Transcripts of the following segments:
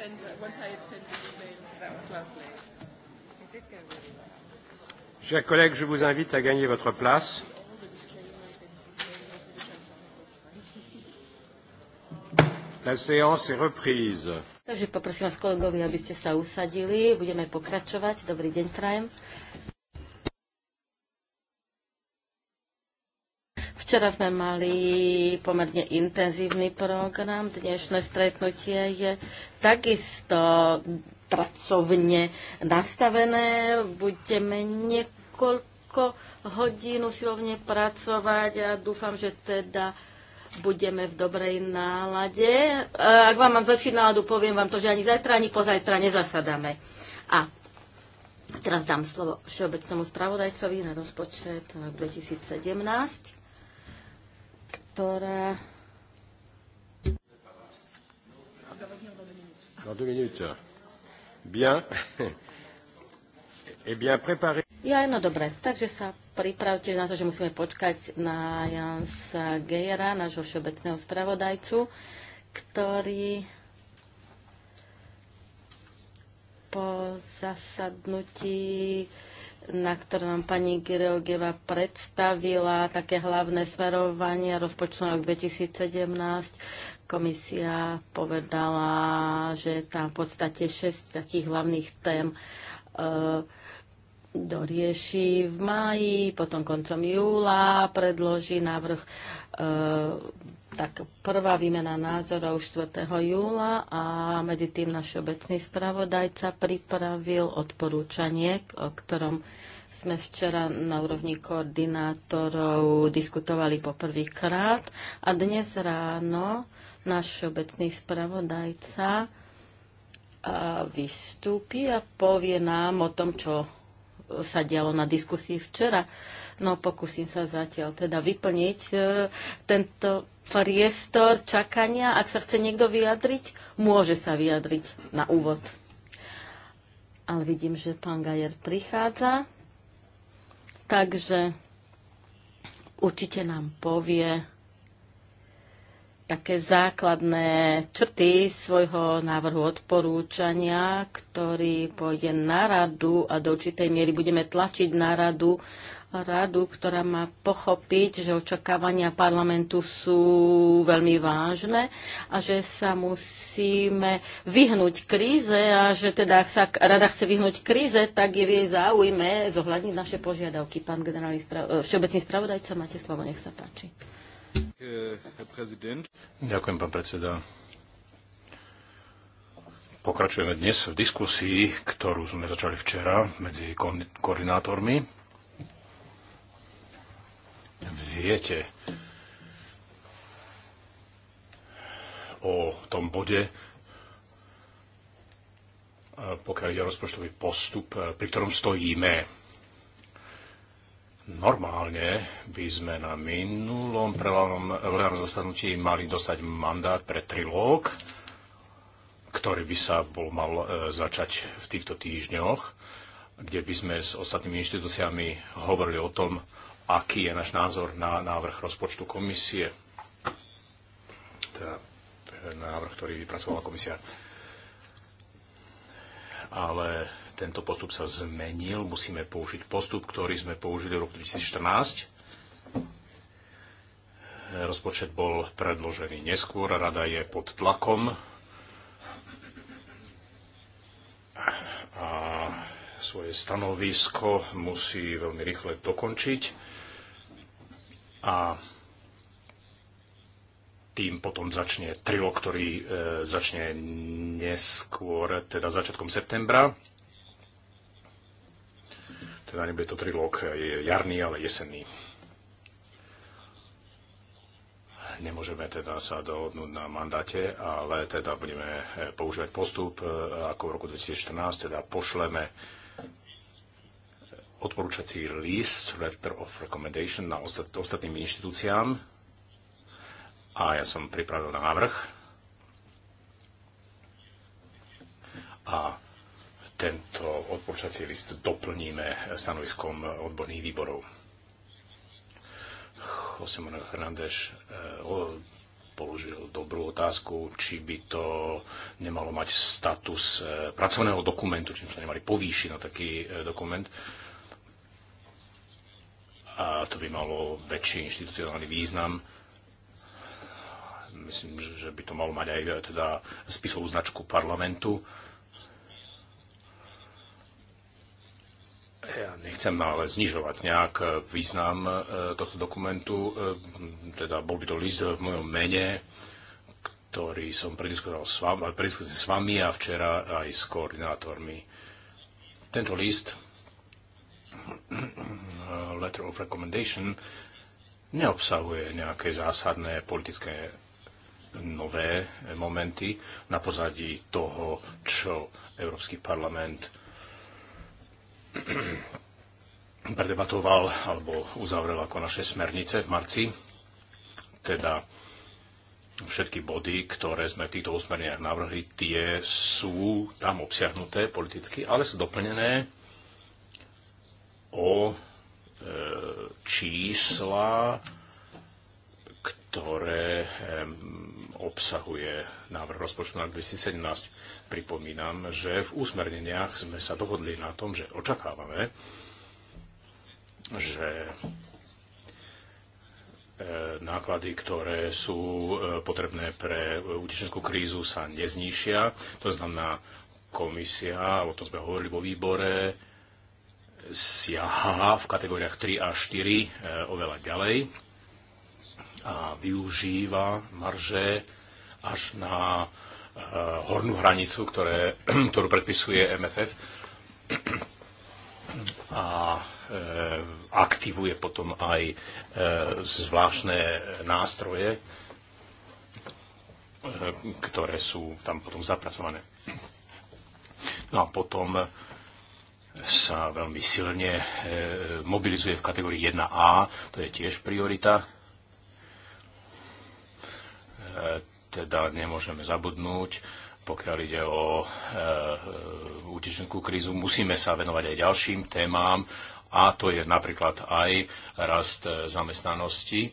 send, once I had sent an email. That was lovely. It did go really well. Chers collègues, je vous invite à gagner votre place. La séance est reprise. Takže poprosím vás kolegovia, aby ste sa usadili. Budeme pokračovať. Dobrý deň, prajem. Včera sme mali pomerne intenzívny program. Dnešné stretnutie je takisto pracovne nastavené. Budeme niekoľko hodín usilovne pracovať a dúfam, že teda budeme v dobrej nálade. E, ak vám mám zlepšiť náladu, poviem vám to, že ani zajtra, ani pozajtra nezasadáme. A teraz dám slovo všeobecnému spravodajcovi na rozpočet 2017. E, ktorá Dans deux eh Ja, no dobre, takže sa pripravte na to, že musíme počkať na Jansa Gejera, nášho všeobecného spravodajcu, ktorý po zasadnutí na ktorom pani Girelgeva predstavila také hlavné smerovanie rozpočtu rok 2017. Komisia povedala, že je tam v podstate 6 takých hlavných tém e, dorieši v máji, potom koncom júla predloží návrh e, tak prvá výmena názorov 4. júla a medzi tým náš obecný spravodajca pripravil odporúčanie, o ktorom sme včera na úrovni koordinátorov diskutovali poprvýkrát a dnes ráno náš obecný spravodajca vystúpi a povie nám o tom, čo sa dialo na diskusii včera. No pokúsim sa zatiaľ teda vyplniť e, tento priestor čakania. Ak sa chce niekto vyjadriť, môže sa vyjadriť na úvod. Ale vidím, že pán Gajer prichádza, takže určite nám povie také základné črty svojho návrhu odporúčania, ktorý pôjde na radu a do určitej miery budeme tlačiť na radu, radu, ktorá má pochopiť, že očakávania parlamentu sú veľmi vážne a že sa musíme vyhnúť kríze a že teda ak sa rada chce vyhnúť kríze, tak je v jej záujme zohľadniť naše požiadavky. Pán generálny e, všeobecný spravodajca, máte slovo, nech sa páči. Ďakujem, pán predseda. Pokračujeme dnes v diskusii, ktorú sme začali včera medzi koordinátormi viete o tom bode, e, pokiaľ ide rozpočtový postup, e, pri ktorom stojíme. Normálne by sme na minulom prevalnom zastanutí mali dostať mandát pre trilóg, ktorý by sa bol mal e, začať v týchto týždňoch, kde by sme s ostatnými inštitúciami hovorili o tom, aký je náš názor na návrh rozpočtu komisie. Teda návrh, ktorý vypracovala komisia. Ale tento postup sa zmenil. Musíme použiť postup, ktorý sme použili v roku 2014. Rozpočet bol predložený neskôr, rada je pod tlakom. A svoje stanovisko musí veľmi rýchle dokončiť a tým potom začne trio, ktorý e, začne neskôr, teda začiatkom septembra. Teda nebude to je jarný, ale jesenný. Nemôžeme teda sa dohodnúť na mandáte, ale teda budeme e, používať postup e, ako v roku 2014, teda pošleme odporúčací list, letter of recommendation na ostat, ostatným inštitúciám a ja som pripravil návrh a tento odporúčací list doplníme stanoviskom odborných výborov. José Manuel Fernández eh, položil dobrú otázku, či by to nemalo mať status eh, pracovného dokumentu, či by to nemali povýšiť na taký eh, dokument a to by malo väčší inštitucionálny význam. Myslím, že by to malo mať aj teda spisovú značku parlamentu. Ja nechcem ale znižovať nejak význam e, tohto dokumentu. E, teda bol by to list v mojom mene, ktorý som prediskutoval s vami, prediskutoval s vami a včera aj s koordinátormi. Tento list letter of recommendation neobsahuje nejaké zásadné politické nové momenty na pozadí toho, čo Európsky parlament predebatoval alebo uzavrel ako naše smernice v marci. Teda všetky body, ktoré sme v týchto usmerniach navrhli, tie sú tam obsiahnuté politicky, ale sú doplnené o e, čísla, ktoré obsahuje návrh rozpočtu na 2017. Pripomínam, že v úsmerneniach sme sa dohodli na tom, že očakávame, že e, náklady, ktoré sú e, potrebné pre utečenskú krízu, sa neznišia, To znamená, komisia, o tom sme hovorili vo výbore, siaha v kategóriách 3 a 4 e, oveľa ďalej a využíva marže až na e, hornú hranicu, ktoré, ktorú predpisuje MFF a e, aktivuje potom aj zvláštne nástroje, ktoré sú tam potom zapracované. No a potom sa veľmi silne e, mobilizuje v kategórii 1A, to je tiež priorita. E, teda nemôžeme zabudnúť, pokiaľ ide o e, útečenskú krízu, musíme sa venovať aj ďalším témám a to je napríklad aj rast zamestnanosti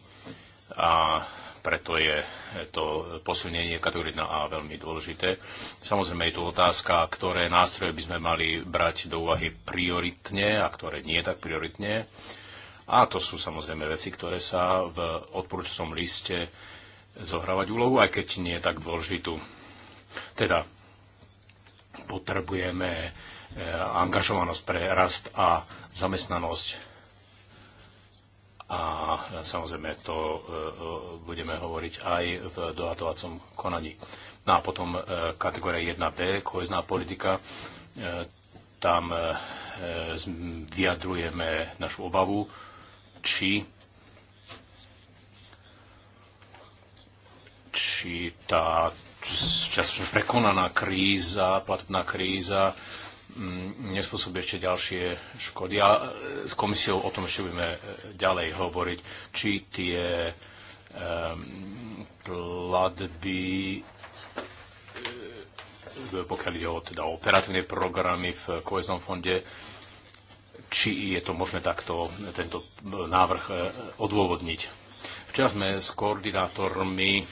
a preto je to posunenie kategórie A veľmi dôležité. Samozrejme je tu otázka, ktoré nástroje by sme mali brať do úvahy prioritne a ktoré nie tak prioritne. A to sú samozrejme veci, ktoré sa v odporúčacom liste zohrávať úlohu, aj keď nie je tak dôležitú. Teda potrebujeme eh, angažovanosť pre rast a zamestnanosť a samozrejme to e, e, budeme hovoriť aj v dohadovacom konaní. No a potom e, kategória 1B, kohezná politika, tam vyjadrujeme našu obavu, či či tá časočne prekonaná kríza, platobná kríza, Mm, nespôsobí ešte ďalšie škody. A e, s komisiou o tom ešte budeme e, ďalej hovoriť, či tie e, platby pokiaľ ide o teda operatívne programy v koheznom fonde, či je to možné takto tento návrh odôvodniť. Včera sme s koordinátormi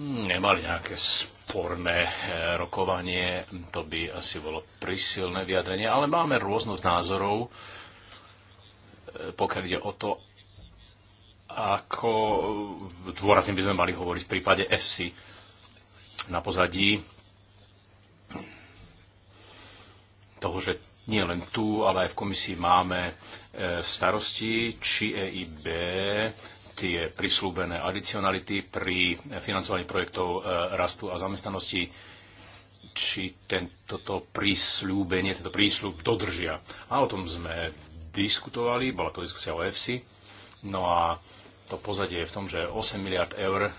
nemali nejaké sporné eh, rokovanie, to by asi bolo prisilné vyjadrenie, ale máme rôznosť názorov, eh, pokiaľ ide o to, ako eh, dôrazne by sme mali hovoriť v prípade FC na pozadí toho, že nie len tu, ale aj v komisii máme starosti, či EIB tie prislúbené adicionality pri financovaní projektov e, rastu a zamestnanosti, či tento prísľúbenie, tento prísľub dodržia. A o tom sme diskutovali, bola to diskusia o EFSI. No a to pozadie je v tom, že 8 miliard eur e,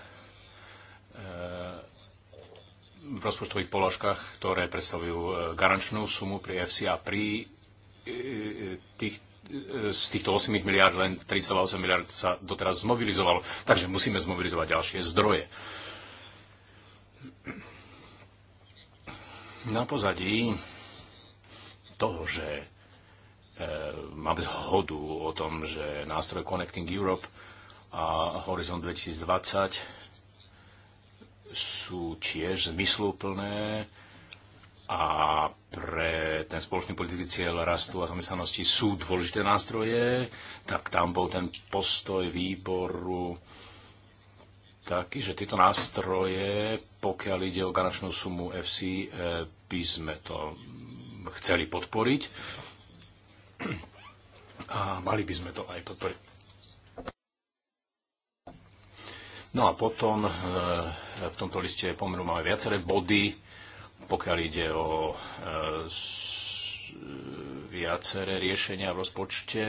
v rozpočtových položkách, ktoré predstavujú e, garančnú sumu pri EFSI a pri tých z týchto 8 miliard len 3,8 miliard sa doteraz zmobilizovalo, takže musíme zmobilizovať ďalšie zdroje. Na pozadí toho, že e, máme zhodu o tom, že nástroj Connecting Europe a Horizon 2020 sú tiež zmysluplné a pre ten spoločný politický cieľ rastu a zamestnanosti sú dôležité nástroje, tak tam bol ten postoj výboru taký, že tieto nástroje, pokiaľ ide o garančnú sumu FC, e, by sme to chceli podporiť a mali by sme to aj podporiť. No a potom e, v tomto liste pomeru máme viaceré body, pokiaľ ide o e, viaceré riešenia v rozpočte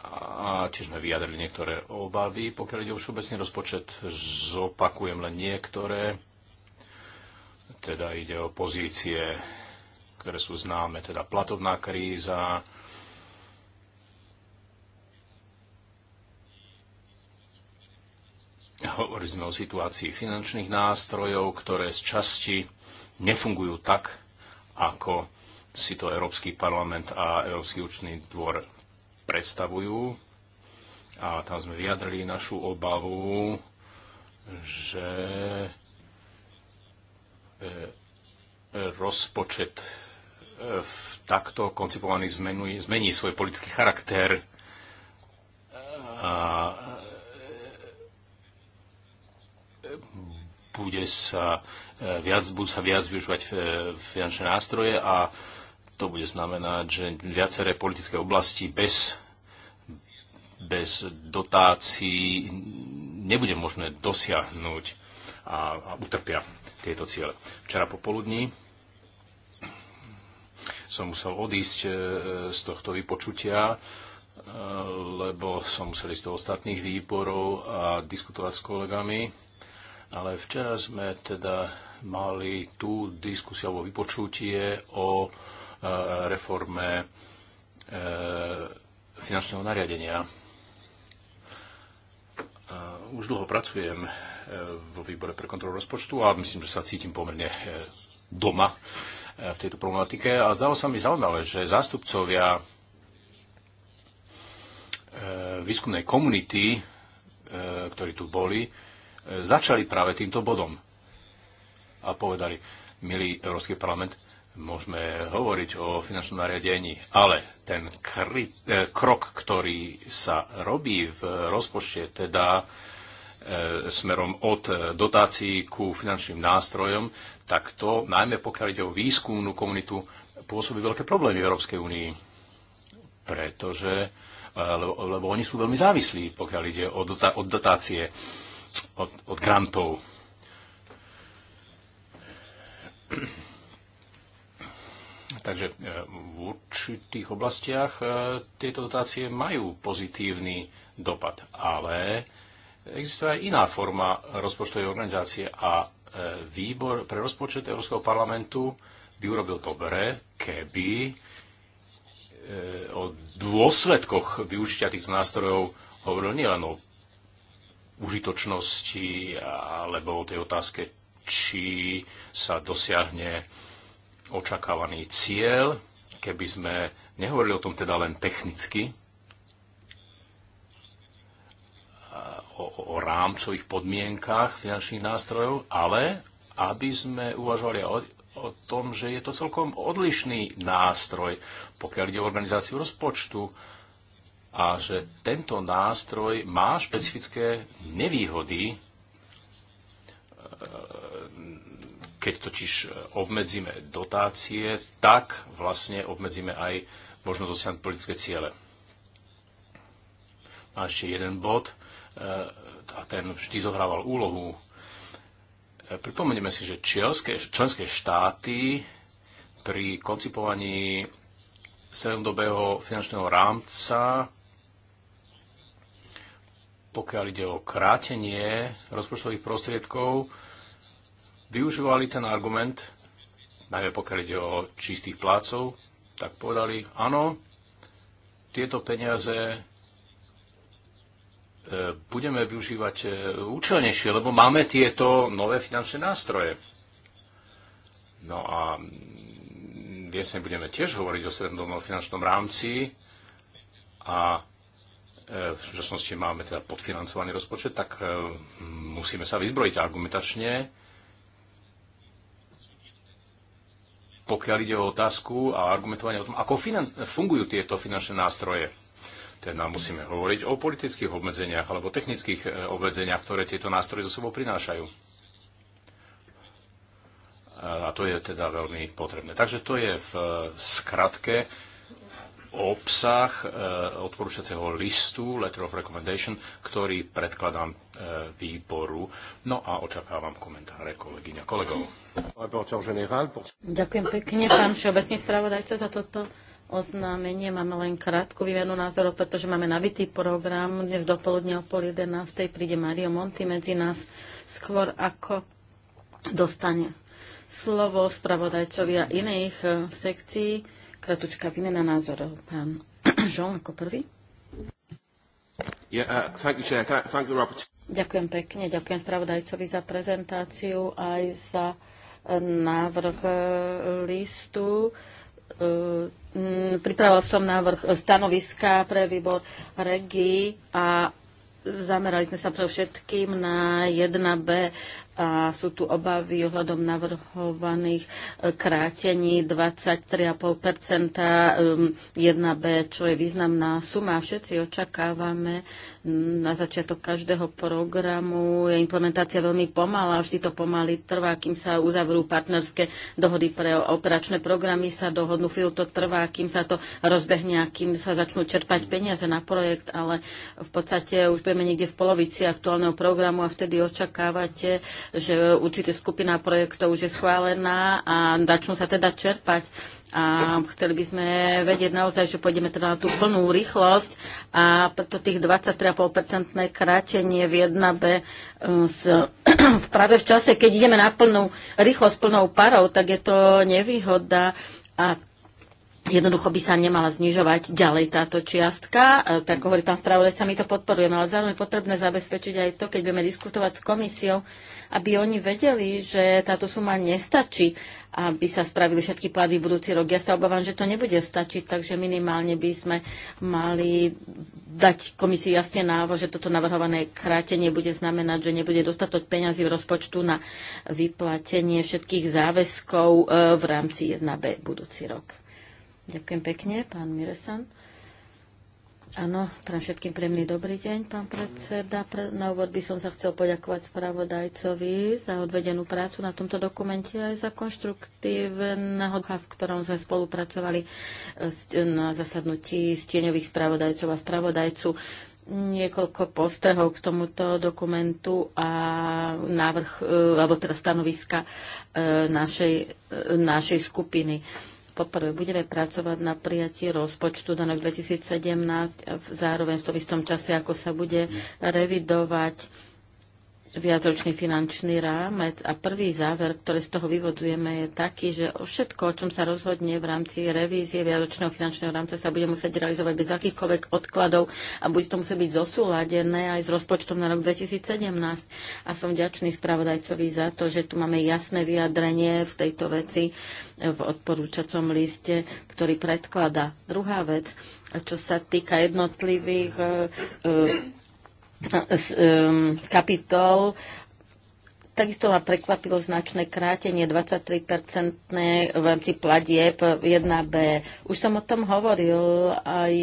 a tiež sme vyjadrili niektoré obavy. Pokiaľ ide o všeobecný rozpočet, zopakujem len niektoré. Teda ide o pozície, ktoré sú známe, teda platovná kríza, Hovorili sme o situácii finančných nástrojov, ktoré z časti nefungujú tak, ako si to Európsky parlament a Európsky účný dvor predstavujú. A tam sme vyjadrili našu obavu, že e, e, rozpočet e, v takto koncipovaný zmení, zmení svoj politický charakter a bude sa e, viac, budú sa viac využívať e, finančné nástroje a to bude znamenať, že viaceré politické oblasti bez, bez dotácií nebude možné dosiahnuť a, a utrpia tieto ciele. Včera popoludní som musel odísť e, z tohto vypočutia, lebo som musel ísť do ostatných výborov a diskutovať s kolegami ale včera sme teda mali tú diskusiu alebo vypočutie o e, reforme e, finančného nariadenia. E, už dlho pracujem vo výbore pre kontrolu rozpočtu a myslím, že sa cítim pomerne doma v tejto problematike a zdalo sa mi zaujímavé, že zástupcovia výskumnej komunity, ktorí tu boli, začali práve týmto bodom a povedali, milý Európsky parlament, môžeme hovoriť o finančnom nariadení, ale ten e, krok, ktorý sa robí v rozpočte, teda e, smerom od dotácií ku finančným nástrojom, tak to, najmä pokiaľ ide o výskumnú komunitu, pôsobí veľké problémy v Európskej únii. Pretože, e, lebo, lebo oni sú veľmi závislí, pokiaľ ide o, o dotácie od, od grantov. Takže e, v určitých oblastiach e, tieto dotácie majú pozitívny dopad, ale existuje aj iná forma rozpočtovej organizácie a e, výbor pre rozpočet Európskeho parlamentu by urobil dobre, keby o dôsledkoch využitia týchto nástrojov hovoril nielen o užitočnosti alebo o tej otázke, či sa dosiahne očakávaný cieľ, keby sme nehovorili o tom teda len technicky, o, o rámcových podmienkách finančných nástrojov, ale aby sme uvažovali o, o tom, že je to celkom odlišný nástroj, pokiaľ ide o organizáciu rozpočtu, a že tento nástroj má špecifické nevýhody, e, keď totiž obmedzíme dotácie, tak vlastne obmedzíme aj možnosť dosiahnuť politické ciele. A ešte jeden bod, e, a ten vždy zohrával úlohu. E, Pripomeneme si, že čielské, členské štáty pri koncipovaní 7 finančného rámca pokiaľ ide o krátenie rozpočtových prostriedkov, využívali ten argument, najmä pokiaľ ide o čistých plácov, tak povedali, áno, tieto peniaze e, budeme využívať e, účelnejšie, lebo máme tieto nové finančné nástroje. No a v budeme tiež hovoriť o srednodobnom finančnom rámci a E, v súčasnosti máme teda podfinancovaný rozpočet, tak e, musíme sa vyzbrojiť argumentačne. Pokiaľ ide o otázku a argumentovanie o tom, ako fungujú tieto finančné nástroje, teda musíme hovoriť o politických obmedzeniach alebo technických e, obmedzeniach, ktoré tieto nástroje za sebou prinášajú. A to je teda veľmi potrebné. Takže to je v skratke obsah e, odporúčacieho listu, letter of recommendation, ktorý predkladám e, výboru. No a očakávam komentáre kolegyňa kolegov. Ďakujem pekne, pán všeobecný spravodajca, za toto oznámenie. Máme len krátku výmenu názorov, pretože máme nabitý program. Dnes dopoludne o pol 11. príde Mario Monti medzi nás skôr ako dostane slovo spravodajcovia iných e, sekcií Kratučka výmena názorov. Pán Žon ako prvý. Yeah, uh, you, ďakujem pekne, ďakujem spravodajcovi za prezentáciu aj za eh, návrh eh, listu. Eh, Pripravila som návrh stanoviska pre výbor regii a zamerali sme sa pre všetkým na 1B a sú tu obavy ohľadom navrhovaných e, krátení 23,5 1B, um, čo je významná suma. Všetci očakávame mm, na začiatok každého programu. Je implementácia veľmi pomalá, vždy to pomaly trvá, kým sa uzavrú partnerské dohody pre operačné programy, sa dohodnú, chvíľu to trvá, kým sa to rozbehne a kým sa začnú čerpať peniaze na projekt, ale v podstate už budeme niekde v polovici aktuálneho programu a vtedy očakávate že určite skupina projektov už je schválená a začnú sa teda čerpať. A chceli by sme vedieť naozaj, že pôjdeme teda na tú plnú rýchlosť a preto tých 23,5% krátenie v 1B z, eh, práve v čase, keď ideme na plnú rýchlosť plnou parou, tak je to nevýhoda. A Jednoducho by sa nemala znižovať ďalej táto čiastka. E, tak hovorí pán sa my to podporujeme, ale zároveň potrebné zabezpečiť aj to, keď budeme diskutovať s komisiou, aby oni vedeli, že táto suma nestačí, aby sa spravili všetky plady budúci rok. Ja sa obávam, že to nebude stačiť, takže minimálne by sme mali dať komisii jasne návo, že toto navrhované krátenie bude znamenať, že nebude dostatok peňazí v rozpočtu na vyplatenie všetkých záväzkov e, v rámci 1B budúci rok. Ďakujem pekne, pán Miresan. Áno, pre všetkým príjemný dobrý deň, pán predseda. na úvod by som sa chcel poďakovať spravodajcovi za odvedenú prácu na tomto dokumente aj za konštruktívna ducha, v ktorom sme spolupracovali e, na zasadnutí stieňových spravodajcov a spravodajcu niekoľko postrehov k tomuto dokumentu a návrh, e, alebo teda stanoviska e, našej, našej skupiny. Poprvé, budeme pracovať na prijatí rozpočtu na rok 2017 zároveň v tom istom čase, ako sa bude revidovať viacročný finančný rámec a prvý záver, ktorý z toho vyvodzujeme, je taký, že o všetko, o čom sa rozhodne v rámci revízie viacročného finančného rámca sa bude musieť realizovať bez akýchkoľvek odkladov a bude to musieť byť zosúladené aj s rozpočtom na rok 2017. A som vďačný spravodajcovi za to, že tu máme jasné vyjadrenie v tejto veci v odporúčacom liste, ktorý predklada. Druhá vec, čo sa týka jednotlivých e, e, z, um, kapitol Takisto ma prekvapilo značné krátenie 23-percentné v rámci pladieb 1B. Už som o tom hovoril aj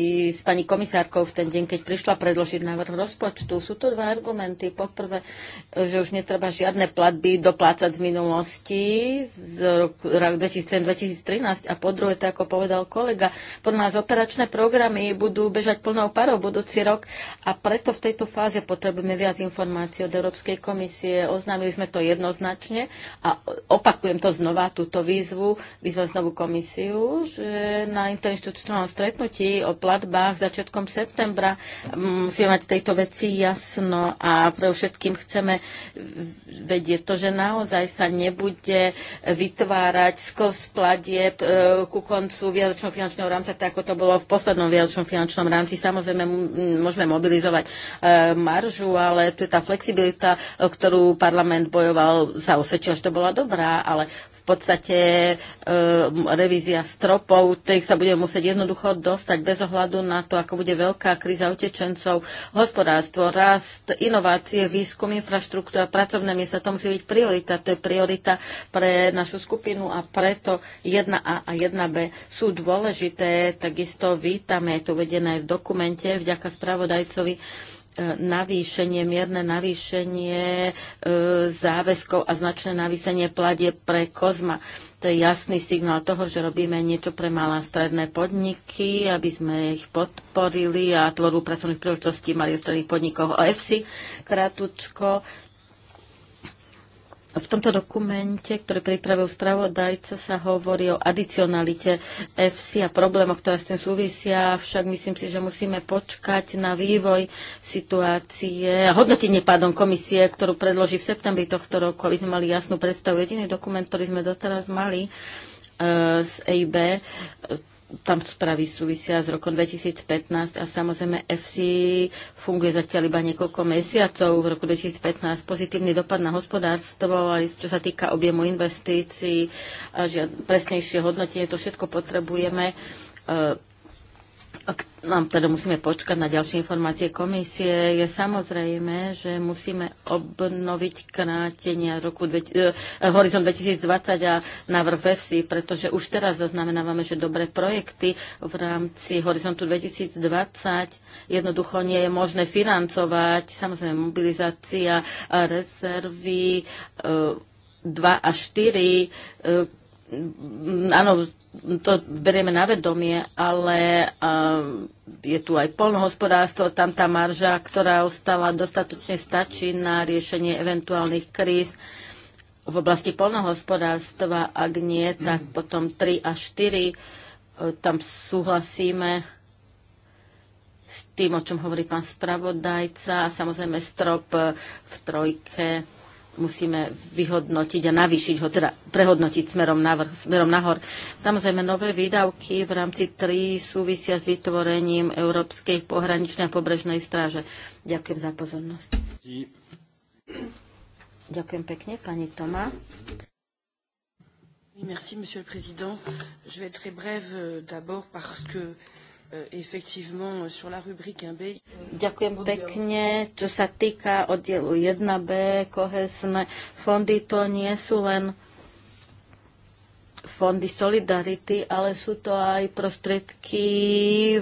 s pani komisárkou v ten deň, keď prišla predložiť návrh rozpočtu. Sú to dva argumenty. Poprvé, že už netreba žiadne platby doplácať z minulosti z roku 2013 a po druhé, tak ako povedal kolega, pod nás operačné programy budú bežať plnou parou budúci rok a preto v tejto fáze potrebujeme viac informácií od Európskej komisie. Oznámili sme sme to jednoznačne a opakujem to znova, túto výzvu, výzvam znovu komisiu, že na interinstitucionálnom stretnutí o platbách začiatkom septembra mm, musíme mať tejto veci jasno a pre všetkým chceme vedieť to, že naozaj sa nebude vytvárať skos platieb e, ku koncu viacočného finančného rámca, tak ako to bolo v poslednom viacočnom finančnom rámci. Samozrejme, môžeme mobilizovať e, maržu, ale tu je tá flexibilita, e, ktorú parlament bojoval, sa osvedčil, že to bola dobrá, ale v podstate e, revízia stropov, tej sa budeme musieť jednoducho dostať bez ohľadu na to, ako bude veľká kríza utečencov, hospodárstvo, rast, inovácie, výskum, infraštruktúra, pracovné miesta, to musí byť priorita, to je priorita pre našu skupinu a preto 1A a 1B sú dôležité, takisto vítame, je to uvedené v dokumente, vďaka spravodajcovi, navýšenie, mierne navýšenie e, záväzkov a značné navýšenie pladie pre Kozma. To je jasný signál toho, že robíme niečo pre malé a stredné podniky, aby sme ich podporili a tvorbu pracovných príležitostí malých stredných podnikov OFC. Kratučko, v tomto dokumente, ktorý pripravil spravodajca, sa hovorí o adicionalite FC a problémoch, ktoré s tým súvisia, však myslím si, že musíme počkať na vývoj situácie a hodnotenie pádom komisie, ktorú predloží v septembri tohto roku, aby sme mali jasnú predstavu. Jediný dokument, ktorý sme doteraz mali e, z EIB, tam správy súvisia s rokom 2015 a samozrejme FC funguje zatiaľ iba niekoľko mesiacov v roku 2015. Pozitívny dopad na hospodárstvo, aj čo sa týka objemu investícií, a presnejšie hodnotenie, to všetko potrebujeme e, nám teda musíme počkať na ďalšie informácie komisie, je samozrejme, že musíme obnoviť krátenia roku 20, eh, Horizon 2020 a návrh Vefsi, pretože už teraz zaznamenávame, že dobré projekty v rámci Horizontu 2020 jednoducho nie je možné financovať. Samozrejme, mobilizácia rezervy eh, 2 a 4 eh, Mm, áno, to berieme na vedomie, ale uh, je tu aj polnohospodárstvo, tam tá marža, ktorá ostala, dostatočne stačí na riešenie eventuálnych kríz. V oblasti polnohospodárstva, ak nie, tak potom 3 a 4, uh, e, tam súhlasíme s tým, o čom hovorí pán spravodajca a samozrejme strop e, v trojke musíme vyhodnotiť a navýšiť ho, teda prehodnotiť smerom, navr, smerom nahor. Samozrejme, nové výdavky v rámci 3 súvisia s vytvorením Európskej pohraničnej a pobrežnej stráže. Ďakujem za pozornosť. Ďakujem pekne, pani Toma. Merci, monsieur le président. Je vais être très brève euh, d'abord parce que Euh, euh, Ďakujem pekne. Čo sa týka oddielu 1b, kohesné fondy to nie sú len fondy solidarity, ale sú to aj prostriedky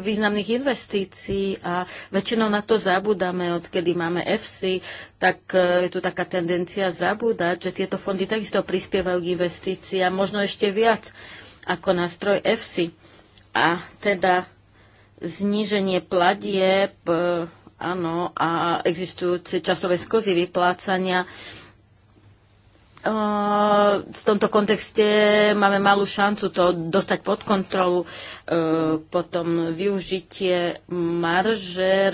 významných investícií a väčšinou na to zabudáme, odkedy máme FC, tak e, je tu taká tendencia zabúdať, že tieto fondy takisto prispievajú k investíciám, možno ešte viac ako nástroj FC. A teda zníženie platieb, e, áno, a existujúce časové sklzy vyplácania. E, v tomto kontexte máme malú šancu to dostať pod kontrolu, e, potom využitie marže,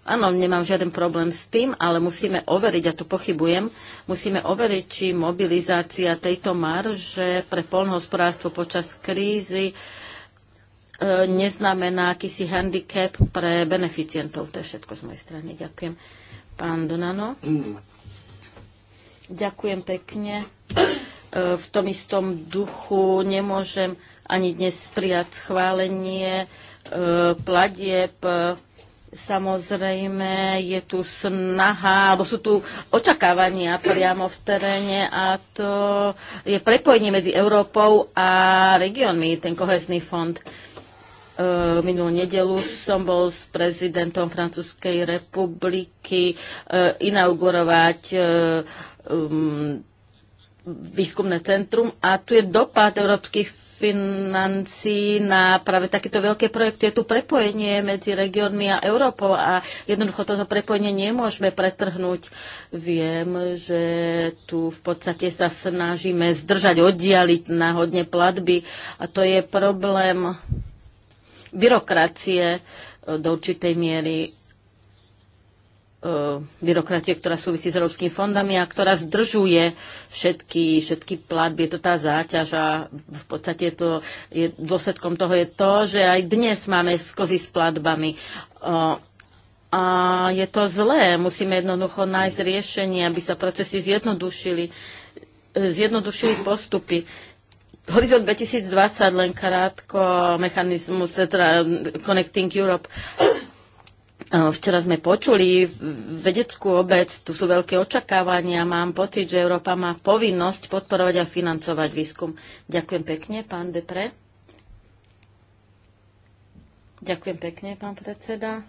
Áno, nemám žiaden problém s tým, ale musíme overiť, a tu pochybujem, musíme overiť, či mobilizácia tejto marže pre polnohospodárstvo počas krízy uh, E, neznamená akýsi handicap pre beneficientov. To je všetko z mojej strany. Ďakujem. Pán Donano. Ďakujem pekne. E, v tom istom duchu nemôžem ani dnes prijať schválenie e, platieb Samozrejme, je tu snaha, alebo sú tu očakávania priamo v teréne a to je prepojenie medzi Európou a regiónmi, ten kohezný fond. Uh, Eh, minulú nedelu som bol s prezidentom Francúzskej republiky eh, inaugurovať eh, mm, výskumné centrum a tu je dopad európskych financí na práve takéto veľké projekty. Je tu prepojenie medzi regiónmi a Európou a jednoducho toto prepojenie nemôžeme pretrhnúť. Viem, že tu v podstate sa snažíme zdržať, oddialiť náhodne platby a to je problém byrokracie e, do určitej miery e, byrokracie, ktorá súvisí s európskymi fondami a ktorá zdržuje všetky, všetky platby. Je to tá záťaž a v podstate to, je, dôsledkom toho je to, že aj dnes máme skozy s platbami. E, a je to zlé. Musíme jednoducho nájsť riešenie, aby sa procesy zjednodušili, zjednodušili postupy Horizont 2020 len krátko, mechanizmus eh, teda eh, Connecting Europe. Eh, včera sme počuli vedeckú obec, tu sú veľké očakávania, mám pocit, že Európa má povinnosť podporovať a financovať výskum. Ďakujem pekne, pán Depre. Ďakujem pekne, pán predseda.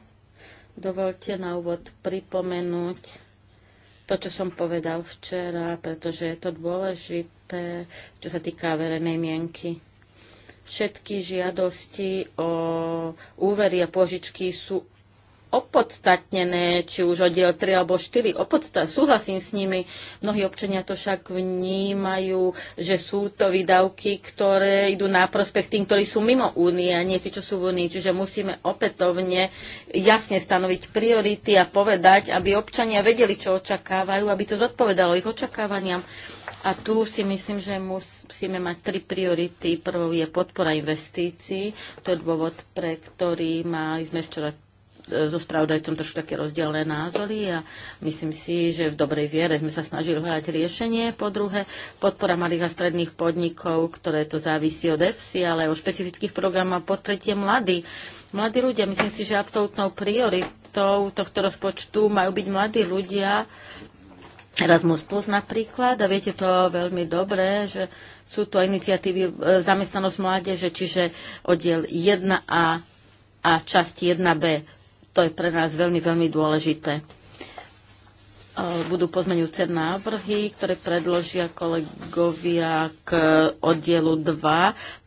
Dovolte na úvod pripomenúť to, čo som povedal včera, pretože je to dôležité, čo sa týka verejnej mienky. Všetky žiadosti o úvery a požičky sú opodstatnené, či už oddiel 3 alebo 4. Opodsta- súhlasím s nimi. Mnohí občania to však vnímajú, že sú to výdavky, ktoré idú na prospech tým, ktorí sú mimo únie a nie tí, čo sú v únii. Čiže musíme opätovne jasne stanoviť priority a povedať, aby občania vedeli, čo očakávajú, aby to zodpovedalo ich očakávaniam. A tu si myslím, že musíme mať tri priority. Prvou je podpora investícií. To je dôvod, pre ktorý mali sme včera so spravodajcom trošku také rozdielne názory a myslím si, že v dobrej viere sme sa snažili hľadať riešenie. Po druhé, podpora malých a stredných podnikov, ktoré to závisí od EFSI, ale aj o špecifických programov. Po tretie, mladí. Mladí ľudia, myslím si, že absolútnou prioritou tohto rozpočtu majú byť mladí ľudia, Erasmus Plus napríklad, a viete to veľmi dobre, že sú to iniciatívy e, zamestnanosť mládeže, čiže oddiel 1A a časť 1B to je pre nás veľmi, veľmi dôležité. E, budú pozmeňujúce návrhy, ktoré predložia kolegovia k oddielu 2,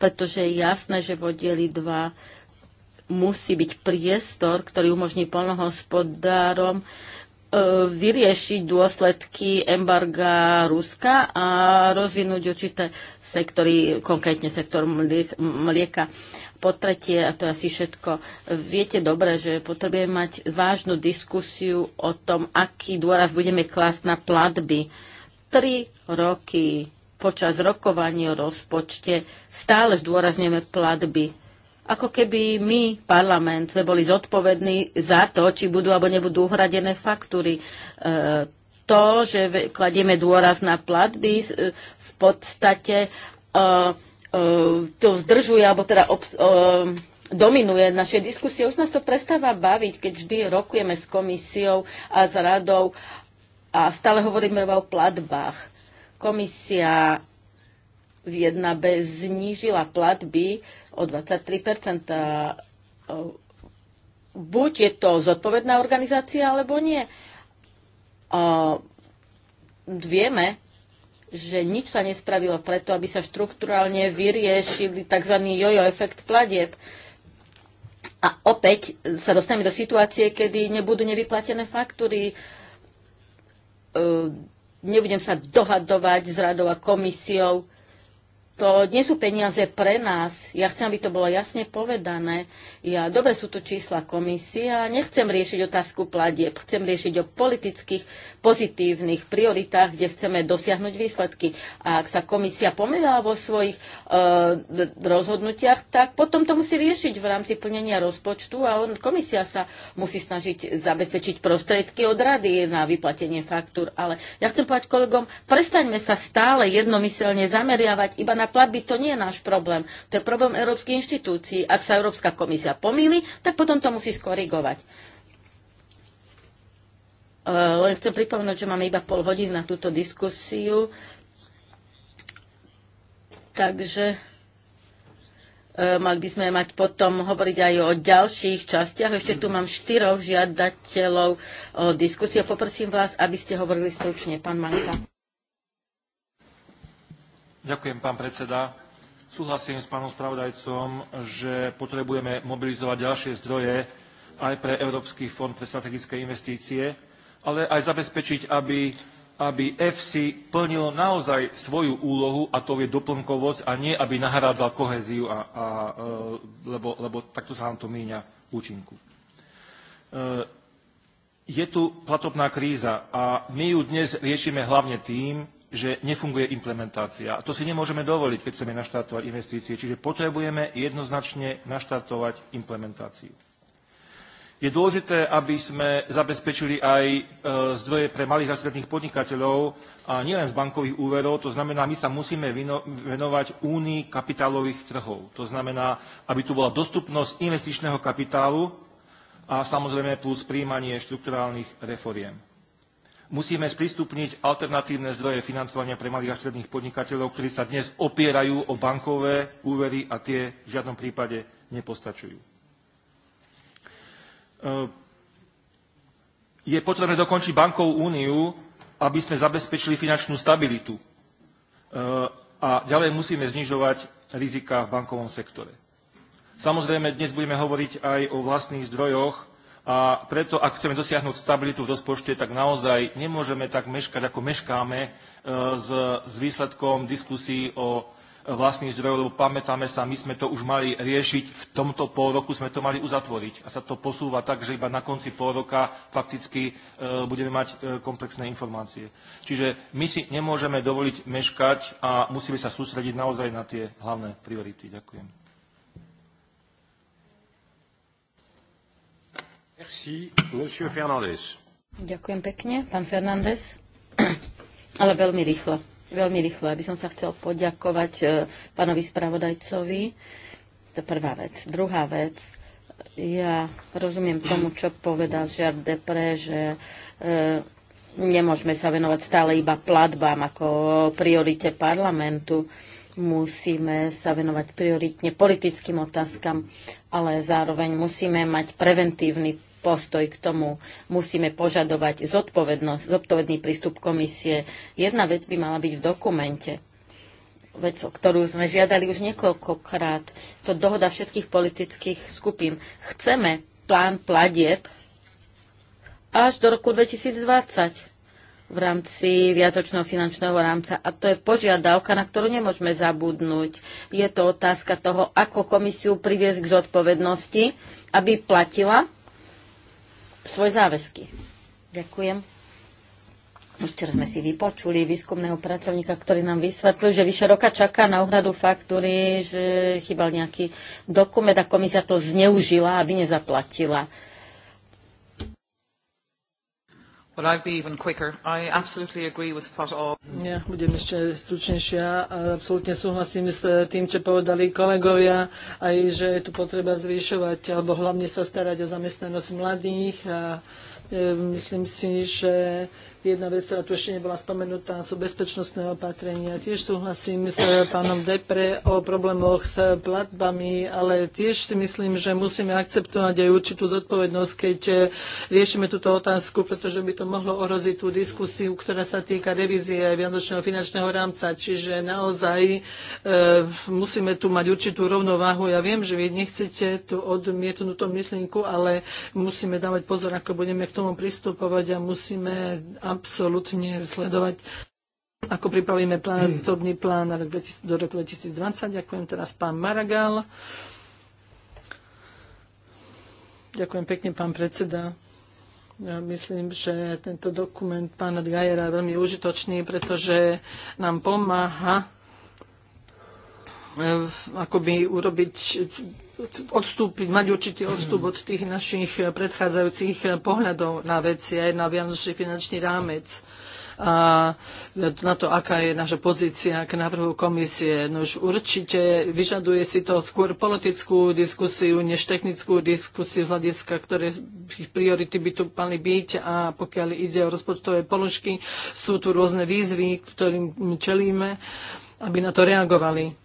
pretože je jasné, že v oddieli 2 musí byť priestor, ktorý umožní polnohospodárom E, vyriešiť dôsledky embarga Ruska a rozvinúť určité sektory, konkrétne sektor mlieka. Po tretie, a to asi všetko, viete dobre, že potrebujeme mať vážnu diskusiu o tom, aký dôraz budeme klásť na platby. Tri roky počas rokovania o rozpočte stále zdôrazňujeme platby ako keby my, parlament, sme boli zodpovední za to, či budú alebo nebudú uhradené faktúry. E, to, že kladieme dôraz na platby, e, v podstate e, e to zdržuje, alebo teda obs- e, dominuje naše diskusie. Už nás to prestáva baviť, keď vždy rokujeme s komisiou a s radou a stále hovoríme o platbách. Komisia v jedna b znížila platby o 23 e, Buď je to zodpovedná organizácia, alebo nie. A e, vieme, že nič sa nespravilo preto, aby sa štruktúralne vyriešili tzv. jojo efekt pladieb. A opäť sa dostaneme do situácie, kedy nebudú nevyplatené faktúry, e, nebudem sa dohadovať s radou a komisiou to nie sú peniaze pre nás. Ja chcem, aby to bolo jasne povedané. Ja, dobre sú to čísla komisie a nechcem riešiť otázku pladieb. Chcem riešiť o politických, pozitívnych prioritách, kde chceme dosiahnuť výsledky. A ak sa komisia pomerala vo svojich e, rozhodnutiach, tak potom to musí riešiť v rámci plnenia rozpočtu a on, komisia sa musí snažiť zabezpečiť prostriedky od rady na vyplatenie faktúr. Ale ja chcem povedať kolegom, prestaňme sa stále jednomyselne zameriavať iba na na platby, to nie je náš problém. To je problém európskych inštitúcií. Ak sa Európska komisia pomýli, tak potom to musí skorigovať. Eh, len chcem pripomenúť, že máme iba pol hodín na túto diskusiu. Takže eh, mali by sme mať potom hovoriť aj o ďalších častiach. Ešte tu mám štyroch žiadateľov o diskusiu. Poprosím vás, aby ste hovorili stručne, pán Manka. Ďakujem, pán predseda. Súhlasím s pánom spravodajcom, že potrebujeme mobilizovať ďalšie zdroje aj pre Európsky fond pre strategické investície, ale aj zabezpečiť, aby, aby EFSI plnilo naozaj svoju úlohu, a to je doplnkovosť, a nie, aby nahrádzal koheziu, a, a, e, lebo, lebo takto sa nám to míňa účinku. E, je tu platobná kríza a my ju dnes riešime hlavne tým, že nefunguje implementácia. A to si nemôžeme dovoliť, keď chceme naštartovať investície. Čiže potrebujeme jednoznačne naštartovať implementáciu. Je dôležité, aby sme zabezpečili aj e, zdroje pre malých a stredných podnikateľov, a nielen z bankových úverov, to znamená, my sa musíme venovať únii kapitálových trhov. To znamená, aby tu bola dostupnosť investičného kapitálu a samozrejme plus príjmanie štrukturálnych reforiem. Musíme sprístupniť alternatívne zdroje financovania pre malých a stredných podnikateľov, ktorí sa dnes opierajú o bankové úvery a tie v žiadnom prípade nepostačujú. E, je potrebné dokončiť bankovú úniu, aby sme zabezpečili finančnú stabilitu. E, a ďalej musíme znižovať rizika v bankovom sektore. Samozrejme, dnes budeme hovoriť aj o vlastných zdrojoch a preto, ak chceme dosiahnuť stabilitu v rozpočte, tak naozaj nemôžeme tak meškať, ako meškáme e, s, s výsledkom diskusí o vlastných zdrojov, lebo pamätáme sa, my sme to už mali riešiť, v tomto pol roku sme to mali uzatvoriť. A sa to posúva tak, že iba na konci pol roka fakticky e, budeme mať e, komplexné informácie. Čiže my si nemôžeme dovoliť meškať a musíme sa sústrediť naozaj na tie hlavné priority. Ďakujem. Ďakujem pekne, pán Fernández. Ale veľmi rýchlo, veľmi rýchlo. Aby som sa chcel poďakovať e, pánovi spravodajcovi. To je prvá vec. Druhá vec, ja rozumiem tomu, čo povedal Žiar Depre, že e, nemôžeme sa venovať stále iba platbám ako priorite parlamentu. Musíme sa venovať prioritne politickým otázkam, ale zároveň musíme mať preventívny postoj k tomu. Musíme požadovať zodpovednosť, zodpovedný prístup komisie. Jedna vec by mala byť v dokumente vec, o ktorú sme žiadali už niekoľkokrát, to dohoda všetkých politických skupín. Chceme plán pladieb až do roku 2020 v rámci viacočného finančného rámca. A to je požiadavka, na ktorú nemôžeme zabudnúť. Je to otázka toho, ako komisiu priviesť k zodpovednosti, aby platila svoje záväzky. Ďakujem. Už sme si vypočuli výskumného pracovníka, ktorý nám vysvetlil, že vyše roka čaká na úhradu faktúry, že chýbal nejaký dokument a komisia to zneužila, aby nezaplatila. But I'd be even quicker. I absolutely agree with what all... Ja budem ešte stručnejšia a absolútne súhlasím s tým, čo povedali kolegovia, aj že je tu potreba zvyšovať alebo hlavne sa starať o zamestnanosť mladých a e, myslím si, že jedna vec, ktorá tu ešte nebola spomenutá, sú bezpečnostné opatrenia. Tiež súhlasím s pánom Depre o problémoch s platbami, ale tiež si myslím, že musíme akceptovať aj určitú zodpovednosť, keď eh, riešime túto otázku, pretože by to mohlo ohroziť tú diskusiu, ktorá sa týka revízie Vianočného finančného rámca. Čiže naozaj e, musíme tu mať určitú rovnováhu. Ja viem, že vy nechcete tú odmietnutú myšlienku, ale musíme dávať pozor, ako budeme k tomu pristupovať a musíme a absolútne sledovať, ako pripravíme hmm. pracovný plán na rok do roku 2020. Ďakujem teraz pán Maragal. Ďakujem pekne, pán predseda. Ja myslím, že tento dokument pána Dgajera je veľmi užitočný, pretože nám pomáha eh, akoby urobiť odstúpiť, mať určitý odstup od tých našich eh, predchádzajúcich eh, pohľadov na veci aj na vianočný finančný rámec a na to, aká je naša pozícia k návrhu komisie. No už určite vyžaduje si to skôr politickú diskusiu, než technickú diskusiu z hľadiska, ktoré ich priority by tu mali byť a pokiaľ ide o rozpočtové položky, sú tu rôzne výzvy, ktorým čelíme, aby na to reagovali.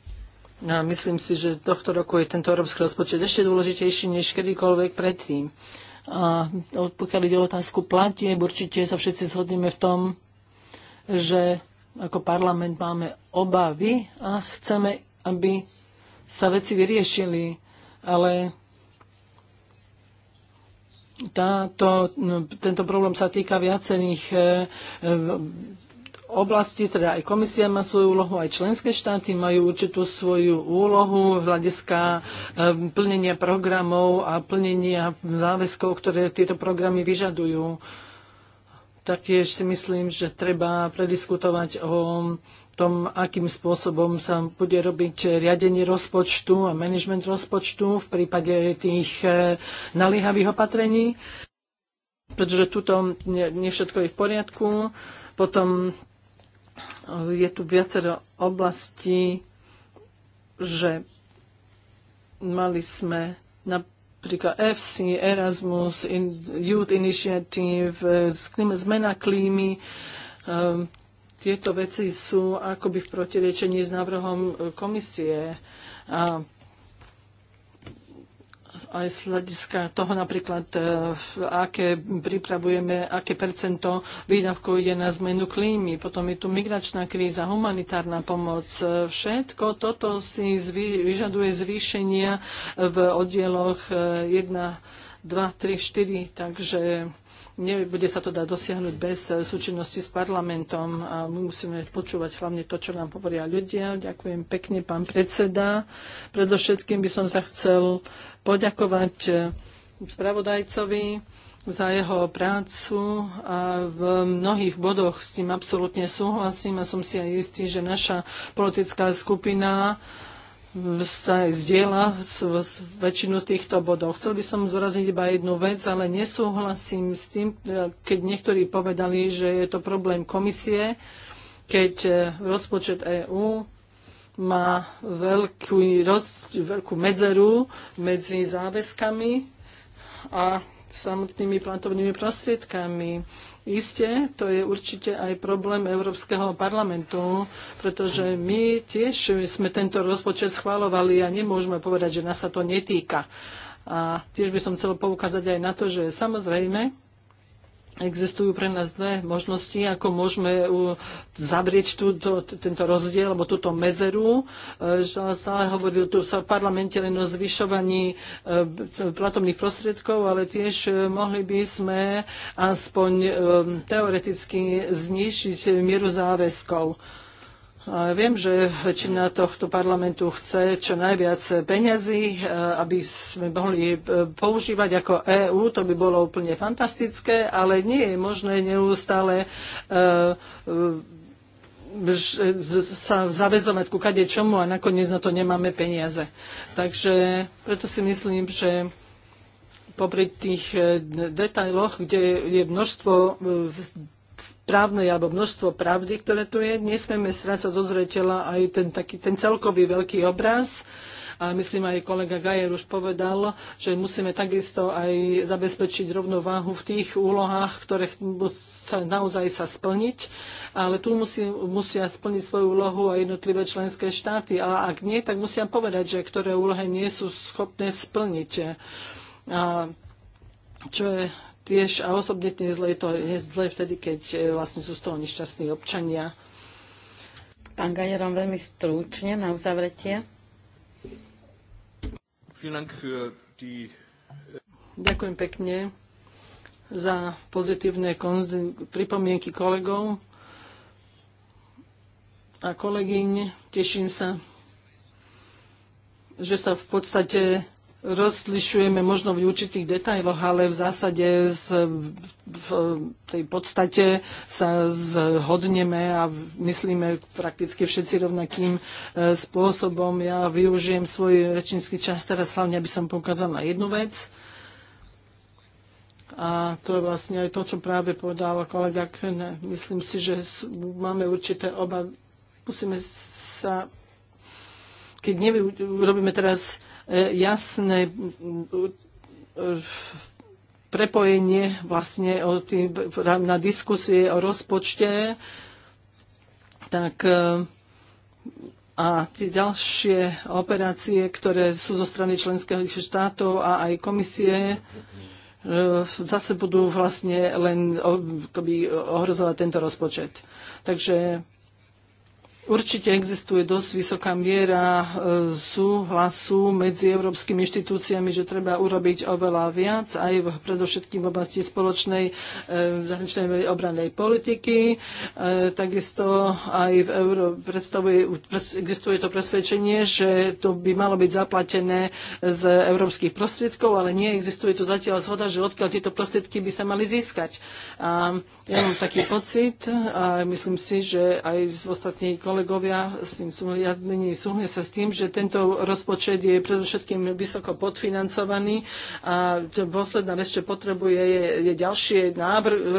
A myslím si, že tohto roku je tento európsky rozpočet ešte dôležitejší než kedykoľvek predtým. A pokiaľ ide o otázku platie, určite sa všetci zhodneme v tom, že ako parlament máme obavy a chceme, aby sa veci vyriešili, ale táto, no, tento problém sa týka viacerých e, oblasti, teda aj komisia má svoju úlohu, aj členské štáty majú určitú svoju úlohu v hľadiska e, plnenia programov a plnenia záväzkov, ktoré tieto programy vyžadujú. Taktiež si myslím, že treba prediskutovať o tom, akým spôsobom sa bude robiť riadenie rozpočtu a management rozpočtu v prípade tých e, naliehavých opatrení, pretože tuto nie všetko je v poriadku. Potom je tu viacero oblastí, že mali sme napríklad FC, Erasmus, Youth Initiative, zmena klímy. Ehm, tieto veci sú akoby v protirečení s návrhom komisie. A aj z hľadiska toho napríklad, e, aké pripravujeme, aké percento výdavkov ide na zmenu klímy. Potom je tu migračná kríza, humanitárna pomoc. E, Všetko toto si zvý, vyžaduje zvýšenia v oddieloch 1, 2, 3, 4. Takže nebude sa to dať dosiahnuť bez eh, súčinnosti s parlamentom a my musíme počúvať hlavne to, čo nám hovoria ľudia. Ďakujem pekne, pán predseda. Predovšetkým by som sa chcel poďakovať eh, spravodajcovi za jeho prácu a v mnohých bodoch s tým absolútne súhlasím a som si aj istý, že naša politická skupina sa zdieľa s, väčšinu týchto bodov. Chcel by som zúrazniť iba jednu vec, ale nesúhlasím s tým, keď niektorí povedali, že je to problém komisie, keď e, rozpočet EÚ má veľkú, roz, veľkú medzeru medzi záväzkami a samotnými platovnými prostriedkami. Isté, to je určite aj problém Európskeho parlamentu, pretože my tiež sme tento rozpočet schválovali a nemôžeme povedať, že nás sa to netýka. A tiež by som chcel poukázať aj na to, že samozrejme existujú pre nás dve možnosti, ako môžeme zavrieť túto, tento rozdiel alebo túto medzeru. E, stále hovoril tu sa v parlamente len o zvyšovaní e, platovných prostriedkov, ale tiež e, mohli by sme aspoň teoreticky znišiť mieru záväzkov Viem, že väčšina tohto parlamentu chce čo najviac peňazí, e, aby sme mohli e, používať ako EÚ. To by bolo úplne fantastické, ale nie je možné neustále e, sa zavezovať ku kade čomu a nakoniec na to nemáme peniaze. Takže preto si myslím, že popri tých detailoch, kde je množstvo správnej alebo množstvo pravdy, ktoré tu je. Nesmieme strácať zo zreteľa aj ten, taký, ten celkový veľký obraz. A myslím, aj kolega Gajer už povedal, že musíme takisto aj zabezpečiť rovnováhu v tých úlohách, ktoré sa naozaj sa splniť, ale tu musí, musia splniť svoju úlohu aj jednotlivé členské štáty. A ak nie, tak musia povedať, že ktoré úlohy nie sú schopné splniť. A čo je tiež a osobne tiež zle, je to je zle vtedy, keď e, vlastne sú z toho nešťastní občania. Pán Gajerom, veľmi stručne na uzavretie. E, Ďakujem pekne za pozitívne pripomienky kolegov a kolegyň. Teším sa, že sa v podstate rozlišujeme možno v určitých detailoch, ale v zásade z, v tej podstate sa zhodneme a myslíme prakticky všetci rovnakým e, spôsobom. Ja využijem svoj rečnícky čas teraz hlavne, aby som poukázal na jednu vec. A to je vlastne aj to, čo práve povedal kolega Kene. Myslím si, že máme určité obavy. Musíme sa, keď nevy, robíme teraz E, jasné e, prepojenie vlastne o tým, na diskusie o rozpočte, tak e, a tie ďalšie operácie, ktoré sú zo strany členského štátov a aj komisie, zase budú vlastne len ohrozovať tento rozpočet. Takže Určite existuje dosť vysoká miera e, súhlasu medzi európskymi inštitúciami, že treba urobiť oveľa viac, aj v, predovšetkým v oblasti spoločnej e, zahraničnej obranej politiky. E, takisto aj v Euró- existuje to presvedčenie, že to by malo byť zaplatené z európskych prostriedkov, ale nie existuje to zatiaľ zhoda, že odkiaľ tieto prostriedky by sa mali získať. A ja mám taký pocit a myslím si, že aj v ostatných kolegách kolegovia s tým ja sa s tým, že tento rozpočet je predovšetkým vysoko podfinancovaný a posledná vec, čo potrebuje, je, je ďalšie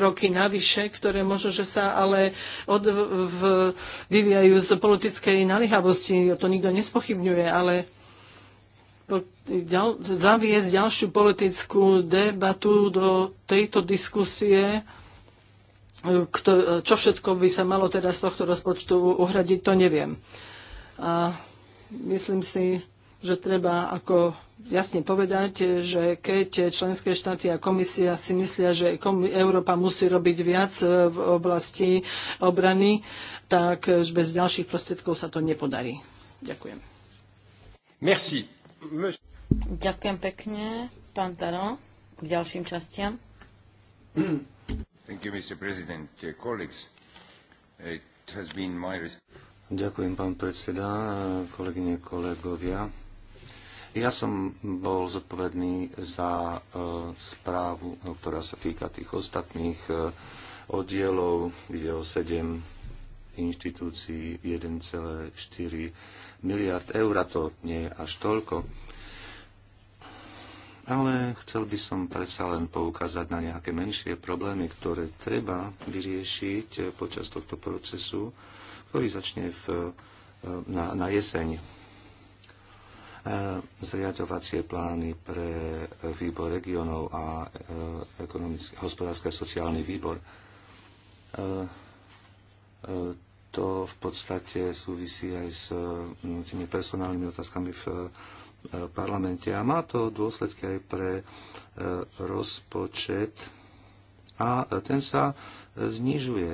roky navyše, ktoré možno, že sa ale od, v, vyvíjajú z politickej nalihavosti. To nikto nespochybňuje, ale zaviesť ďalšiu politickú debatu do tejto diskusie kto, čo všetko by sa malo teda z tohto rozpočtu uhradiť, to neviem. A myslím si, že treba ako jasne povedať, že keď členské štáty a komisia si myslia, že Európa musí robiť viac e, v oblasti obrany, tak e, bez ďalších prostriedkov sa to nepodarí. Ďakujem. Merci. Ďakujem pekne, pán Taro, k ďalším častiam. Uh, Ďakujem, pán predseda, kolegyne, kolegovia. Ja som bol zodpovedný za uh, správu, no, ktorá sa týka tých ostatných uh, oddielov. Ide o 7 inštitúcií, 1,4 miliard eur. A to nie je až toľko ale chcel by som predsa len poukázať na nejaké menšie problémy, ktoré treba vyriešiť eh, počas tohto procesu, ktorý začne v, eh, na, na jeseň. Eh, Zriadovacie plány pre výbor regionov a ekonomický, hospodársky a sociálny výbor. To v podstate súvisí aj s tými personálnymi otázkami v parlamente. A má to dôsledky aj pre e, rozpočet a ten sa znižuje.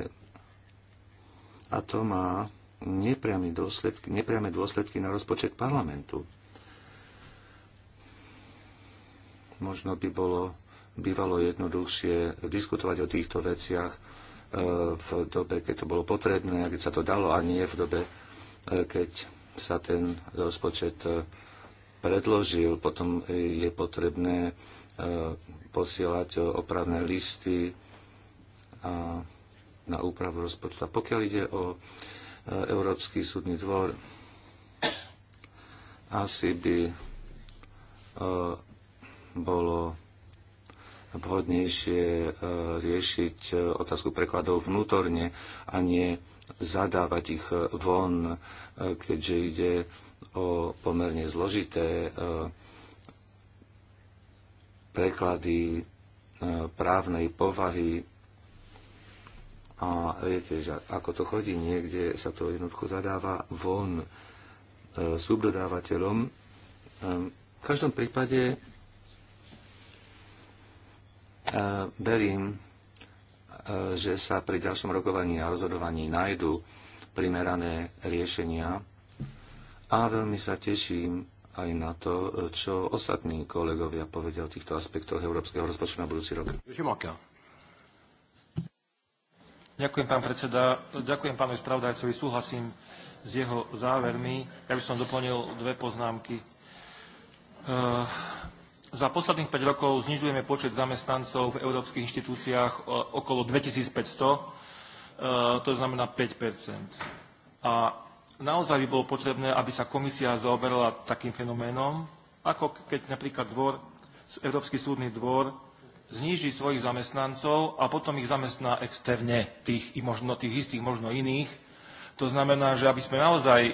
A to má nepriame dôsledky, nepriame dôsledky na rozpočet parlamentu. Možno by bolo bývalo jednoduchšie diskutovať o týchto veciach e, v dobe, keď to bolo potrebné, keď sa to dalo a nie v dobe, e, keď sa ten rozpočet predložil, potom je potrebné e, posielať opravné listy a e, na úpravu rozpočtu. A pokiaľ ide o e, Európsky súdny dvor, asi by bolo vhodnejšie riešiť otázku prekladov vnútorne a nie zadávať ich von, keďže ide o pomerne zložité e, preklady e, právnej povahy a viete, že ako to chodí, niekde sa to jednoducho zadáva von e, subdodávateľom. V každom prípade verím, že sa pri ďalšom rokovaní a rozhodovaní nájdu primerané riešenia a veľmi sa teším aj na to, čo ostatní kolegovia povedia o týchto aspektoch európskeho rozpočtu na budúci rok. Ďakujem, pán predseda. Ďakujem pánovi spravodajcovi. Súhlasím s jeho závermi. Ja by som doplnil dve poznámky. E, za posledných 5 rokov znižujeme počet zamestnancov v európskych inštitúciách okolo 2500, e, to znamená 5 A naozaj by bolo potrebné, aby sa komisia zaoberala takým fenoménom, ako keď napríklad dvor, Európsky súdny dvor zníži svojich zamestnancov a potom ich zamestná externe, tých, i možno, tých istých, možno iných. To znamená, že aby sme naozaj e,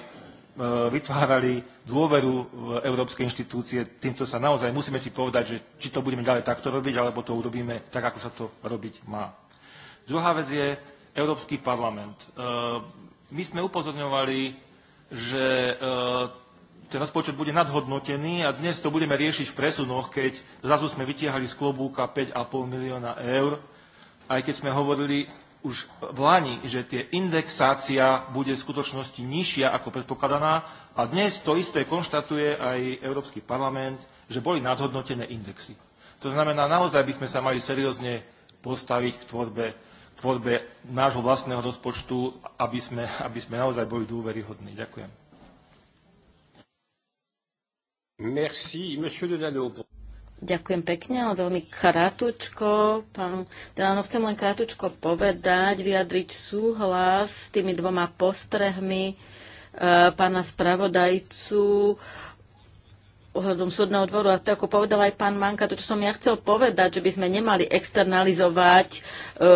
vytvárali dôveru v európske inštitúcie. Týmto sa naozaj musíme si povedať, že či to budeme ďalej takto robiť, alebo to urobíme tak, ako sa to robiť má. Druhá vec je Európsky parlament. E, my sme upozorňovali, že e, ten rozpočet bude nadhodnotený a dnes to budeme riešiť v presunoch, keď zrazu sme vytiahali z klobúka 5,5 milióna eur, aj keď sme hovorili už v Lani, že tie indexácia bude v skutočnosti nižšia ako predpokladaná a dnes to isté konštatuje aj Európsky parlament, že boli nadhodnotené indexy. To znamená, naozaj by sme sa mali seriózne postaviť k tvorbe tvorbe nášho vlastného rozpočtu, aby sme, aby sme naozaj boli dôveryhodní. Ďakujem. Merci, monsieur Ďakujem pekne, ale veľmi krátučko, Pán Delano, chcem len krátučko povedať, vyjadriť súhlas s tými dvoma postrehmi e, pána spravodajcu ohľadom súdneho dvoru. A to, ako povedal aj pán Manka, to, čo som ja chcel povedať, že by sme nemali externalizovať e,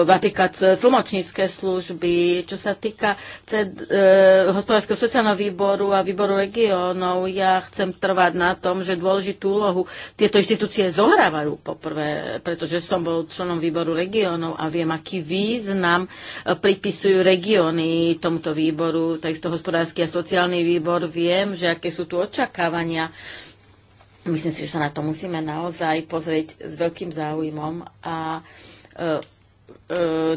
napríklad e, tlmočnícke služby, čo sa týka e, hospodárskeho sociálneho výboru a výboru regiónov. Ja chcem trvať na tom, že dôležitú úlohu tieto inštitúcie zohrávajú poprvé, pretože som bol členom výboru regiónov a viem, aký význam e, pripisujú regióny tomuto výboru, takisto hospodársky a sociálny výbor. Viem, že aké sú tu očakávania Myslím si, že sa na to musíme naozaj pozrieť s veľkým záujmom a e, e,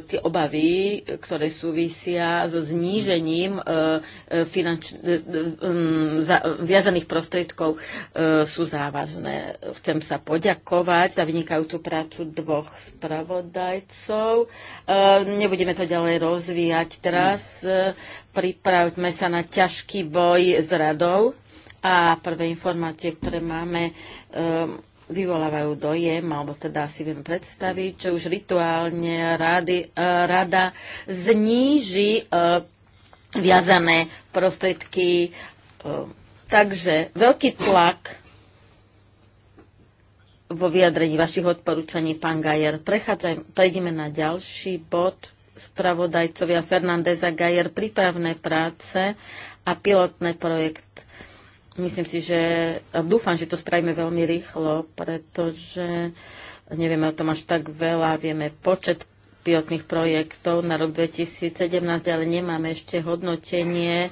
tie obavy, ktoré súvisia so znížením e, finanč... viazaných prostriedkov sú závažné. Chcem sa poďakovať za vynikajúcu prácu dvoch spravodajcov. Nebudeme to ďalej rozvíjať teraz. Pripravme sa na ťažký boj s radou a prvé informácie, ktoré máme, ehm, vyvolávajú dojem, alebo teda si viem predstaviť, že už rituálne rady, e, rada zníži e, viazané prostriedky. E, takže veľký tlak vo vyjadrení vašich odporúčaní, pán Gajer. Prejdeme na ďalší bod. Spravodajcovia Fernández a Gajer prípravné práce a pilotné projekt Myslím si, že dúfam, že to spravíme veľmi rýchlo, pretože nevieme o tom až tak veľa, vieme počet pilotných projektov na rok 2017, ale nemáme ešte hodnotenie e,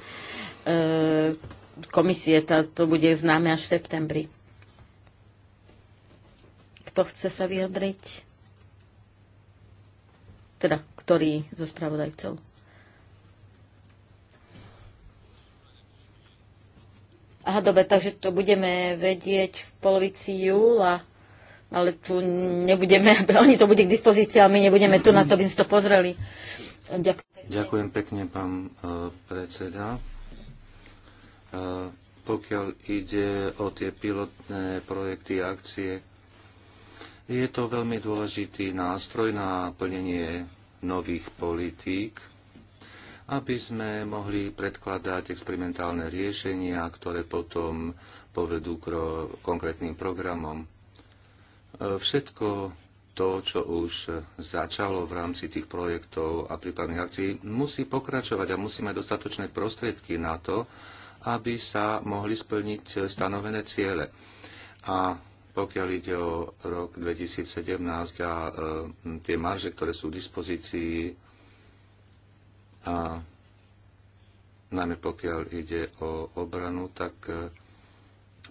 komisie. Tá, to bude známe až v septembri. Kto chce sa vyjadriť? Teda, ktorý zo spravodajcov? Aha, dobre, takže to budeme vedieť v polovici júla, ale tu nebudeme, oni to bude k dispozícii, ale my nebudeme tu na to, aby sme to pozreli. Ďakujem. Ďakujem pekne, pán e, predseda. E, pokiaľ ide o tie pilotné projekty a akcie, je to veľmi dôležitý nástroj na plnenie nových politík aby sme mohli predkladať experimentálne riešenia, ktoré potom povedú k konkrétnym programom. E, všetko to, čo už začalo v rámci tých projektov a prípadných akcií, musí pokračovať a musí mať dostatočné prostriedky na to, aby sa mohli splniť stanovené ciele. A pokiaľ ide o rok 2017 a e, tie marže, ktoré sú v dispozícii, a najmä pokiaľ ide o obranu, tak e,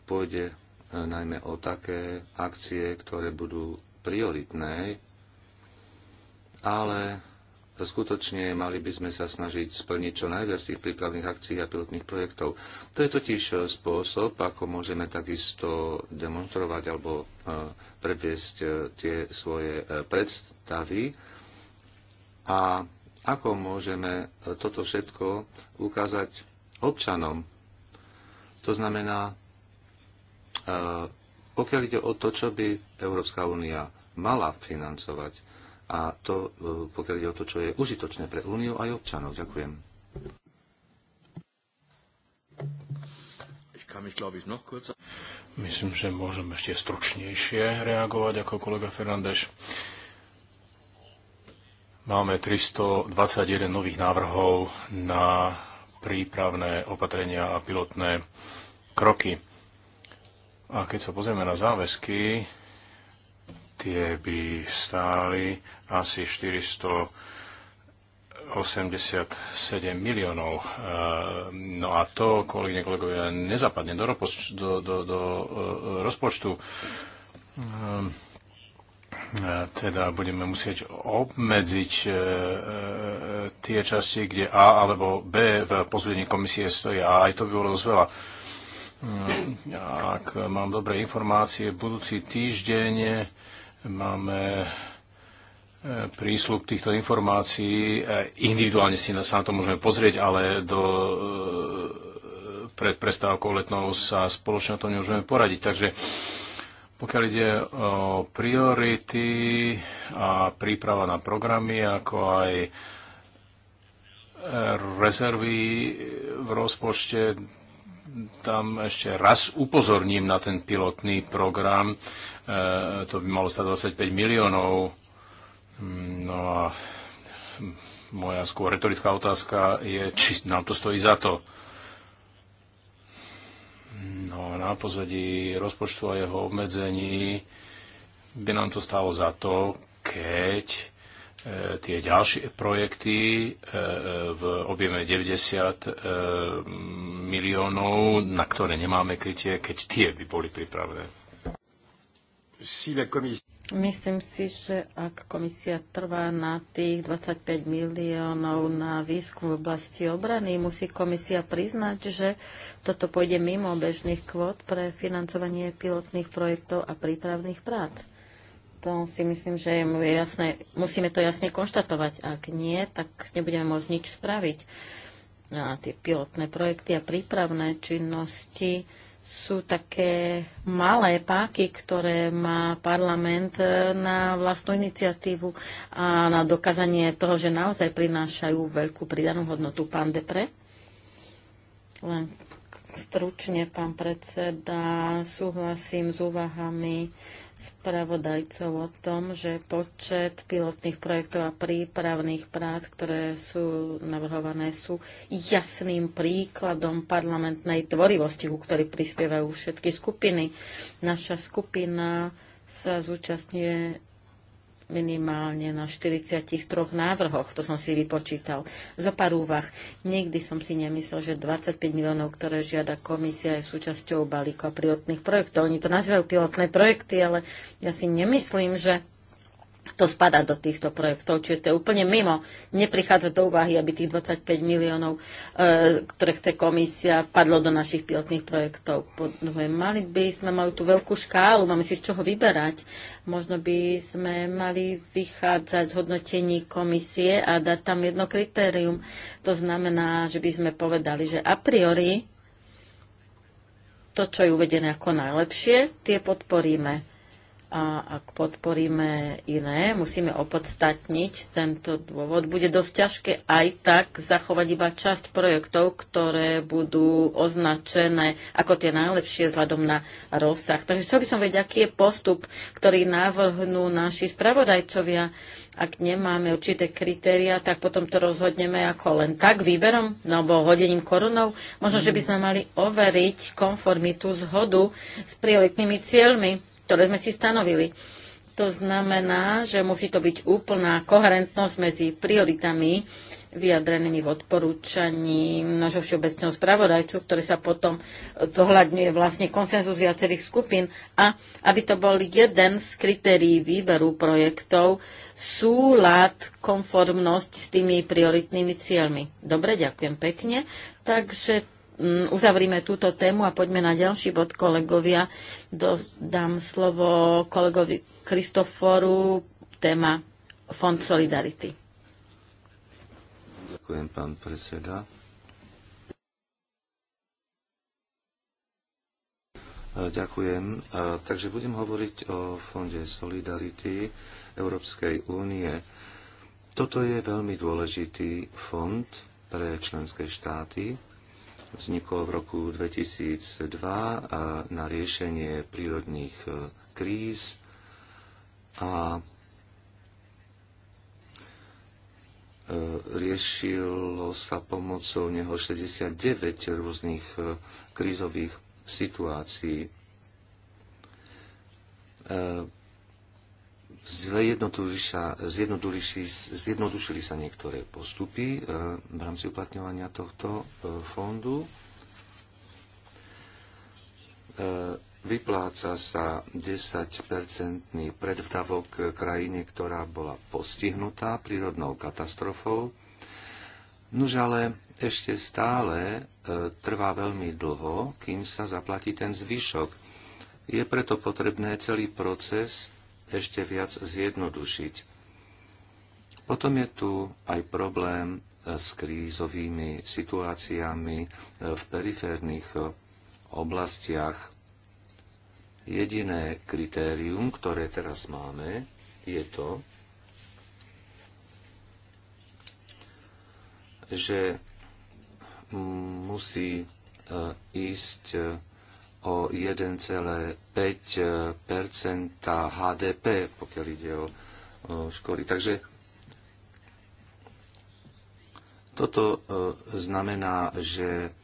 pôjde e, najmä o také akcie, ktoré budú prioritné, ale skutočne mali by sme sa snažiť splniť čo najviac tých prípravných akcií a pilotných projektov. To je totiž e, spôsob, ako môžeme takisto demonstrovať alebo predviesť tie svoje predstavy a ako môžeme e, toto všetko ukázať občanom? To znamená, e, pokiaľ ide o to, čo by Európska únia mala financovať, a to e, pokiaľ ide o to, čo je užitočné pre úniu aj občanov. Ďakujem. Myslím, že môžem ešte stručnejšie reagovať ako kolega Fernández. Máme 321 nových návrhov na prípravné opatrenia a pilotné kroky. A keď sa pozrieme na záväzky, tie by stáli asi 487 miliónov. E, no a to, kolegyne, kolegovia, nezapadne do, do, do, do e, rozpočtu. E, teda budeme musieť obmedziť e, e, tie časti, kde A alebo B v pozvedení komisie stojí. A aj to by bolo dosť veľa. Mm, ak mám dobré informácie, budúci týždeň máme e, prísľub týchto informácií. Individuálne si na, sa na to môžeme pozrieť, ale do, pred prestávkou letnou sa spoločne o tom nemôžeme poradiť. Takže pokiaľ ide o priority a príprava na programy, ako aj e, rezervy v rozpočte, tam ešte raz upozorním na ten pilotný program. E, to by malo stať 25 miliónov. Mm, no a moja skôr retorická otázka je, či nám to stojí za to. No, na pozadí rozpočtu a jeho obmedzení by nám to stalo za to, keď e, tie ďalšie projekty e, v objeme 90 e, miliónov, na ktoré nemáme krytie, keď tie by boli pripravené. Myslím si, že ak komisia trvá na tých 25 miliónov na výskum v oblasti obrany, musí komisia priznať, že toto pôjde mimo bežných kvót pre financovanie pilotných projektov a prípravných prác. To si myslím, že je jasné. musíme to jasne konštatovať. Ak nie, tak nebudeme môcť nič spraviť. A tie pilotné projekty a prípravné činnosti sú také malé páky, ktoré má parlament e, na vlastnú iniciatívu a na dokázanie toho, že naozaj prinášajú veľkú pridanú hodnotu. Pán Depre? Len stručne, pán predseda, súhlasím s úvahami spravodajcov o tom, že počet pilotných projektov a prípravných prác, ktoré sú navrhované, sú jasným príkladom parlamentnej tvorivosti, ku ktorej prispievajú všetky skupiny. Naša skupina sa zúčastňuje minimálne na 43 návrhoch, to som si vypočítal. Zo pár úvah. Nikdy som si nemyslel, že 25 miliónov, ktoré žiada komisia, je súčasťou balíka pilotných projektov. Oni to nazývajú pilotné projekty, ale ja si nemyslím, že to spada do týchto projektov, čiže to je úplne mimo. Neprichádza do úvahy, aby tých 25 miliónov, e, ktoré chce komisia, padlo do našich pilotných projektov. Mali by sme, mali tú veľkú škálu, máme si z čoho vyberať. Možno by sme mali vychádzať z hodnotení komisie a dať tam jedno kritérium. To znamená, že by sme povedali, že a priori to, čo je uvedené ako najlepšie, tie podporíme a ak podporíme iné, musíme opodstatniť tento dôvod. Bude dosť ťažké aj tak zachovať iba časť projektov, ktoré budú označené ako tie najlepšie vzhľadom na rozsah. Takže chcel by som vedieť, aký je postup, ktorý navrhnú naši spravodajcovia. Ak nemáme určité kritéria, tak potom to rozhodneme ako len tak výberom alebo hodením korunov. Možno, že by sme mali overiť konformitu zhodu s prioritnými cieľmi ktoré sme si stanovili. To znamená, že musí to byť úplná koherentnosť medzi prioritami vyjadrenými v odporúčaní nášho všeobecného spravodajcu, ktoré sa potom zohľadňuje vlastne konsenzus viacerých skupín a aby to bol jeden z kritérií výberu projektov súlad, konformnosť s tými prioritnými cieľmi. Dobre, ďakujem pekne. Takže Mm, uzavrime túto tému a poďme na ďalší bod kolegovia. dám slovo kolegovi Kristoforu, téma Fond Solidarity. Ďakujem, pán predseda. E, ďakujem. E, takže budem hovoriť o Fonde Solidarity Európskej únie. Toto je veľmi dôležitý fond pre členské štáty, vznikol v roku 2002 na riešenie prírodných e, kríz a e, riešilo sa pomocou neho 69 rôznych e, krízových situácií Zjednodušili sa niektoré postupy e, v rámci uplatňovania tohto e, fondu. E, vypláca sa 10-percentný predvdavok krajine, ktorá bola postihnutá prírodnou katastrofou. Nuž ale ešte stále trvá veľmi dlho, kým sa zaplatí ten zvyšok. Je preto potrebné celý proces ešte viac zjednodušiť. Potom je tu aj problém e, s krízovými situáciami e, v periférnych e, oblastiach. Jediné kritérium, ktoré teraz máme, je to, že musí ísť o 1,5 HDP, pokiaľ ide o, o školy. Takže toto e, znamená, že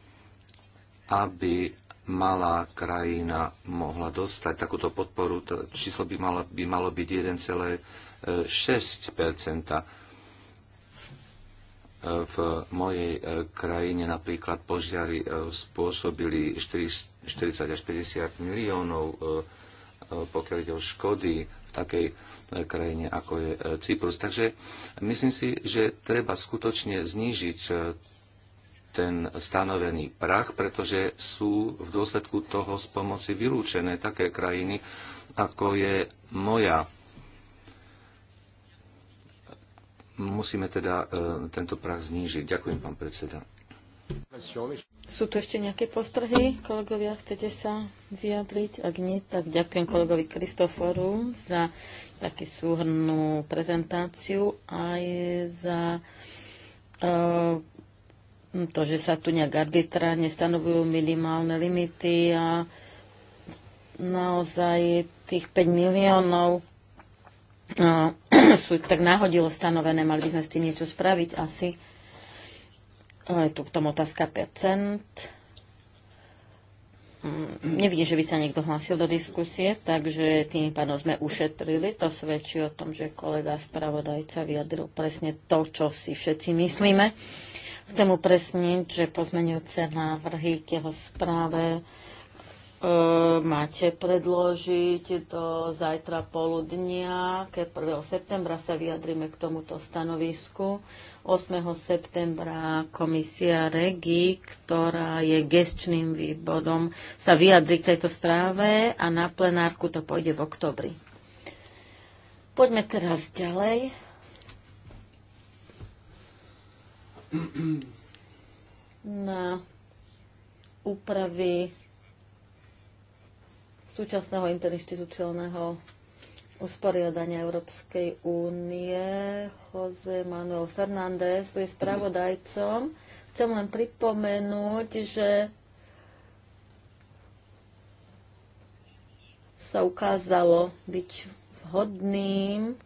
aby malá krajina mohla dostať takúto podporu, to číslo by malo, by malo byť 1,6 v mojej e, krajine napríklad požiary e, spôsobili 400 40 až 50 miliónov, e, e, pokiaľ ide o škody v takej e, krajine, ako je Cyprus. Takže myslím si, že treba skutočne znížiť ten stanovený prach, pretože sú v dôsledku toho z pomoci vylúčené také krajiny, ako je moja. Musíme teda tento prach znížiť. Ďakujem, pán predseda. Sú tu ešte nejaké postrhy? Kolegovia, chcete sa vyjadriť? Ak nie, tak ďakujem kolegovi Kristoforu za taký súhrnú prezentáciu aj za uh, to, že sa tu nejak arbitrárne stanovujú minimálne limity a naozaj tých 5 miliónov uh, sú tak náhodilo stanovené, mali by sme s tým niečo spraviť asi je tu tam otázka 5%. Mm, Nevidím, že by sa niekto hlásil do diskusie, takže tým pádom sme ušetrili. To svedčí o tom, že kolega spravodajca vyjadril presne to, čo si všetci myslíme. Chcem upresniť, že pozmeňujúce návrhy k jeho správe e, máte predložiť do zajtra poludnia, keď 1. septembra sa vyjadrime k tomuto stanovisku. 8. septembra komisia REGI, ktorá je gestčným výbodom, sa vyjadri k tejto správe a na plenárku to pôjde v oktobri. Poďme teraz ďalej. Na úpravy súčasného interinstitucionálneho usporiadania Európskej únie. Jose Manuel Fernández bude spravodajcom. Chcem len pripomenúť, že sa ukázalo byť vhodným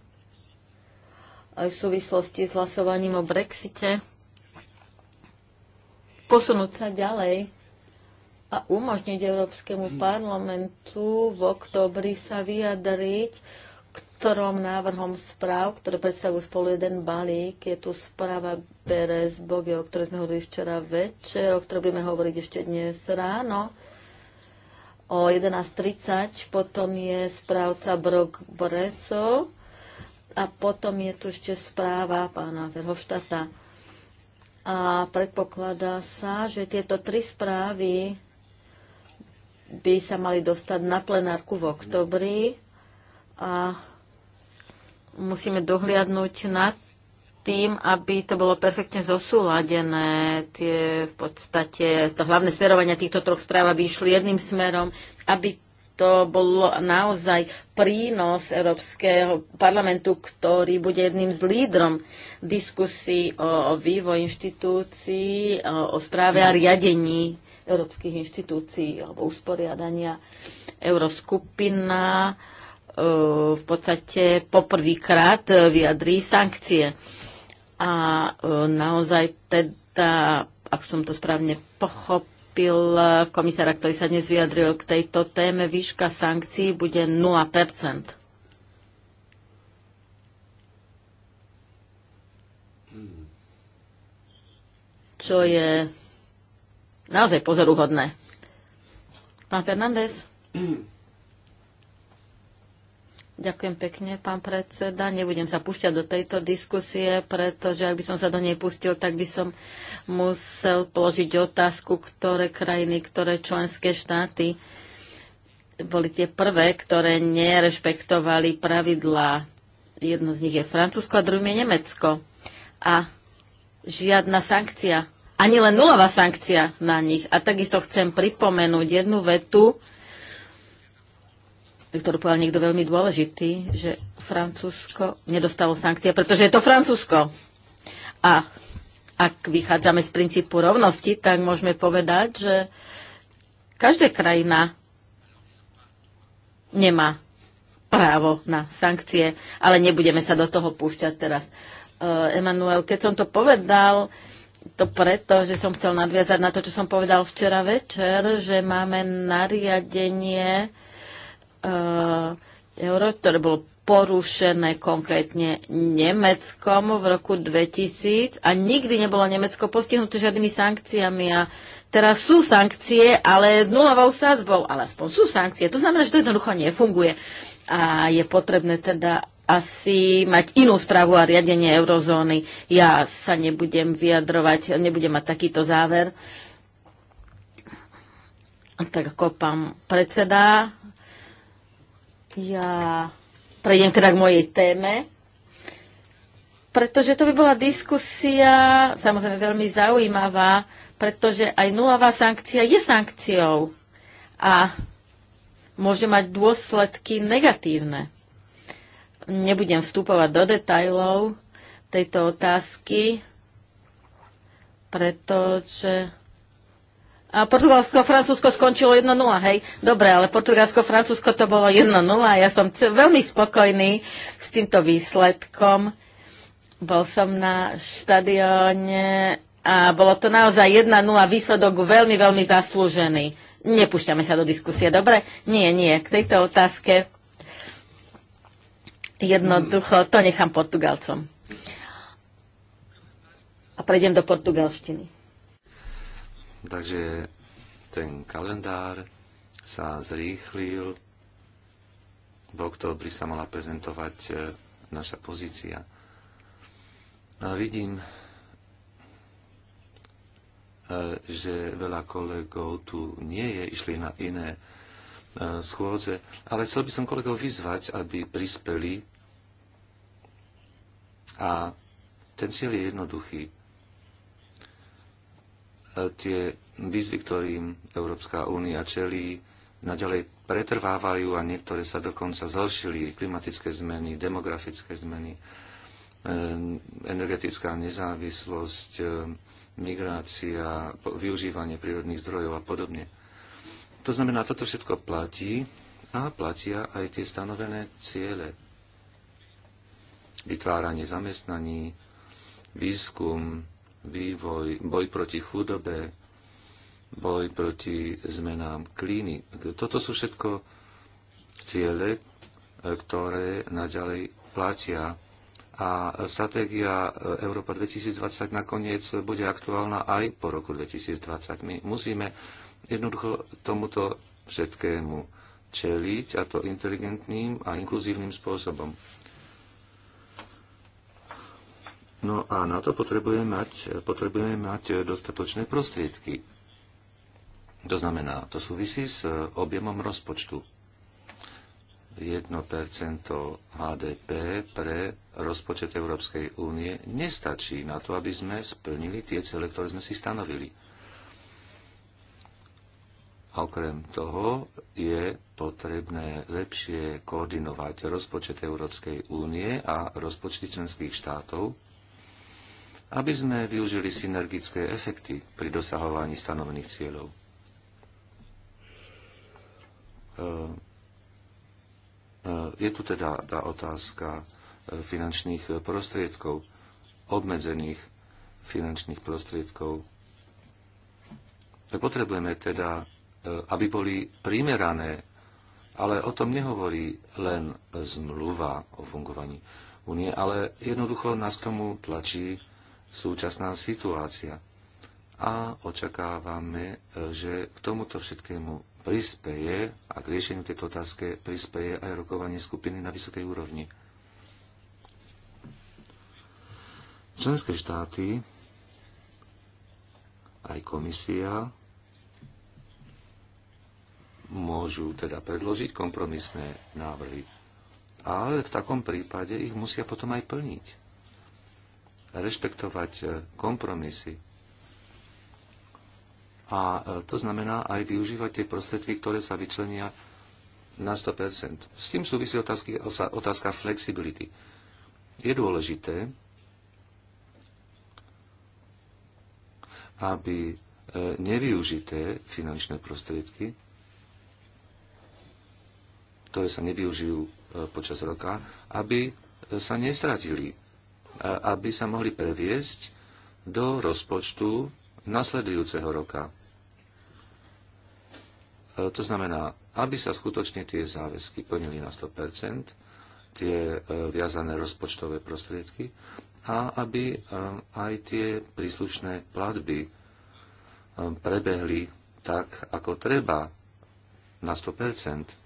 aj v súvislosti s hlasovaním o Brexite posunúť sa ďalej a umožniť Európskemu hmm. parlamentu v oktobri sa vyjadriť ktorom návrhom správ, ktoré predstavujú spolu jeden balík. Je tu správa Beres Boge, o ktorej sme hovorili včera večer, o ktorej budeme hovoriť ešte dnes ráno o 11.30, potom je správca Brok Breso a potom je tu ešte správa pána Verhoštata. A predpokladá sa, že tieto tri správy by sa mali dostať na plenárku v oktobri a musíme dohliadnúť na tým, aby to bolo perfektne zosúladené, tie v podstate, to hlavné smerovania týchto troch správ, aby išli jedným smerom, aby to bolo naozaj prínos Európskeho parlamentu, ktorý bude jedným z lídrom diskusí o, o vývoji inštitúcií, o, o správe a riadení európskych inštitúcií alebo usporiadania. Euroskupina e, v podstate poprvýkrát e, vyjadrí sankcie. A e, naozaj teda, ak som to správne pochopil, komisára, ktorý sa dnes vyjadril k tejto téme, výška sankcií bude 0%. Hmm. Čo je naozaj pozoruhodné. Pán Fernández? Ďakujem pekne, pán predseda. Nebudem sa púšťať do tejto diskusie, pretože ak by som sa do nej pustil, tak by som musel položiť otázku, ktoré krajiny, ktoré členské štáty boli tie prvé, ktoré nerešpektovali pravidlá. Jedno z nich je Francúzsko a druhým je Nemecko. A žiadna sankcia ani len nulová sankcia na nich. A takisto chcem pripomenúť jednu vetu, ktorú povedal niekto veľmi dôležitý, že Francúzsko nedostalo sankcie, pretože je to Francúzsko. A ak vychádzame z princípu rovnosti, tak môžeme povedať, že každá krajina nemá právo na sankcie, ale nebudeme sa do toho púšťať teraz. Emanuel, eh, keď som to povedal, to preto, že som chcel nadviazať na to, čo som povedal včera večer, že máme nariadenie e, euro, ktoré bolo porušené konkrétne Nemeckom v roku 2000 a nikdy nebolo Nemecko postihnuté žiadnymi sankciami a teraz sú sankcie, ale nulovou sázbou, ale aspoň sú sankcie. To znamená, že to jednoducho nefunguje a je potrebné teda asi mať inú správu a riadenie eurozóny. Ja sa nebudem vyjadrovať, nebudem mať takýto záver. Tak ako pán predseda, ja prejdem teda k mojej téme, pretože to by bola diskusia, samozrejme veľmi zaujímavá, pretože aj nulová sankcia je sankciou a môže mať dôsledky negatívne Nebudem vstupovať do detajlov tejto otázky, pretože a Portugalsko, Francúzsko skončilo 1-0, hej? Dobre, ale Portugalsko, Francúzsko to bolo 1-0 a ja som veľmi spokojný s týmto výsledkom. Bol som na štadióne a bolo to naozaj 1-0, výsledok veľmi, veľmi zaslúžený. Nepúšťame sa do diskusie, dobre? Nie, nie, k tejto otázke Jednoducho, to nechám Portugalcom. A prejdem do portugalštiny. Takže ten kalendár sa zrýchlil. V oktobri sa mala prezentovať e, naša pozícia. No a vidím, e, že veľa kolegov tu nie je, išli na iné E, schôdze, ale chcel by som kolegov vyzvať, aby prispeli a ten cieľ je jednoduchý. E, tie výzvy, ktorým Európska únia čelí, naďalej pretrvávajú a niektoré sa dokonca zhoršili. Klimatické zmeny, demografické zmeny, e, energetická nezávislosť, migrácia, využívanie prírodných zdrojov a podobne. To znamená, toto všetko platí a platia aj tie stanovené ciele. Vytváranie zamestnaní, výskum, vývoj, boj proti chudobe, boj proti zmenám klíny. Toto sú všetko ciele, ktoré naďalej platia. A stratégia Európa 2020 nakoniec bude aktuálna aj po roku 2020. My musíme jednoducho tomuto všetkému čeliť a to inteligentným a inkluzívnym spôsobom. No a na to potrebujeme mať, potrebujeme mať dostatočné prostriedky. To znamená, to súvisí s objemom rozpočtu. 1% HDP pre rozpočet Európskej únie nestačí na to, aby sme splnili tie cele, ktoré sme si stanovili. A okrem toho je potrebné lepšie koordinovať rozpočet Európskej únie a rozpočty členských štátov, aby sme využili synergické efekty pri dosahovaní stanovených cieľov. E, e, je tu teda tá otázka e, finančných prostriedkov, obmedzených finančných prostriedkov. Potrebujeme teda E, aby boli primerané, ale o tom nehovorí len zmluva o fungovaní únie, ale jednoducho nás k tomu tlačí súčasná situácia. A očakávame, e, že k tomuto všetkému prispeje a k riešeniu tejto otázky prispeje aj rokovanie skupiny na vysokej úrovni. Členské štáty, aj komisia môžu teda predložiť kompromisné návrhy. Ale v takom prípade ich musia potom aj plniť. Rešpektovať e, kompromisy. A e, to znamená aj využívať tie prostriedky, ktoré sa vyčlenia na 100%. S tým súvisí otázky, otázka flexibility. Je dôležité, aby e, nevyužité finančné prostriedky ktoré sa nevyužijú e, počas roka, aby sa nestratili, e, aby sa mohli previesť do rozpočtu nasledujúceho roka. E, to znamená, aby sa skutočne tie záväzky plnili na 100%, tie viazané rozpočtové prostriedky a aby aj tie príslušné platby prebehli tak, ako treba, na 100%.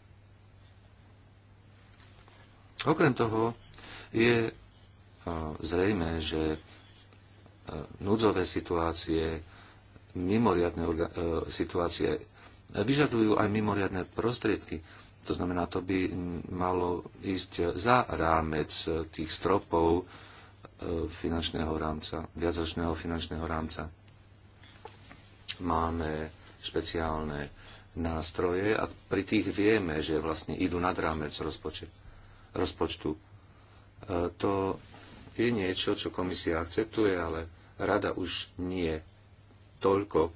Okrem toho je e, zrejme, že e, núdzové situácie, mimoriadne e, situácie vyžadujú aj mimoriadne prostriedky. To znamená, to by malo ísť za rámec tých stropov finančného rámca, viacročného finančného rámca. Máme špeciálne nástroje a pri tých vieme, že vlastne idú nad rámec rozpočet rozpočtu. E, to je niečo, čo komisia akceptuje, ale rada už nie toľko. E,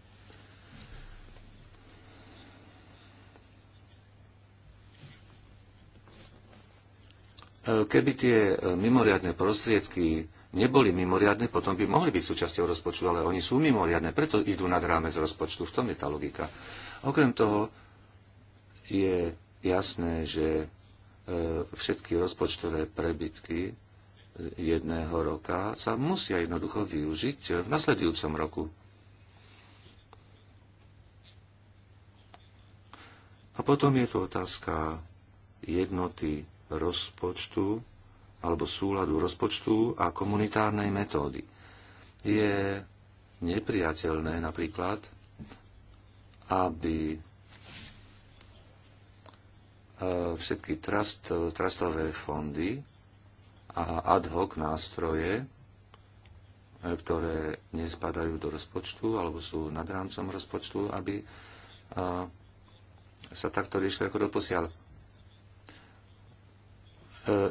keby tie e, mimoriadne prostriedky neboli mimoriadne, potom by mohli byť súčasťou rozpočtu, ale oni sú mimoriadne, preto idú nad rámec rozpočtu. V tom je tá logika. Okrem toho je jasné, že všetky rozpočtové prebytky jedného roka sa musia jednoducho využiť v nasledujúcom roku. A potom je tu otázka jednoty rozpočtu alebo súladu rozpočtu a komunitárnej metódy. Je nepriateľné napríklad, aby E, všetky trust, e, trustové fondy a ad hoc nástroje, e, ktoré nespadajú do rozpočtu alebo sú nad rámcom rozpočtu, aby sa takto riešili ako doposiaľ.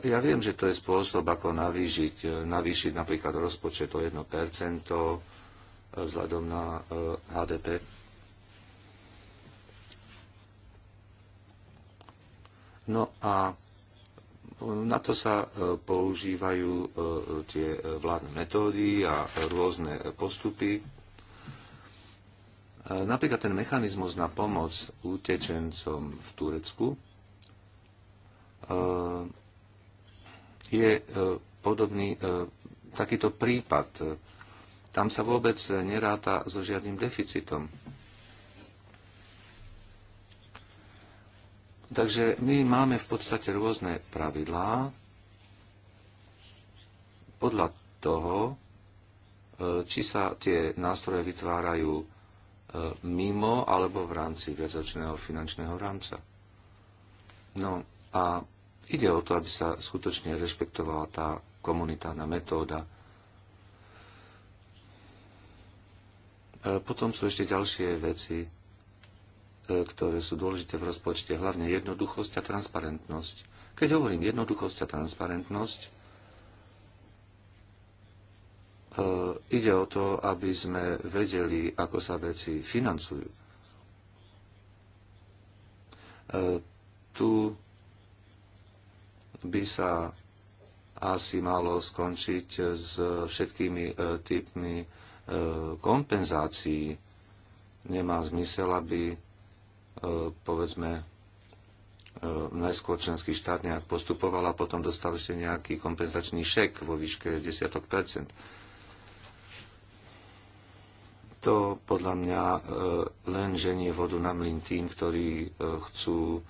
Ja viem, že to je spôsob, ako navýšiť, navýšiť napríklad rozpočet o 1% vzhľadom na HDP, No a e, na to sa e, používajú e, tie vládne metódy a rôzne postupy. Napríklad ten mechanizmus na pomoc utečencom v Turecku je podobný takýto prípad. Tam sa vôbec neráta so žiadnym deficitom. Takže my máme v podstate rôzne pravidlá podľa toho, e, či sa tie nástroje vytvárajú e, mimo alebo v rámci viacročného finančného rámca. No a ide o to, aby sa skutočne rešpektovala tá komunitárna metóda. E, potom sú ešte ďalšie veci, E, ktoré sú dôležité v rozpočte, hlavne jednoduchosť a transparentnosť. Keď hovorím jednoduchosť a transparentnosť, e, ide o to, aby sme vedeli, ako sa veci financujú. E, tu by sa asi malo skončiť s všetkými typmi kompenzácií. Nemá zmysel, aby E, povedzme, e, najskôr členský štát nejak postupoval a potom dostal ešte nejaký kompenzačný šek vo výške desiatok percent. To podľa mňa e, len ženie vodu na mlyn tým, ktorí chcú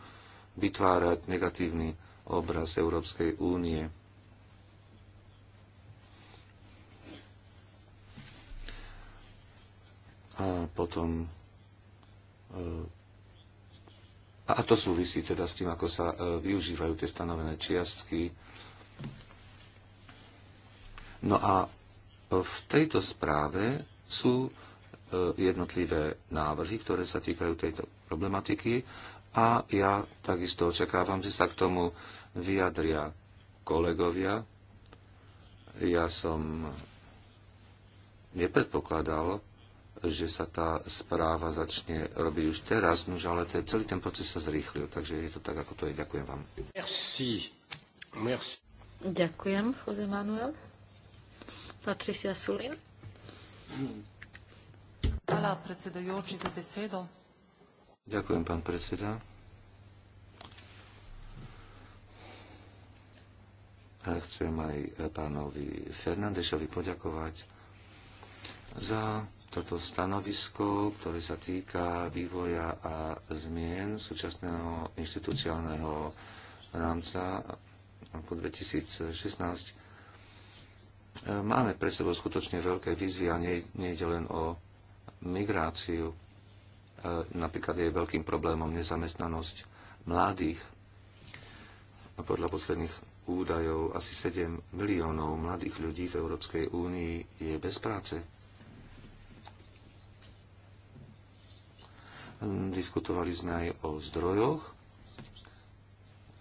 vytvárať negatívny obraz Európskej únie. A potom a to súvisí teda s tým, ako sa e, využívajú tie stanovené čiastky. No a e, v tejto správe sú e, jednotlivé návrhy, ktoré sa týkajú tejto problematiky a ja takisto očakávam, že sa k tomu vyjadria kolegovia. Ja som nepredpokladal, že sa tá správa začne robiť už teraz, nož ale ten, celý ten proces sa zrýchlil, takže je to tak, ako to je. Ďakujem vám. Merci. Merci. Ďakujem, Jose Manuel. Patricia Sulin. Hvala predsedajúci za besedo. Ďakujem, pán predseda. Chcem aj pánovi Fernandešovi poďakovať za toto stanovisko, ktoré sa týka vývoja a zmien súčasného inštitúciálneho rámca roku 2016. E, máme pre sebou skutočne veľké výzvy a nejde len o migráciu. E, napríklad je veľkým problémom nezamestnanosť mladých. Podľa posledných údajov asi 7 miliónov mladých ľudí v Európskej únii je bez práce Diskutovali sme aj o zdrojoch.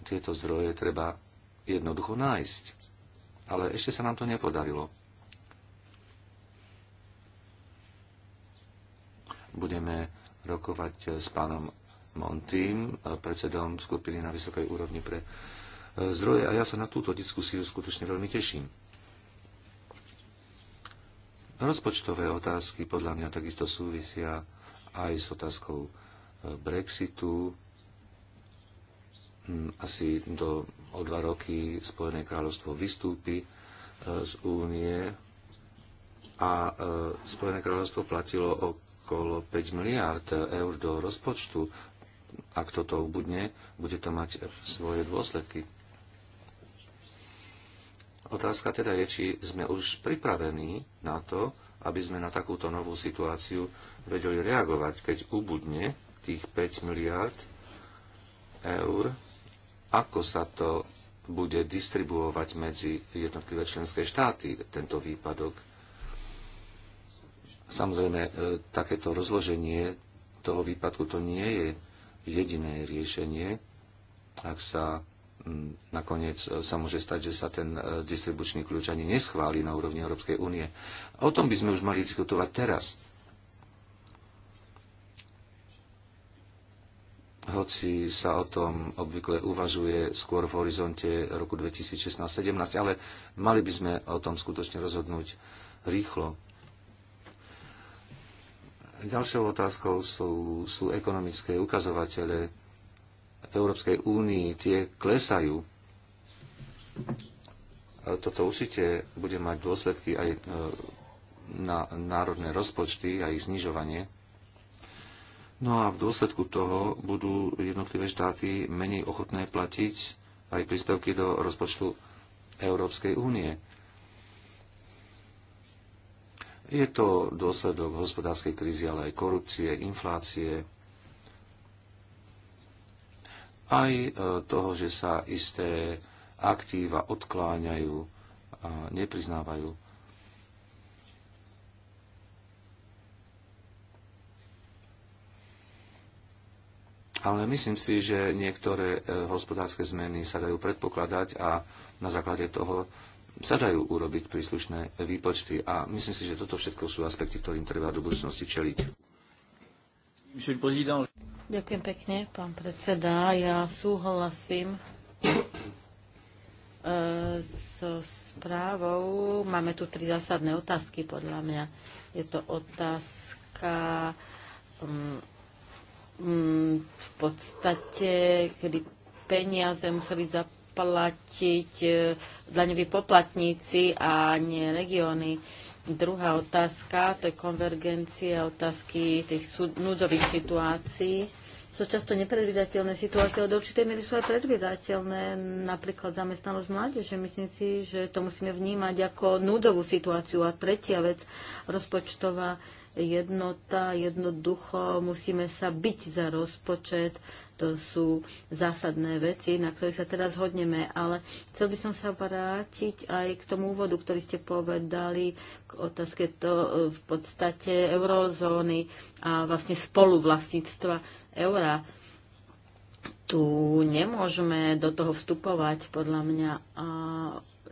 Tieto zdroje treba jednoducho nájsť. Ale ešte sa nám to nepodarilo. Budeme rokovať s pánom Montým, predsedom skupiny na vysokej úrovni pre e, zdroje a ja sa na túto diskusiu skutočne veľmi teším. Rozpočtové otázky podľa mňa takisto súvisia aj s otázkou e, Brexitu. Hm, asi do, o dva roky Spojené kráľovstvo vystúpi e, z únie a e, Spojené kráľovstvo platilo okolo 5 miliard eur do rozpočtu. Ak toto ubudne, bude to mať svoje dôsledky. Otázka teda je, či sme už pripravení na to, aby sme na takúto novú situáciu vedeli reagovať, keď ubudne tých 5 miliard eur, ako sa to bude distribuovať medzi jednotlivé členské štáty, tento výpadok. Samozrejme, e, takéto rozloženie toho výpadku to nie je jediné riešenie. Ak sa Mm, nakoniec e, sa môže stať, že sa ten e, distribučný kľúč ani neschváli na úrovni Európskej únie. O tom by sme už mali diskutovať teraz. Hoci sa o tom obvykle uvažuje skôr v horizonte roku 2016-17, ale mali by sme o tom skutočne rozhodnúť rýchlo. Ďalšou otázkou sú, sú ekonomické ukazovatele v Európskej únii, tie klesajú. Toto určite bude mať dôsledky aj e, na národné rozpočty a ich znižovanie. No a v dôsledku toho budú jednotlivé štáty menej ochotné platiť aj príspevky do rozpočtu Európskej únie. Je to dôsledok hospodárskej krízy, ale aj korupcie, inflácie, aj e, toho, že sa isté aktíva odkláňajú a nepriznávajú. Ale myslím si, že niektoré e, hospodárske zmeny sa dajú predpokladať a na základe toho sa dajú urobiť príslušné výpočty a myslím si, že toto všetko sú aspekty, ktorým treba do budúcnosti čeliť. Ďakujem pekne, pán predseda. Ja súhlasím eh, so správou. Máme tu tri zásadné otázky, podľa mňa. Je to otázka um, um, v podstate, kedy peniaze museli zaplatiť eh, daňoví poplatníci a nie regióny Druhá otázka, to je konvergencia otázky tých núdzových situácií. Sú často nepredvydateľné situácie, ale do určitej miery sú aj predvydateľné, napríklad zamestnanosť mládeže. Myslím si, že to musíme vnímať ako núdzovú situáciu. A tretia vec, rozpočtová jednota, jednoducho musíme sa byť za rozpočet to sú zásadné veci, na ktorých sa teraz hodneme, ale chcel by som sa vrátiť aj k tomu úvodu, ktorý ste povedali, k otázke to e, v podstate eurozóny a vlastne spoluvlastníctva eura tu nemôžeme do toho vstupovať, podľa mňa. A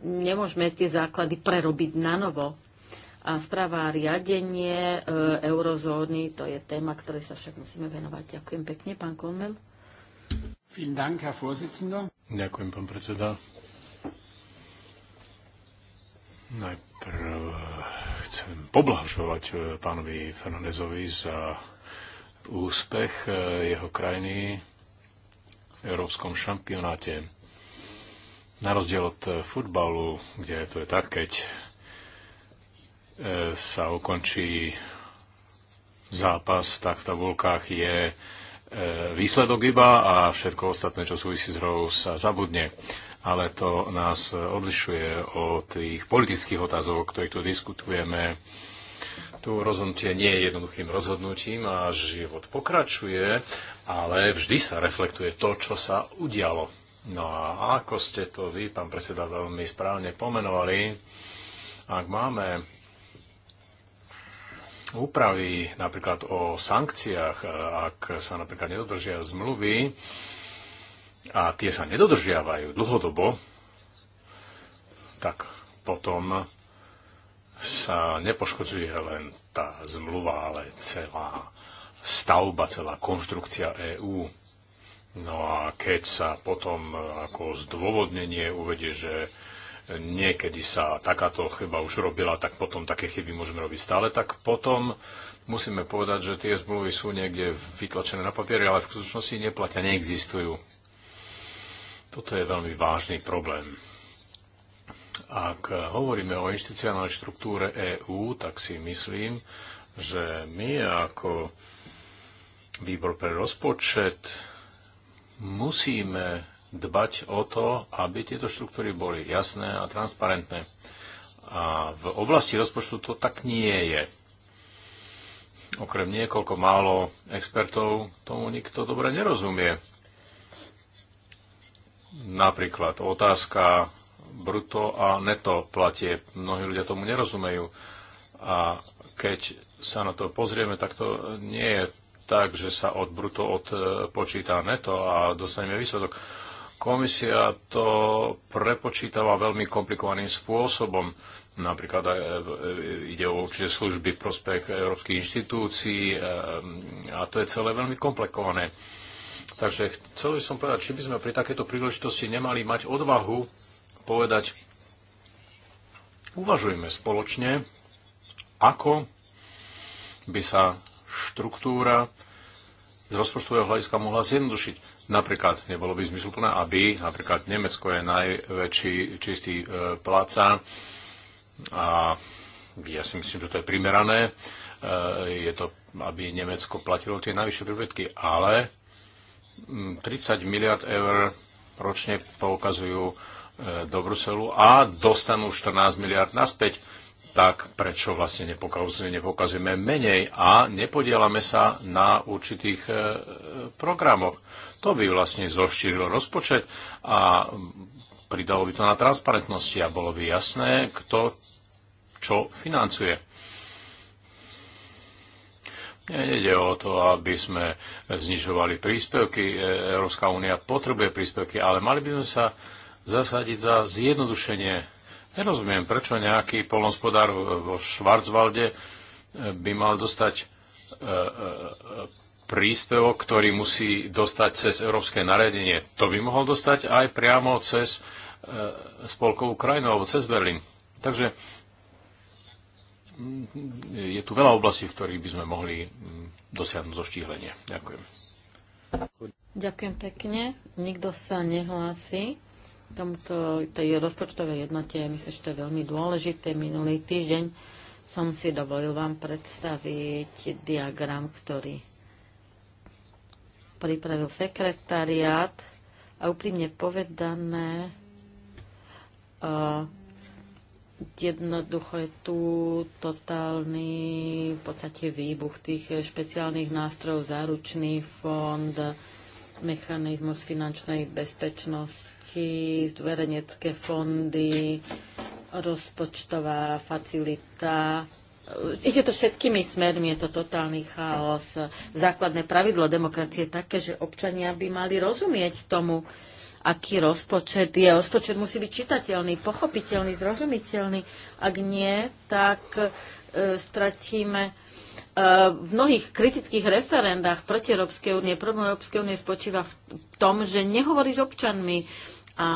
nemôžeme tie základy prerobiť na novo. A správa riadenie e, eurozóny, to je téma, ktorej sa však musíme venovať. Ďakujem pekne, pán Kolmel. Ďakujem, pán predseda. Najprv eh, chcem poblahožovať eh, pánovi Fernandezovi za úspech eh, jeho krajiny v európskom šampionáte. Na rozdiel od futbalu, kde to je tak, keď sa ukončí zápas, tak v tabulkách je E, výsledok iba a všetko ostatné, čo súvisí s hrou, sa zabudne. Ale to nás odlišuje od tých politických otázok, o ktorých tu diskutujeme. Tu rozhodnutie nie je jednoduchým rozhodnutím a život pokračuje, ale vždy sa reflektuje to, čo sa udialo. No a ako ste to vy, pán predseda, veľmi správne pomenovali, ak máme úpravy napríklad o sankciách, e, ak sa napríklad nedodržia zmluvy a tie sa nedodržiavajú dlhodobo, tak potom sa nepoškodzuje len tá zmluva, ale celá stavba, celá konštrukcia EÚ. No a keď sa potom ako zdôvodnenie uvedie, že niekedy sa takáto chyba už robila, tak potom také chyby môžeme robiť stále, tak potom musíme povedať, že tie zmluvy sú niekde vytlačené na papieri, ale v skutočnosti neplatia, neexistujú. Toto je veľmi vážny problém. Ak hovoríme o inštitucionálnej štruktúre EÚ, tak si myslím, že my ako výbor pre rozpočet musíme dbať o to, aby tieto štruktúry boli jasné a transparentné. A v oblasti rozpočtu to tak nie je. Okrem niekoľko málo expertov tomu nikto dobre nerozumie. Napríklad otázka bruto a neto platie. Mnohí ľudia tomu nerozumejú. A keď sa na to pozrieme, tak to nie je tak, že sa od bruto odpočíta e, neto a dostaneme výsledok Komisia to prepočítava veľmi komplikovaným spôsobom. Napríklad e, e, ide o určite služby prospech európskych inštitúcií e, a to je celé veľmi komplikované. Takže chcel by som povedať, či by sme pri takéto príležitosti nemali mať odvahu povedať, uvažujme spoločne, ako by sa štruktúra z rozpočtového hľadiska mohla zjednodušiť Napríklad nebolo by zmysluplné, aby napríklad Nemecko je najväčší čistý e, pláca a ja si myslím, že to je primerané. E, je to, aby Nemecko platilo tie najvyššie príbytky, ale 30 miliard eur ročne poukazujú e, do Bruselu a dostanú 14 miliard naspäť tak prečo vlastne nepokazujeme, nepokazujeme menej a nepodielame sa na určitých e, programoch. To by vlastne zoštírilo rozpočet a pridalo by to na transparentnosti a bolo by jasné, kto čo financuje. Nejde o to, aby sme znižovali príspevky. E, Európska únia potrebuje príspevky, ale mali by sme sa zasadiť za zjednodušenie. Nerozumiem, prečo nejaký polnospodár vo Švarcvalde e, by mal dostať e, príspevok, ktorý musí dostať cez európske nariadenie. To by mohol dostať aj priamo cez e, spolkovú krajinu alebo cez Berlín. Takže mm, je tu veľa oblastí, v ktorých by sme mohli mm, dosiahnuť zoštíhlenie. Ďakujem. Ďakujem pekne. Nikto sa nehlási tomuto, tej rozpočtovej jednote, myslím, že to je veľmi dôležité. Minulý týždeň som si dovolil vám predstaviť diagram, ktorý pripravil sekretariát a úprimne povedané uh, jednoducho je tu totálny v podstate výbuch tých špeciálnych nástrojov, záručný fond, mechanizmus finančnej bezpečnosti, zverejnecké fondy, rozpočtová facilita, Ide to všetkými smermi, je to totálny chaos. Základné pravidlo demokracie je také, že občania by mali rozumieť tomu, aký rozpočet je. Rozpočet musí byť čitateľný, pochopiteľný, zrozumiteľný. Ak nie, tak e, stratíme e, v mnohých kritických referendách proti Európskej únie, problém Európskej únie spočíva v tom, že nehovorí s občanmi, a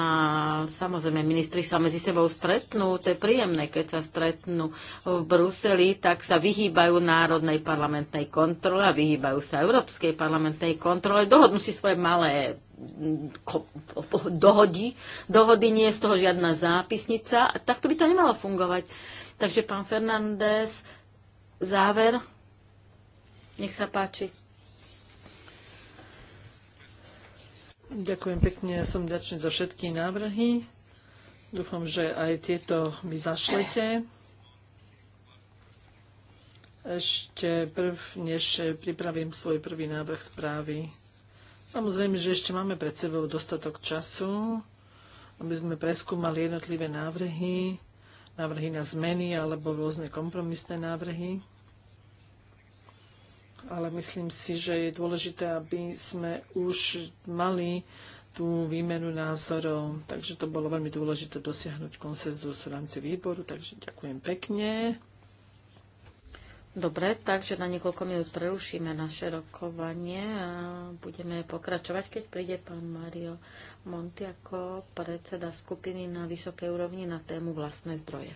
samozrejme, ministri sa medzi sebou stretnú, to je príjemné, keď sa stretnú v Bruseli, tak sa vyhýbajú národnej parlamentnej kontrole a vyhýbajú sa európskej parlamentnej kontrole, dohodnú si svoje malé mm, dohody, dohody nie je z toho žiadna zápisnica, tak to by to nemalo fungovať. Takže pán Fernández, záver, nech sa páči. Ďakujem pekne, ja som vďačný za všetky návrhy. Dúfam, že aj tieto mi zašlete. Ešte prv, než pripravím svoj prvý návrh správy. Samozrejme, že ešte máme pred sebou dostatok času, aby sme preskúmali jednotlivé návrhy, návrhy na zmeny alebo rôzne kompromisné návrhy ale myslím si, že je dôležité, aby sme už mali tú výmenu názorov, takže to bolo veľmi dôležité dosiahnuť konsenzus v rámci výboru, takže ďakujem pekne. Dobre, takže na niekoľko minút prerušíme naše rokovanie a budeme pokračovať, keď príde pán Mario Monti ako predseda skupiny na vysokej úrovni na tému vlastné zdroje.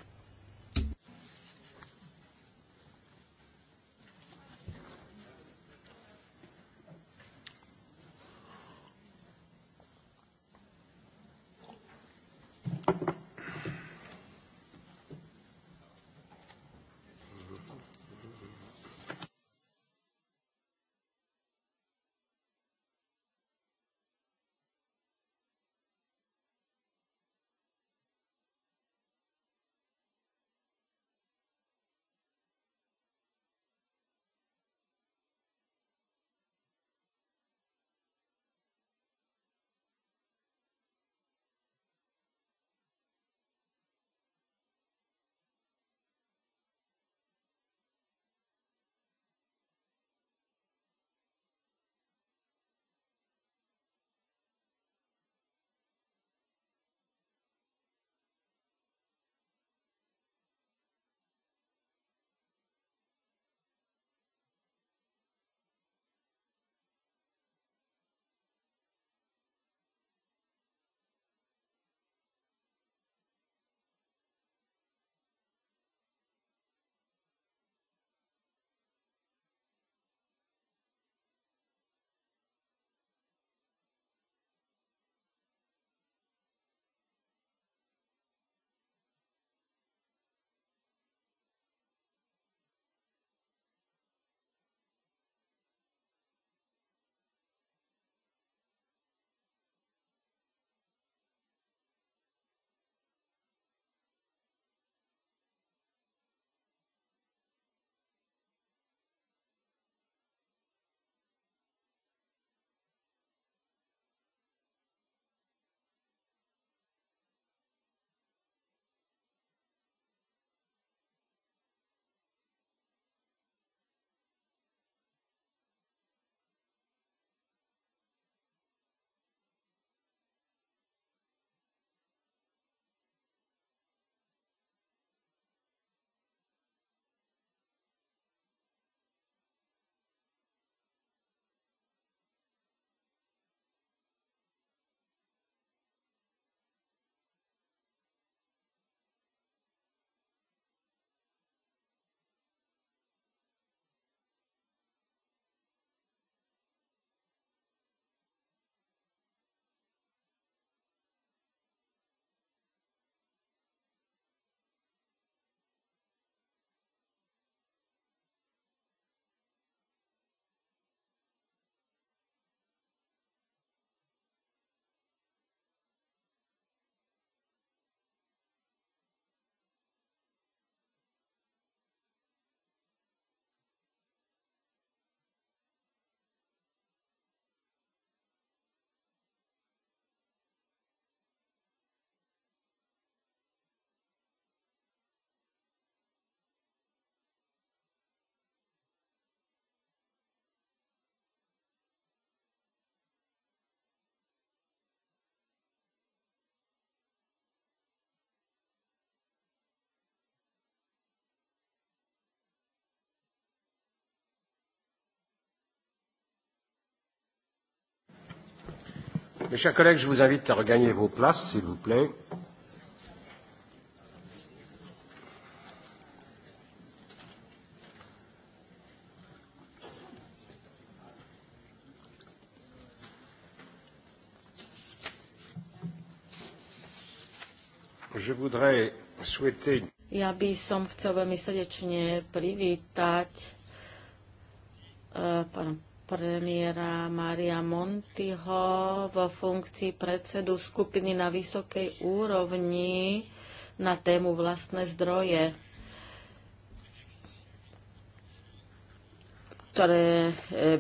Mes chers collègues, je vous invite à regagner vos places, s'il vous plaît. Je voudrais souhaiter... Ja by som chcel veľmi srdečne privítať uh, pána premiéra Maria Montiho vo funkcii predsedu skupiny na vysokej úrovni na tému vlastné zdroje, ktoré e,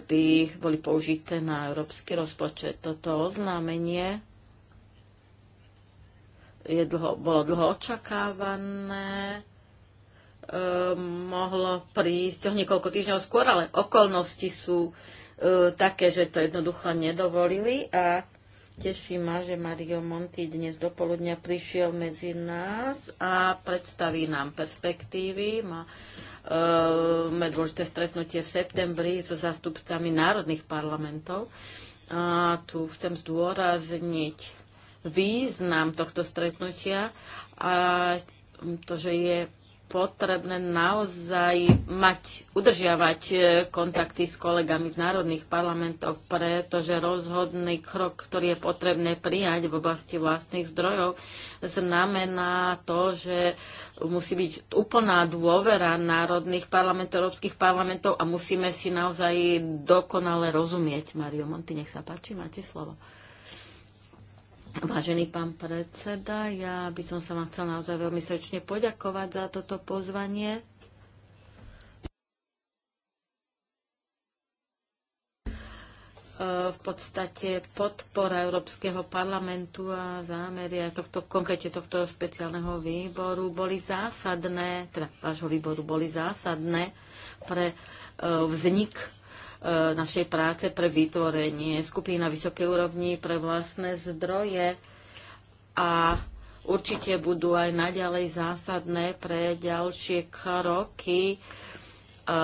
by boli použité na európsky rozpočet. Toto oznámenie je dlho, bolo dlho očakávané e, mohlo prísť o niekoľko týždňov skôr, ale okolnosti sú E, také, že to jednoducho nedovolili a teší ma, že Mario Monti dnes dopoludňa prišiel medzi nás a predstaví nám perspektívy. Má e, dôležité stretnutie v septembri so zástupcami národných parlamentov. A tu chcem zdôrazniť význam tohto stretnutia a to, že je potrebné naozaj mať, udržiavať e, kontakty s kolegami v národných parlamentoch, pretože rozhodný krok, ktorý je potrebné prijať v oblasti vlastných zdrojov, znamená to, že musí byť úplná dôvera národných parlamentov, európskych parlamentov a musíme si naozaj dokonale rozumieť. Mario Monti, nech sa páči, máte slovo. Vážený pán predseda, ja by som sa vám chcel naozaj veľmi srdečne poďakovať za toto pozvanie. E, v podstate podpora Európskeho parlamentu a zámery aj tohto, konkrétne tohto špeciálneho výboru boli zásadné, teda vášho výboru boli zásadné pre e, vznik E, našej práce pre vytvorenie skupín na vysokej úrovni pre vlastné zdroje a určite budú aj naďalej zásadné pre ďalšie kroky e,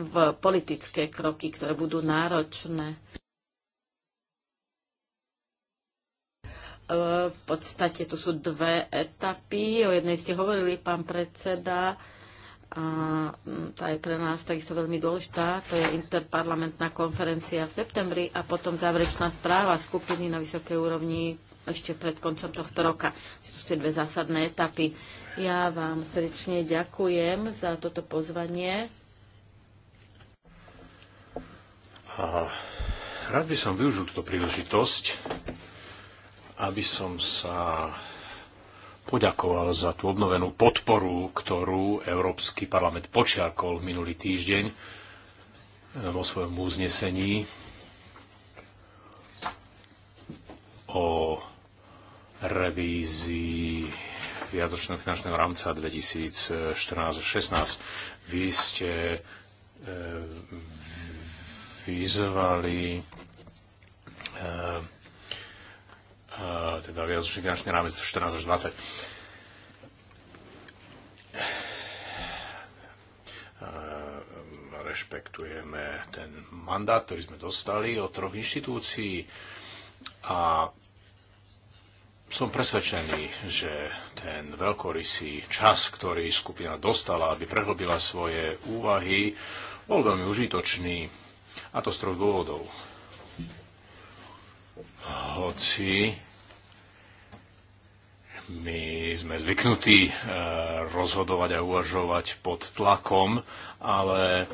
v politické kroky, ktoré budú náročné. E, v podstate tu sú dve etapy. O jednej ste hovorili, pán predseda a mm, tá je pre nás takisto veľmi dôležitá. To je interparlamentná konferencia v septembri a potom záverečná správa skupiny na vysokej úrovni ešte pred koncom tohto roka. To sú dve zásadné etapy. Ja vám srdečne ďakujem za toto pozvanie. A rád by som využil túto príležitosť, aby som sa poďakoval za tú obnovenú podporu, ktorú Európsky parlament počiarkol minulý týždeň eh, vo svojom uznesení o revízii viadočného finančného rámca 2014 2016 Vy ste eh, vyzvali eh, teda viacročný finančný rámec 14 až 20. Rešpektujeme ten mandát, ktorý sme dostali od troch inštitúcií a som presvedčený, že ten veľkorysý čas, ktorý skupina dostala, aby prehlbila svoje úvahy, bol veľmi užitočný. A to z troch dôvodov. Hoci my sme zvyknutí eh, rozhodovať a uvažovať pod tlakom, ale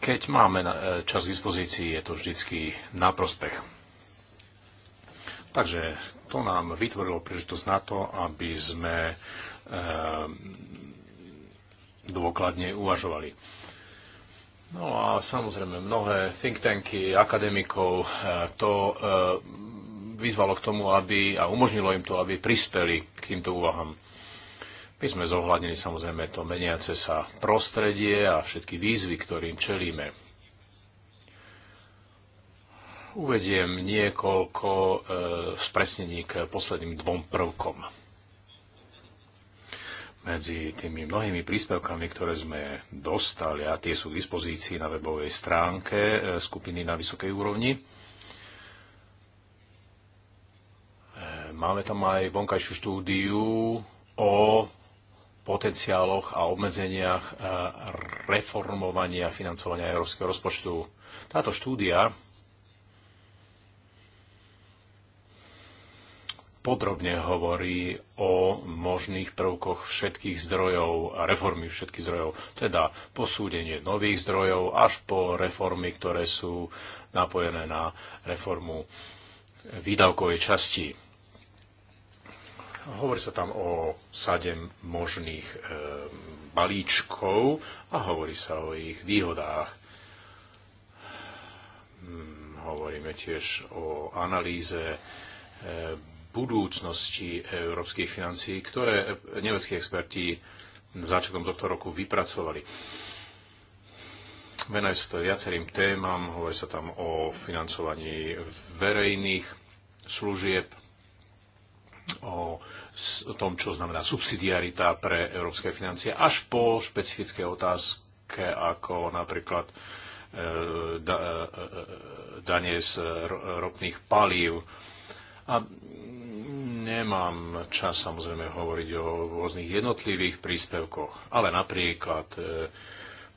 keď máme eh, čas k dispozícii, je to vždycky na prospech. Takže to nám vytvorilo príležitosť na to, aby sme eh, dôkladne uvažovali. No a samozrejme mnohé think tanky, akademikov to vyzvalo k tomu, aby, a umožnilo im to, aby prispeli k týmto úvahám. My sme zohľadnili samozrejme to meniace sa prostredie a všetky výzvy, ktorým čelíme. Uvediem niekoľko e, spresnení k posledným dvom prvkom. Medzi tými mnohými príspevkami, ktoré sme dostali, a tie sú k dispozícii na webovej stránke e, skupiny na vysokej úrovni, Máme tam aj vonkajšiu štúdiu o potenciáloch a obmedzeniach e, reformovania financovania európskeho rozpočtu. Táto štúdia podrobne hovorí o možných prvkoch všetkých zdrojov a reformy všetkých zdrojov, teda posúdenie nových zdrojov až po reformy, ktoré sú napojené na reformu výdavkovej časti Hovorí sa tam o sade možných e, balíčkov a hovorí sa o ich výhodách. Mm, hovoríme tiež o analýze e, budúcnosti európskych financií, ktoré nemeckí experti začiatkom tohto roku vypracovali. Venajú sa to viacerým témam, hovorí sa tam o financovaní verejných služieb, o tom, čo znamená subsidiarita pre európske financie, až po špecifické otázke, ako napríklad e, e, e, danie z ropných palív. A nemám čas samozrejme hovoriť o rôznych jednotlivých príspevkoch, ale napríklad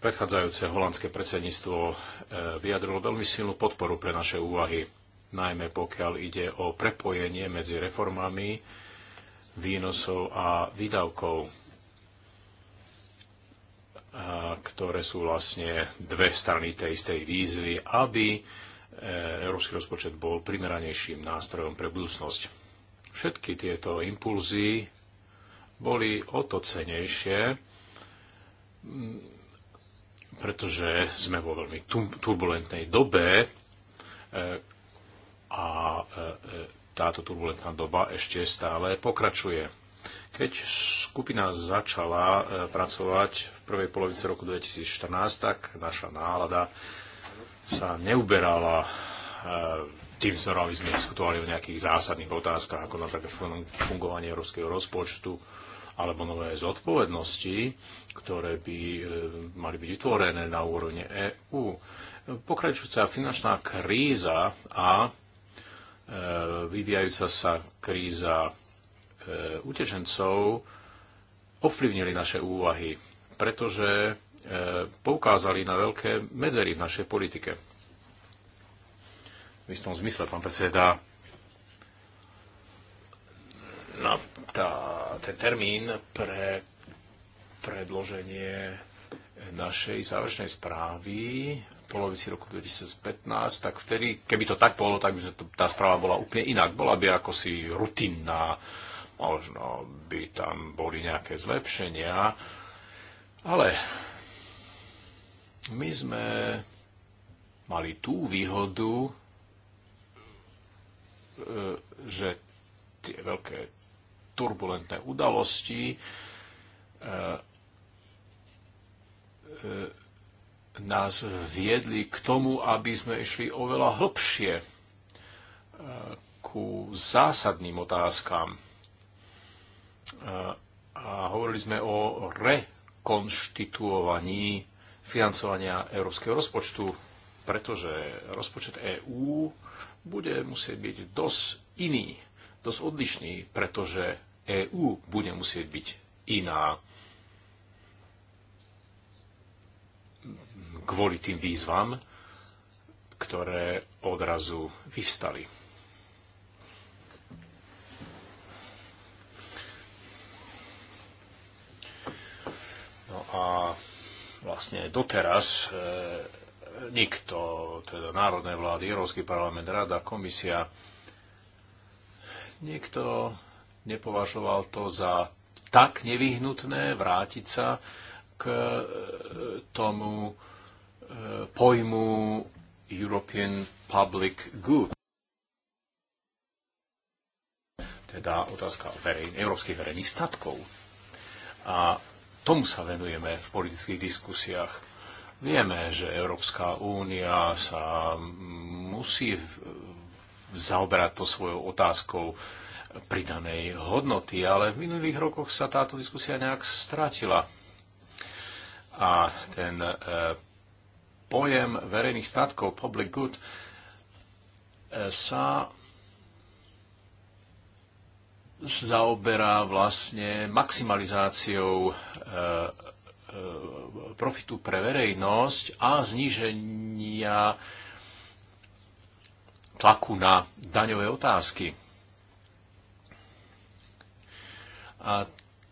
predchádzajúce holandské predsedníctvo vyjadrilo veľmi silnú podporu pre naše úvahy najmä pokiaľ ide o prepojenie medzi reformami výnosov a výdavkov, ktoré sú vlastne dve strany tej istej výzvy, aby e, európsky rozpočet bol primeranejším nástrojom pre budúcnosť. Všetky tieto impulzy boli o to cenejšie, pretože sme vo veľmi turbulentnej dobe, e, a e, e, táto turbulentná doba ešte stále pokračuje. Keď skupina začala e, pracovať v prvej polovici roku 2014, tak naša nálada sa neuberala tým smerom, aby sme diskutovali o nejakých zásadných otázkach, ako napríklad fungovanie európskeho rozpočtu alebo nové zodpovednosti, ktoré by mali byť vytvorené na úrovni EÚ. Pokračujúca finančná kríza a E, vyvíjajúca sa kríza e, utečencov ovplyvnili naše úvahy, pretože e, poukázali na veľké medzery v našej politike. V istom zmysle, pán predseda, na tá, ten termín pre predloženie našej záverečnej správy polovici roku 2015, tak vtedy, keby to tak bolo, tak by to, tá správa bola úplne inak. Bola by ako si rutinná, možno by tam boli nejaké zlepšenia, ale my sme mali tú výhodu, e, že tie veľké turbulentné udalosti e, e, nás viedli k tomu, aby sme išli oveľa hlbšie eh, ku zásadným otázkam. Eh, a hovorili sme o rekonštituovaní financovania európskeho rozpočtu, pretože rozpočet EÚ bude musieť byť dosť iný, dosť odlišný, pretože EÚ bude musieť byť iná. kvôli tým výzvam, ktoré odrazu vyvstali. No a vlastne doteraz e, nikto, teda národné vlády, Európsky parlament, Rada, komisia, nikto nepovažoval to za tak nevyhnutné vrátiť sa k e, tomu, e, Eh, pojmu European Public Good. Teda otázka verejn, európskych verejných statkov. A tomu sa venujeme v politických diskusiách. Vieme, že Európska únia sa musí zaoberať to svojou otázkou pridanej hodnoty, ale v minulých rokoch sa táto diskusia nejak stratila. A ten eh, pojem verejných statkov, public good, e, sa zaoberá vlastne maximalizáciou e, e, profitu pre verejnosť a zníženia tlaku na daňové otázky. A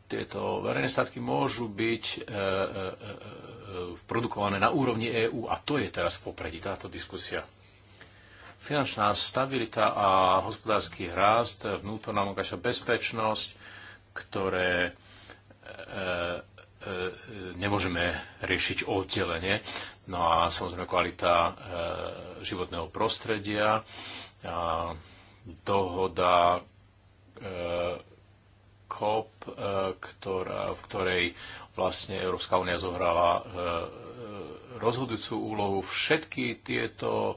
tieto verejné statky môžu byť E, produkované na úrovni EÚ a to je teraz v popredí táto diskusia. Finančná stabilita a hospodársky rást, vnútorná mokáša bezpečnosť, ktoré e, e, e, nemôžeme riešiť oddelenie. No a samozrejme kvalita e, životného prostredia, a dohoda e, COP, eh, ktorá, v ktorej vlastne Európska únia zohrala eh, rozhodujúcu úlohu. Všetky tieto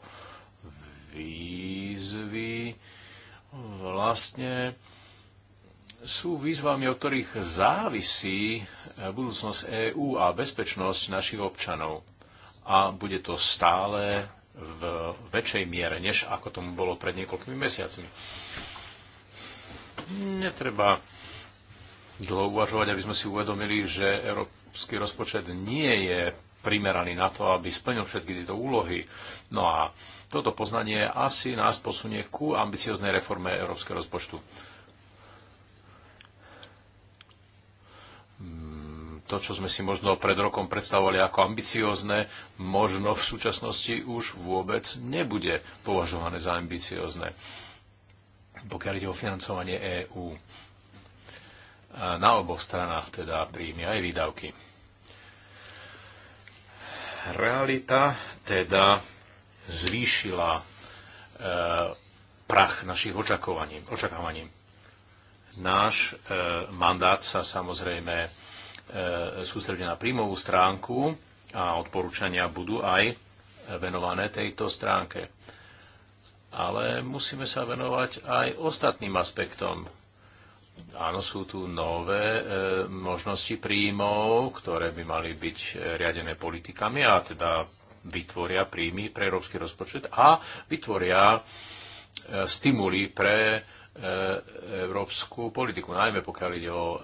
výzvy vlastne sú výzvami, od ktorých závisí eh, budúcnosť EÚ a bezpečnosť našich občanov. A bude to stále v väčšej miere, než ako tomu bolo pred niekoľkými mesiacmi. Netreba dlho uvažovať, aby sme si uvedomili, že európsky rozpočet nie je primeraný na to, aby splnil všetky tieto úlohy. No a toto poznanie asi nás posunie ku ambicioznej reforme európskeho rozpočtu. Mm, to, čo sme si možno pred rokom predstavovali ako ambiciozne, možno v súčasnosti už vôbec nebude považované za ambiciozne, pokiaľ ide o financovanie EÚ na oboch stranách, teda príjmy aj výdavky. Realita teda zvýšila e, prach našich očakovaní. očakávaní. Náš e, mandát sa samozrejme e, sústredí na príjmovú stránku a odporúčania budú aj venované tejto stránke. Ale musíme sa venovať aj ostatným aspektom Áno, sú tu nové e, možnosti príjmov, ktoré by mali byť riadené politikami a teda vytvoria príjmy pre európsky rozpočet a vytvoria e, stimuly pre e, európsku politiku, najmä pokiaľ ide o e,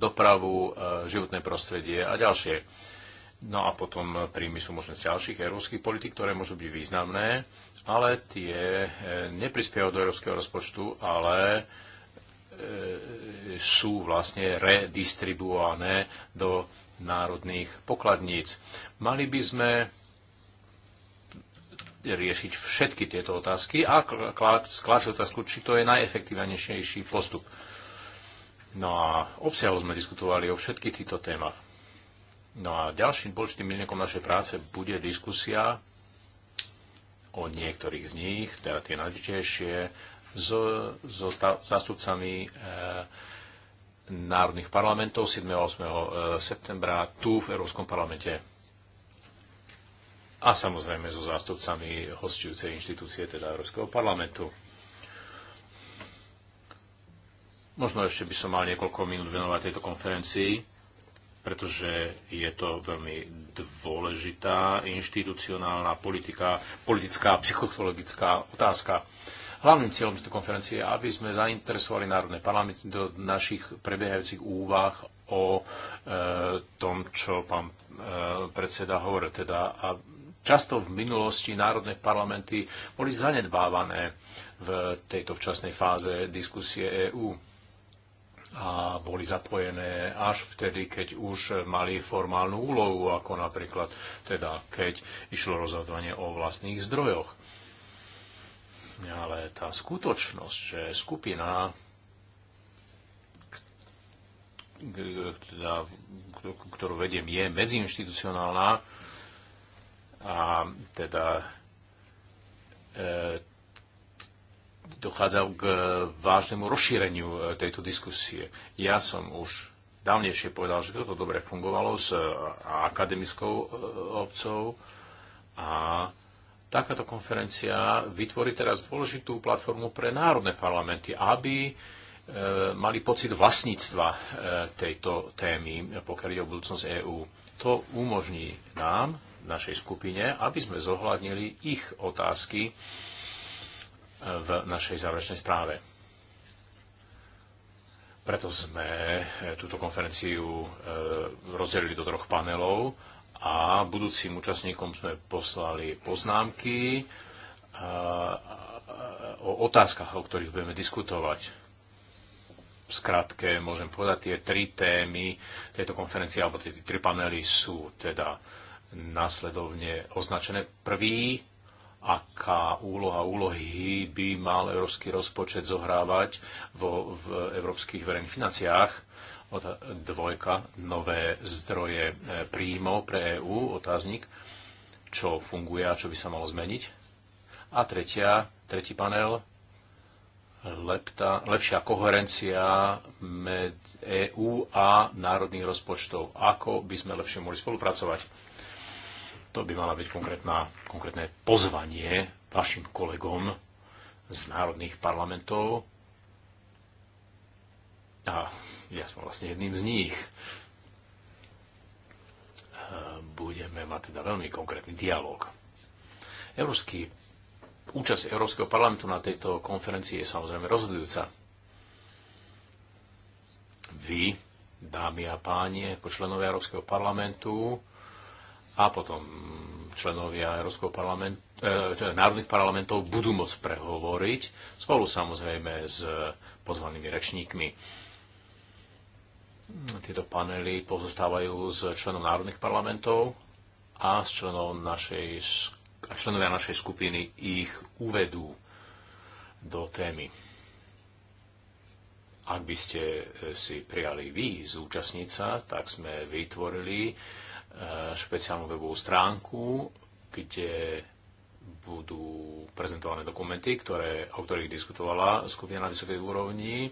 dopravu, e, životné prostredie a ďalšie. No a potom príjmy sú možné z ďalších európskych politik, ktoré môžu byť významné, ale tie e, neprispievajú do európskeho rozpočtu, ale e, E, sú vlastne redistribuované do národných pokladníc. Mali by sme riešiť všetky tieto otázky a klásť otázku, či to je najefektívnejší postup. No a obsahov sme diskutovali o všetkých týchto témach. No a ďalším dôležitým milníkom našej práce bude diskusia o niektorých z nich, teda tie najdôležitejšie, so, so zástupcami e, národných parlamentov 7. a 8. E, septembra tu v Európskom parlamente a samozrejme so zástupcami hostujúcej inštitúcie, teda Európskeho parlamentu. Možno ešte by som mal niekoľko minút venovať tejto konferencii, pretože je to veľmi dôležitá inštitucionálna politika, politická, psychologická otázka. Hlavným cieľom tejto konferencie je, aby sme zainteresovali národné parlamenty do našich prebiehajúcich úvah o e, tom, čo pán e, predseda hovoril. Teda, a často v minulosti národné parlamenty boli zanedbávané v tejto včasnej fáze diskusie EÚ a boli zapojené až vtedy, keď už mali formálnu úlohu, ako napríklad teda, keď išlo rozhodovanie o vlastných zdrojoch ale tá skutočnosť, že skupina, teda, ktorú vediem, je medziinstitucionálna a teda e, dochádza k vážnemu rozšíreniu e, tejto diskusie. Ja som už dávnejšie povedal, že toto dobre fungovalo s e, akademickou e, obcov a takáto konferencia vytvorí teraz dôležitú platformu pre národné parlamenty, aby e, mali pocit vlastníctva e, tejto témy, pokiaľ ide o budúcnosť EÚ. To umožní nám, našej skupine, aby sme zohľadnili ich otázky e, v našej záverečnej správe. Preto sme túto konferenciu rozdelili do troch panelov a budúcim účastníkom sme poslali poznámky o otázkach, o ktorých budeme diskutovať. V skratke môžem povedať, tie tri témy tejto konferencie, alebo tie tri panely sú teda následovne označené. Prvý, aká úloha, úlohy by mal európsky rozpočet zohrávať vo, v európskych verejných financiách dvojka, nové zdroje e, príjmov pre EÚ, otáznik, čo funguje a čo by sa malo zmeniť. A tretia, tretí panel, lepta, lepšia koherencia med EÚ a národných rozpočtov. Ako by sme lepšie mohli spolupracovať? To by mala byť konkrétna, konkrétne pozvanie vašim kolegom z národných parlamentov, a ja som vlastne jedným z nich, e, budeme mať teda veľmi konkrétny dialog. Európsky, účasť Európskeho parlamentu na tejto konferencii je samozrejme rozhodujúca. Vy, dámy a páni, ako členovia Európskeho parlamentu a potom členovia Európskeho parlamentu, e, národných parlamentov budú môcť prehovoriť spolu samozrejme s pozvanými rečníkmi tieto panely pozostávajú z členov národných parlamentov a z členov našej, a členovia našej skupiny ich uvedú do témy. Ak by ste eh, si prijali vy zúčastniť sa, tak sme vytvorili eh, špeciálnu webovú stránku, kde budú prezentované dokumenty, ktoré, o ktorých diskutovala skupina na vysokej úrovni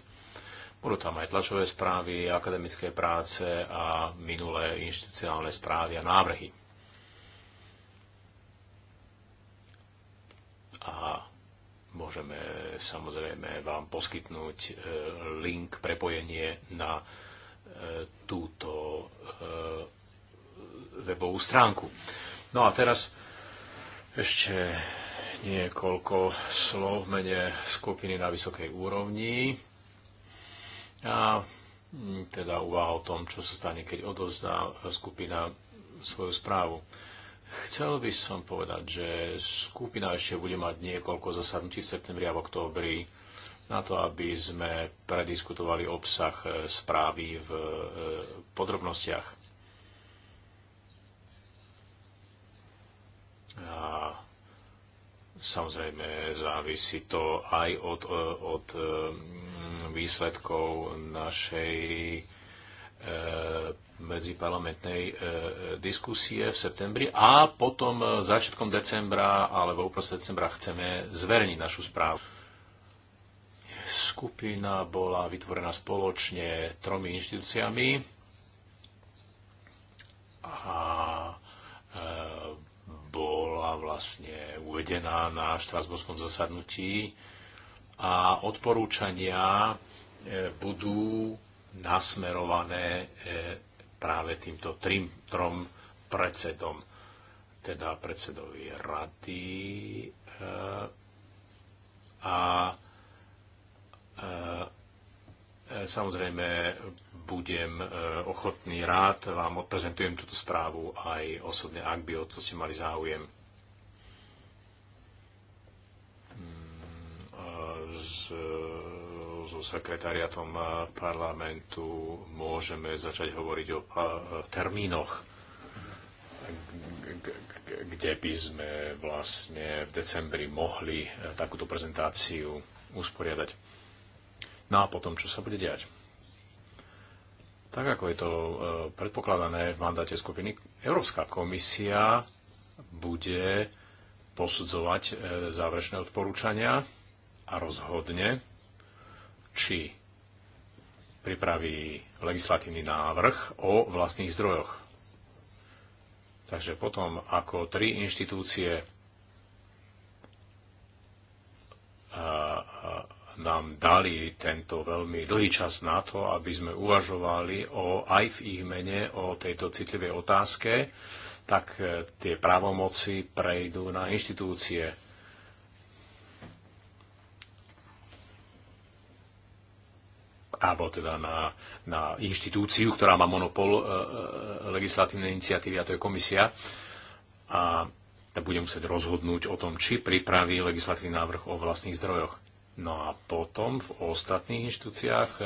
budú tam aj tlačové správy, akademické práce a minulé inštitucionálne správy a návrhy. A môžeme samozrejme vám poskytnúť e, link, prepojenie na e, túto e, webovú stránku. No a teraz ešte niekoľko slov v mene skupiny na vysokej úrovni. A mm, teda uvaha o tom, čo sa stane, keď odovzdá skupina svoju správu. Chcel by som povedať, že skupina ešte bude mať niekoľko zasadnutí v septembri a v októbri na to, aby sme prediskutovali obsah e, správy v e, podrobnostiach. A samozrejme závisí to aj od, e, od, od Mm, výsledkov našej e, medziparlamentnej e, diskusie v septembri a potom e, začiatkom decembra alebo uprostred decembra chceme zverejniť našu správu. Skupina bola vytvorená spoločne tromi inštitúciami a bola vlastne uvedená na štrasburskom zasadnutí a odporúčania e, budú nasmerované e, práve týmto trim, trom predsedom, teda predsedovi rady e, a samozrejme budem ochotný rád, vám odprezentujem túto správu aj osobne, ak by o to ste mali záujem. s, eh, so sekretariatom eh, parlamentu môžeme začať hovoriť o eh, termínoch, kde by sme vlastne v decembri mohli takúto prezentáciu usporiadať. No a potom, čo sa bude diať? Tak ako je to predpokladané v mandáte skupiny, Európska komisia bude posudzovať záverečné odporúčania a rozhodne, či pripraví legislatívny návrh o vlastných zdrojoch. Takže potom, ako tri inštitúcie nám dali tento veľmi dlhý čas na to, aby sme uvažovali o, aj v ich mene o tejto citlivej otázke, tak e, tie právomoci prejdú na inštitúcie alebo teda na, na inštitúciu, ktorá má monopol e, e legislatívnej iniciatívy, a to je komisia. A tá bude musieť rozhodnúť o tom, či pripraví legislatívny návrh o vlastných zdrojoch. No a potom v ostatných inštitúciách e,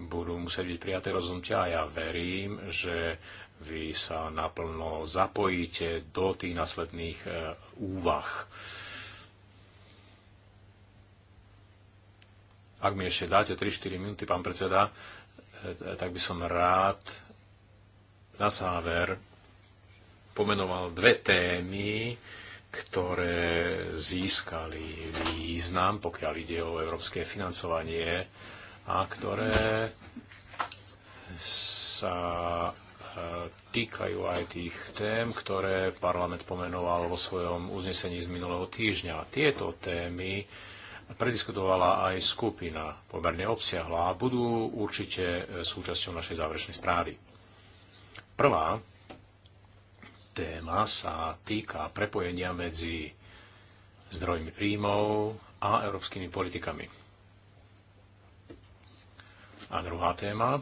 budú musieť byť prijaté rozhodnutia a ja verím, že vy sa naplno zapojíte do tých následných e, úvah. E, Ak mi ešte dáte 3-4 minúty, pán predseda, e, tak by som rád na záver pomenoval dve témy, ktoré získali význam, pokiaľ ide o európske financovanie a ktoré sa e, týkajú aj tých tém, ktoré parlament pomenoval vo svojom uznesení z minulého týždňa. Tieto témy prediskutovala aj skupina pomerne obsiahla a budú určite e, súčasťou našej záverečnej správy. Prvá téma sa týka prepojenia medzi zdrojmi príjmov a európskymi politikami. A druhá téma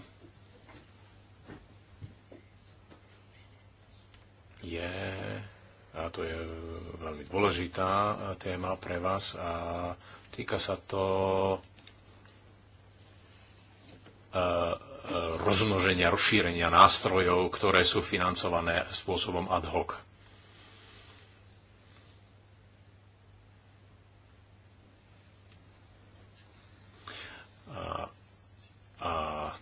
je, a to je veľmi dôležitá téma pre vás, a Týka sa to e, e, rozmnoženia, rozšírenia nástrojov, ktoré sú financované spôsobom ad hoc. A,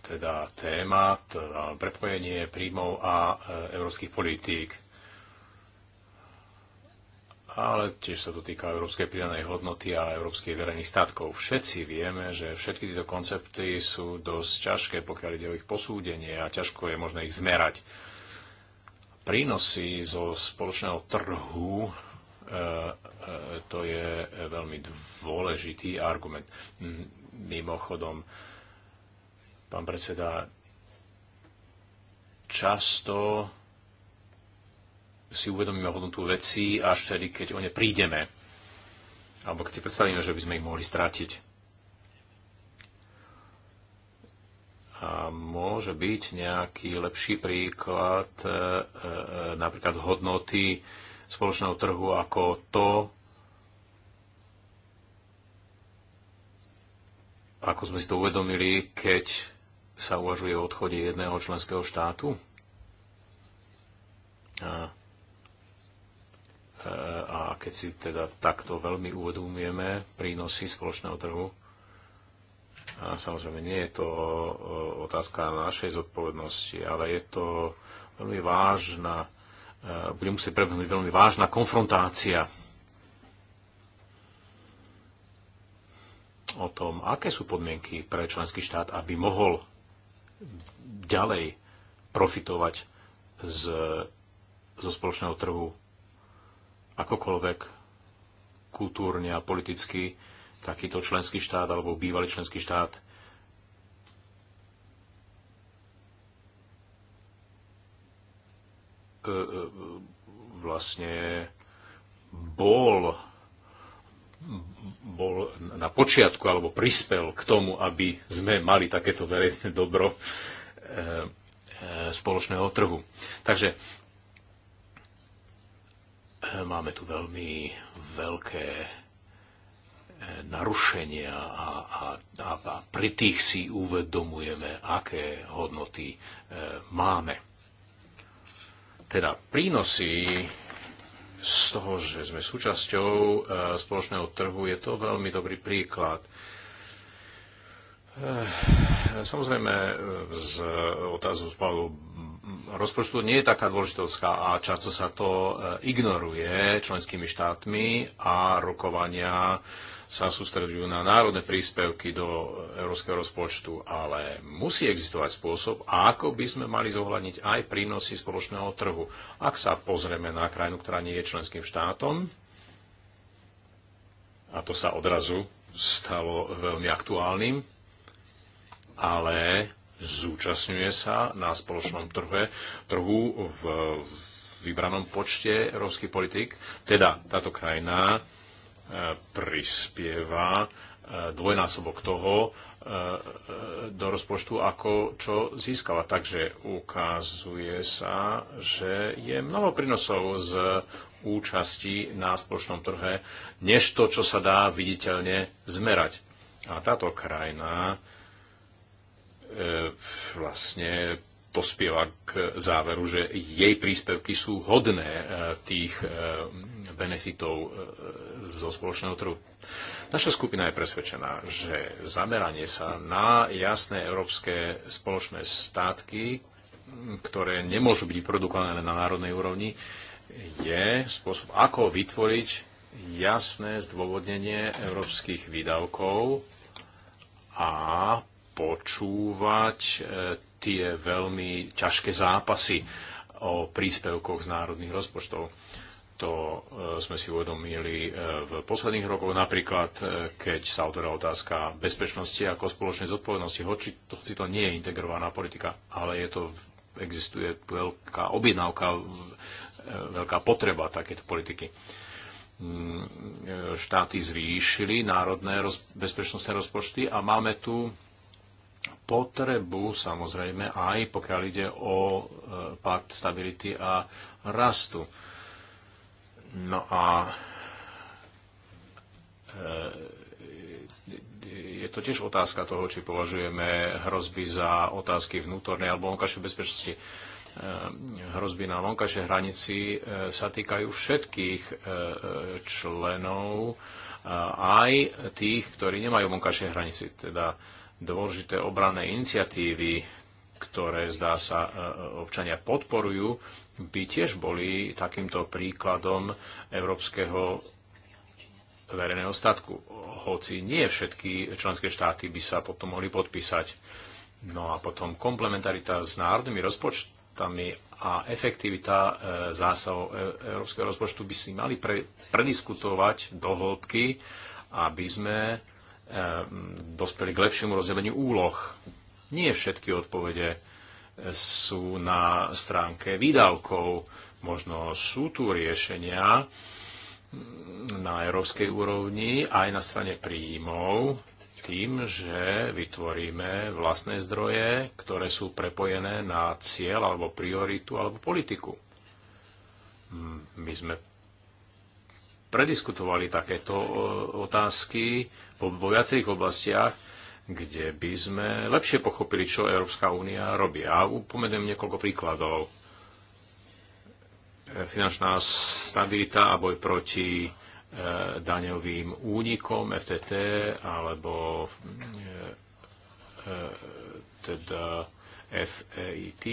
teda téma, teda prepojenie príjmov a e, európskych politík ale tiež sa to týka európskej pridanej hodnoty a Európskej verejných statkov. Všetci vieme, že všetky tieto koncepty sú dosť ťažké, pokiaľ ide o ich posúdenie a ťažko je možné ich zmerať. Prínosy zo spoločného trhu, e, e, to je veľmi dôležitý argument. Mimochodom, pán predseda, často si uvedomíme hodnotu veci až vtedy, keď o ne prídeme. Alebo keď si predstavíme, že by sme ich mohli strátiť. A môže byť nejaký lepší príklad e, e, napríklad hodnoty spoločného trhu ako to, ako sme si to uvedomili, keď sa uvažuje o odchode jedného členského štátu. A a keď si teda takto veľmi uvedomujeme prínosy spoločného trhu, a samozrejme nie je to e, otázka našej zodpovednosti, ale je to veľmi vážna, e, bude musieť prebehnúť veľmi vážna konfrontácia o tom, aké sú podmienky pre členský štát, aby mohol ďalej profitovať z, zo spoločného trhu akokoľvek kultúrne a politicky takýto členský štát alebo bývalý členský štát e, e, vlastne bol, bol na počiatku alebo prispel k tomu, aby sme mali takéto verejné dobro e, spoločného trhu. Takže Máme tu veľmi veľké eh, narušenia a, a, a, a pri tých si uvedomujeme, aké hodnoty e, máme. Teda prínosy z toho, že sme súčasťou e, spoločného trhu, je to veľmi dobrý príklad. E, samozrejme, z otázu spadlo rozpočtu nie je taká dôležitovská a často sa to e, ignoruje členskými štátmi a rokovania sa sústredujú na národné príspevky do e, európskeho rozpočtu, ale musí existovať spôsob, ako by sme mali zohľadniť aj prínosy spoločného trhu. Ak sa pozrieme na krajinu, ktorá nie je členským štátom, a to sa odrazu stalo veľmi aktuálnym, ale zúčastňuje sa na spoločnom trhu, trhu v vybranom počte európsky politik. Teda táto krajina e, prispieva e, dvojnásobok toho e, do rozpočtu, ako čo získava. Takže ukazuje sa, že je mnoho prínosov z účasti na spoločnom trhe, než to, čo sa dá viditeľne zmerať. A táto krajina E, vlastne dospieva k záveru, že jej príspevky sú hodné e, tých e, benefitov zo spoločného trhu. Naša skupina je presvedčená, že zameranie sa na jasné európske spoločné státky, ktoré nemôžu byť produkované na národnej úrovni, je spôsob, ako vytvoriť jasné zdôvodnenie európskych výdavkov a počúvať e, tie veľmi ťažké zápasy o príspevkoch z národných rozpočtov. To e, sme si uvedomili e, v posledných rokoch, napríklad keď sa otvorila otázka bezpečnosti ako spoločnej zodpovednosti, hoci to, hoci to nie je integrovaná politika, ale je to, existuje veľká objednávka, veľká potreba takéto politiky mm, štáty zvýšili národné roz, bezpečnostné rozpočty a máme tu potrebu, samozrejme, aj pokiaľ ide o e, pakt stability a rastu. No a e, je to tiež otázka toho, či považujeme hrozby za otázky vnútornej alebo vonkajšej bezpečnosti. E, hrozby na vonkajšej hranici sa týkajú všetkých členov, aj tých, ktorí nemajú vonkajšie hranici. Teda dôležité obranné iniciatívy, ktoré zdá sa e, e, občania podporujú, by tiež boli takýmto príkladom európskeho verejného statku. Hoci nie všetky členské štáty by sa potom mohli podpísať. No a potom komplementarita s národnými rozpočtami a efektivita e, zásahov európskeho rozpočtu by si mali pre, prediskutovať do hĺbky, aby sme Ehm, dospeli k lepšiemu rozdeleniu úloh. Nie všetky odpovede sú na stránke výdavkov. Možno sú tu riešenia na európskej úrovni aj na strane príjmov tým, že vytvoríme vlastné zdroje, ktoré sú prepojené na cieľ alebo prioritu alebo politiku. Hm, my sme prediskutovali takéto e, otázky vo, viacerých oblastiach, kde by sme lepšie pochopili, čo Európska únia robí. A upomenujem niekoľko príkladov. E, finančná stabilita a boj proti e, daňovým únikom FTT alebo teda FEIT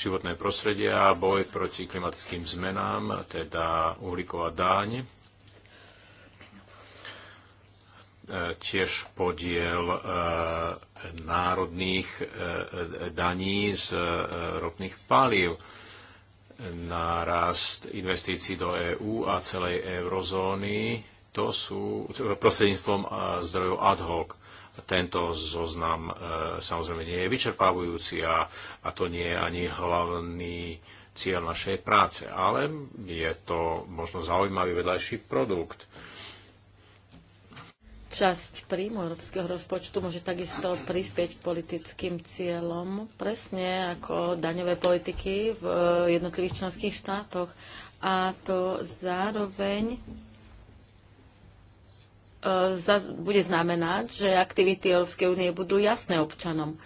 životné prostredie a boj proti klimatickým zmenám, teda uhlíková dáň. E, tiež podiel e, národných e, daní z ropných palív na rast investícií do EÚ a celej eurozóny. To sú prostredníctvom zdrojov ad hoc. Tento zoznam e, samozrejme nie je vyčerpávajúci a, a to nie je ani hlavný cieľ našej práce, ale je to možno zaujímavý vedľajší produkt. Časť príjmu európskeho rozpočtu môže takisto prispieť politickým cieľom, presne ako daňové politiky v e, jednotlivých členských štátoch. A to zároveň E, bude znamenať, že aktivity Európskej únie budú jasné občanom.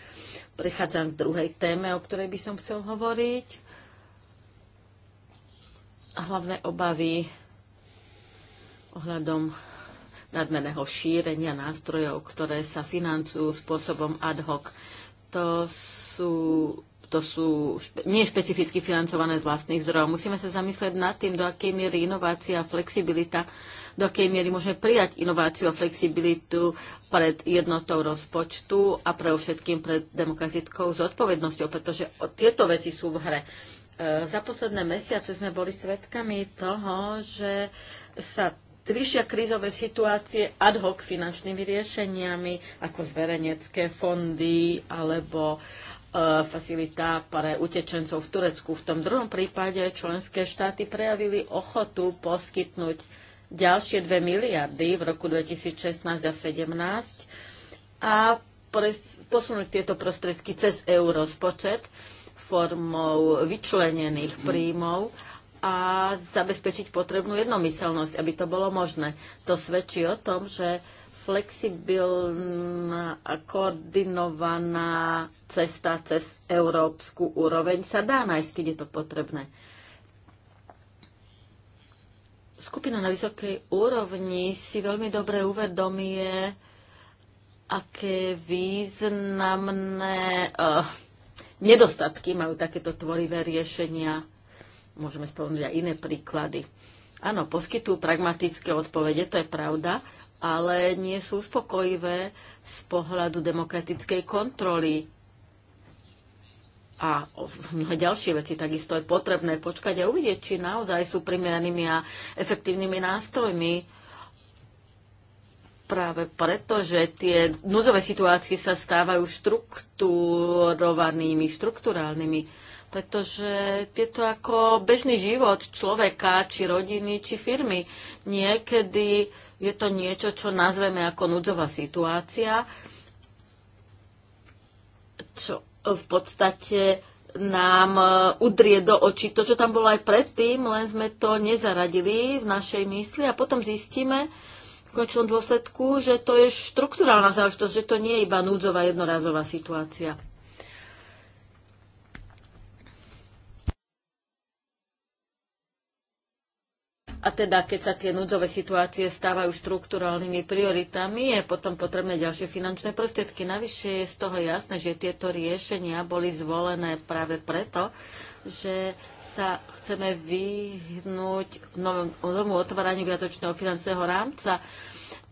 Prechádzam k druhej téme, o ktorej by som chcel hovoriť. Hlavné obavy ohľadom nadmeného šírenia nástrojov, ktoré sa financujú spôsobom ad hoc. To sú to sú špe- nešpecificky financované z vlastných zdrojov. Musíme sa zamyslieť nad tým, do akej miery inovácia a flexibilita do akej miery môžeme prijať inováciu a flexibilitu pred jednotou rozpočtu a pre všetkým pred demokratickou zodpovednosťou, pretože tieto veci sú v hre. E, za posledné mesiace sme boli svedkami toho, že sa trišia krízové situácie ad hoc finančnými riešeniami, ako zverejnecké fondy alebo e, facilita pre utečencov v Turecku. V tom druhom prípade členské štáty prejavili ochotu poskytnúť ďalšie 2 miliardy v roku 2016 a 2017 a posunúť tieto prostriedky cez rozpočet formou vyčlenených príjmov a zabezpečiť potrebnú jednomyselnosť, aby to bolo možné. To svedčí o tom, že flexibilná a koordinovaná cesta cez európsku úroveň sa dá nájsť, keď je to potrebné skupina na vysokej úrovni si veľmi dobre uvedomie, aké významné uh, nedostatky majú takéto tvorivé riešenia. Môžeme spomenúť aj iné príklady. Áno, poskytujú pragmatické odpovede, to je pravda, ale nie sú spokojivé z pohľadu demokratickej kontroly a mnohé ďalšie veci, takisto je potrebné počkať a uvidieť, či naozaj sú primeranými a efektívnymi nástrojmi. Práve preto, že tie núdzové situácie sa stávajú štrukturovanými, štrukturálnymi, pretože je to ako bežný život človeka, či rodiny, či firmy. Niekedy je to niečo, čo nazveme ako núdzová situácia, čo v podstate nám e, udrie do očí to, čo tam bolo aj predtým, len sme to nezaradili v našej mysli a potom zistíme v konečnom dôsledku, že to je štruktúrálna záležitosť, že to nie je iba núdzová jednorazová situácia. A teda, keď sa tie núdzové situácie stávajú štruktúralnými prioritami, je potom potrebné ďalšie finančné prostriedky. Navyše je z toho jasné, že tieto riešenia boli zvolené práve preto, že sa chceme vyhnúť novému otváraniu viatočného finančného rámca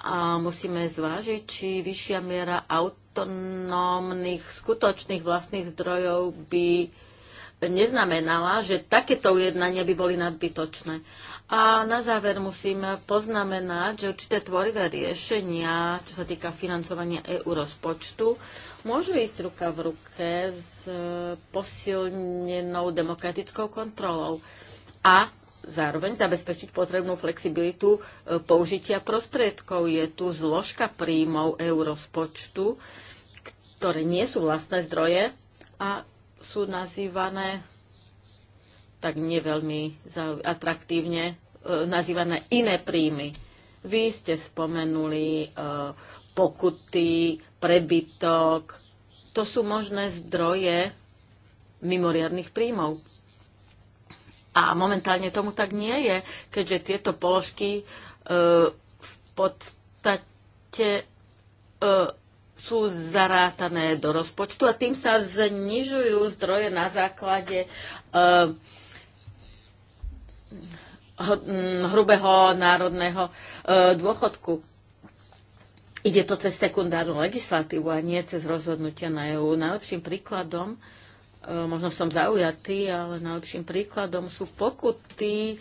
a musíme zvážiť, či vyššia miera autonómnych, skutočných vlastných zdrojov by neznamenala, že takéto ujednania by boli nadbytočné. A na záver musím poznamenať, že určité tvorivé riešenia, čo sa týka financovania EU rozpočtu, môžu ísť ruka v ruke s posilnenou demokratickou kontrolou a zároveň zabezpečiť potrebnú flexibilitu e, použitia prostriedkov. Je tu zložka príjmov EU rozpočtu, ktoré nie sú vlastné zdroje a sú nazývané tak neveľmi atraktívne e, nazývané iné príjmy. Vy ste spomenuli e, pokuty, prebytok. To sú možné zdroje mimoriadných príjmov. A momentálne tomu tak nie je, keďže tieto položky e, v podstate sú zarátané do rozpočtu a tým sa znižujú zdroje na základe uh, hrubého národného uh, dôchodku. Ide to cez sekundárnu legislatívu a nie cez rozhodnutia na EU. Najlepším príkladom, uh, možno som zaujatý, ale najlepším príkladom sú pokuty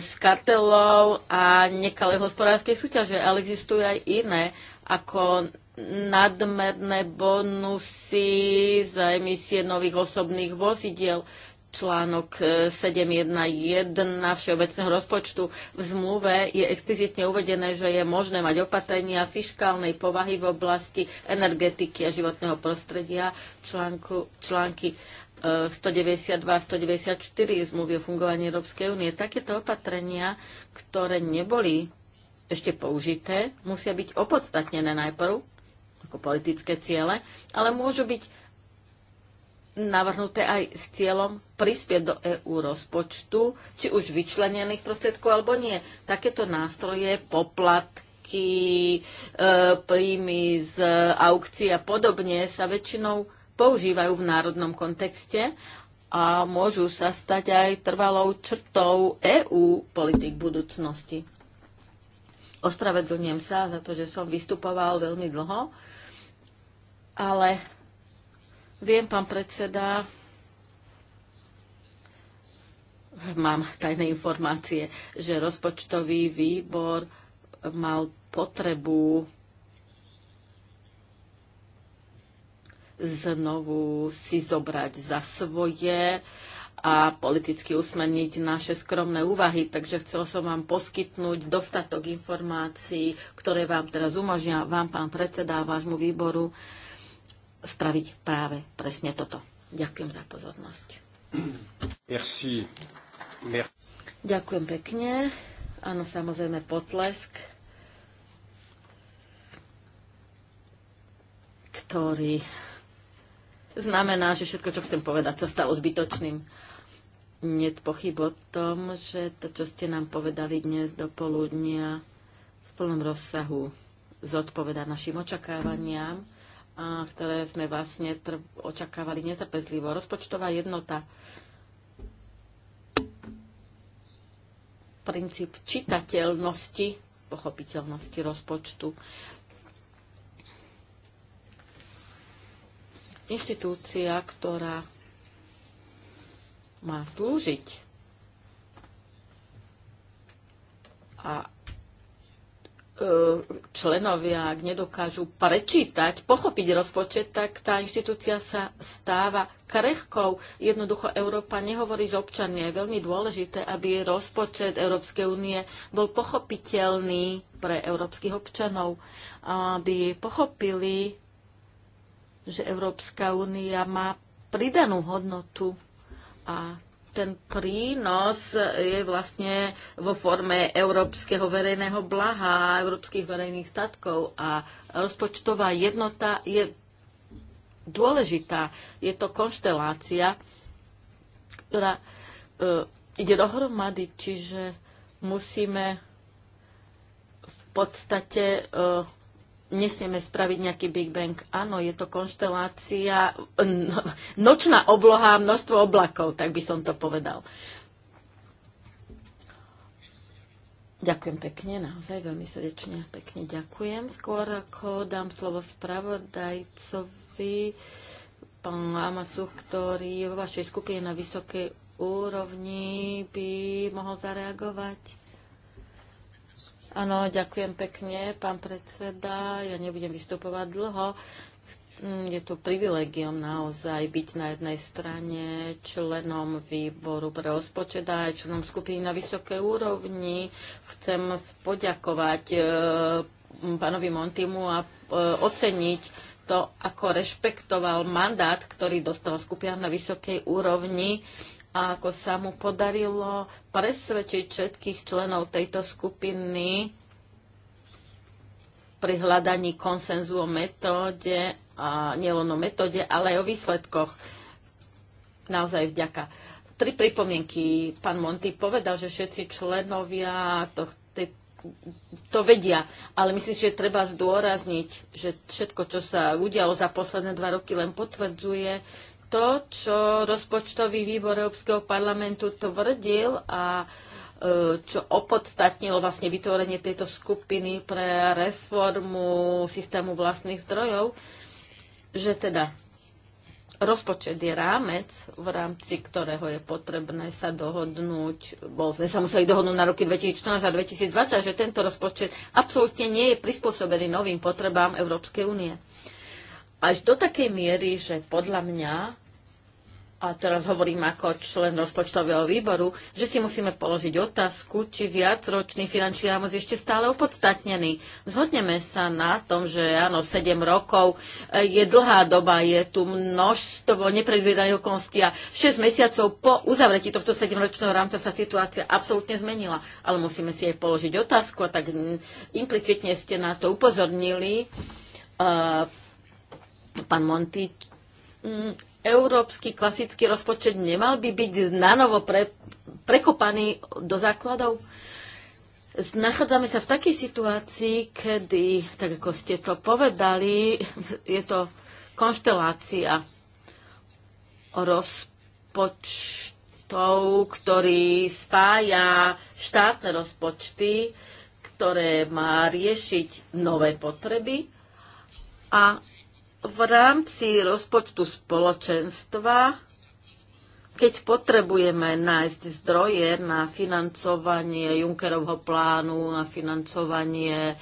z kartelov a nekalej hospodárskej súťaže, ale existujú aj iné, ako nadmerné bonusy za emisie nových osobných vozidiel článok 7.1.1 e, všeobecného rozpočtu. V zmluve je explicitne uvedené, že je možné mať opatrenia fiskálnej povahy v oblasti energetiky a životného prostredia článku, články 192 e, a 194 zmluvy o fungovaní Európskej únie. Takéto opatrenia, ktoré neboli ešte použité, musia byť opodstatnené najprv ako politické ciele, ale môžu byť navrhnuté aj s cieľom prispieť do EÚ rozpočtu, či už vyčlenených prostriedkov alebo nie. Takéto nástroje, poplatky, e, príjmy z aukcií a podobne sa väčšinou používajú v národnom kontexte a môžu sa stať aj trvalou črtou EÚ politik budúcnosti. Ospravedlňujem sa za to, že som vystupoval veľmi dlho ale viem, pán predseda, mám tajné informácie, že rozpočtový výbor mal potrebu znovu si zobrať za svoje a politicky usmerniť naše skromné úvahy. Takže chcel som vám poskytnúť dostatok informácií, ktoré vám teraz umožňa vám, pán predseda, vášmu výboru, spraviť práve presne toto. Ďakujem za pozornosť. Merci. Merci. Ďakujem pekne. Áno, samozrejme potlesk, ktorý znamená, že všetko, čo chcem povedať, sa stalo zbytočným. Nie pochyb o tom, že to, čo ste nám povedali dnes do poludnia, v plnom rozsahu zodpoveda našim očakávaniam ktoré sme vlastne očakávali netrpezlivo. Rozpočtová jednota. Princíp čitateľnosti, pochopiteľnosti rozpočtu. Inštitúcia, ktorá má slúžiť a E, členovia, ak nedokážu prečítať, pochopiť rozpočet, tak tá inštitúcia sa stáva krehkou. Jednoducho Európa nehovorí s občanmi. Je veľmi dôležité, aby rozpočet Európskej únie bol pochopiteľný pre európskych občanov, aby pochopili, že Európska únia má pridanú hodnotu a ten prínos je vlastne vo forme európskeho verejného blaha, európskych verejných statkov a rozpočtová jednota je dôležitá. Je to konštelácia, ktorá uh, ide dohromady, čiže musíme v podstate uh, nesmieme spraviť nejaký Big Bang. Áno, je to konštelácia, nočná obloha, množstvo oblakov, tak by som to povedal. Ďakujem pekne, naozaj veľmi srdečne pekne ďakujem. Skôr ako dám slovo spravodajcovi, pán Amasu, ktorý je vo vašej skupine na vysokej úrovni, by mohol zareagovať. Áno, ďakujem pekne, pán predseda. Ja nebudem vystupovať dlho. Je to privilegium naozaj byť na jednej strane členom výboru pre rozpočet a aj členom skupiny na vysokej úrovni. Chcem poďakovať e, pánovi Montimu a e, oceniť to, ako rešpektoval mandát, ktorý dostal skupina na vysokej úrovni a ako sa mu podarilo presvedčiť všetkých členov tejto skupiny pri hľadaní konsenzu o metóde, a nielen o metóde, ale aj o výsledkoch. Naozaj vďaka. Tri pripomienky. Pán Monty povedal, že všetci členovia te, to vedia, ale myslím, že treba zdôrazniť, že všetko, čo sa udialo za posledné dva roky, len potvrdzuje, to, čo rozpočtový výbor Európskeho parlamentu tvrdil a e, čo opodstatnilo vlastne vytvorenie tejto skupiny pre reformu systému vlastných zdrojov, že teda rozpočet je rámec, v rámci ktorého je potrebné sa dohodnúť, bol sme sa museli dohodnúť na roky 2014 a 2020, že tento rozpočet absolútne nie je prispôsobený novým potrebám Európskej únie až do takej miery, že podľa mňa, a teraz hovorím ako člen rozpočtového výboru, že si musíme položiť otázku, či viacročný finančný rámec ešte stále opodstatnený. Zhodneme sa na tom, že áno, 7 rokov e, je dlhá doba, je tu množstvo nepredvídaných okolností a 6 mesiacov po uzavretí tohto 7-ročného rámca sa situácia absolútne zmenila. Ale musíme si aj položiť otázku a tak implicitne ste na to upozornili e, Pán Monty, mm, európsky klasický rozpočet nemal by byť nanovo pre, prekopaný do základov? Nachádzame sa v takej situácii, kedy, tak ako ste to povedali, je to konštelácia rozpočtov, ktorý spája štátne rozpočty, ktoré má riešiť nové potreby a v rámci rozpočtu spoločenstva, keď potrebujeme nájsť zdroje na financovanie Junckerovho plánu, na financovanie e,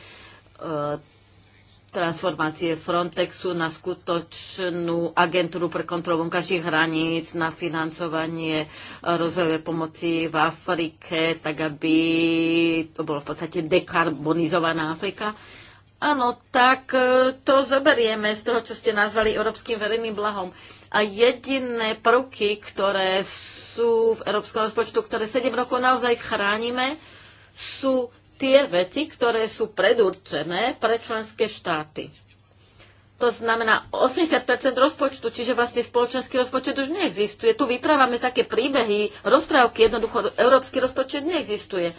transformácie Frontexu na skutočnú agentúru pre kontrolu vonkajších hraníc, na financovanie e, rozvojovej pomoci v Afrike, tak aby to bolo v podstate dekarbonizovaná Afrika. Áno, tak e, to zoberieme z toho, čo ste nazvali európskym verejným blahom. A jediné prvky, ktoré sú v európskom rozpočtu, ktoré 7 rokov naozaj chránime, sú tie veci, ktoré sú predurčené pre členské štáty. To znamená 80 rozpočtu, čiže vlastne spoločenský rozpočet už neexistuje. Tu vyprávame také príbehy, rozprávky, jednoducho európsky rozpočet neexistuje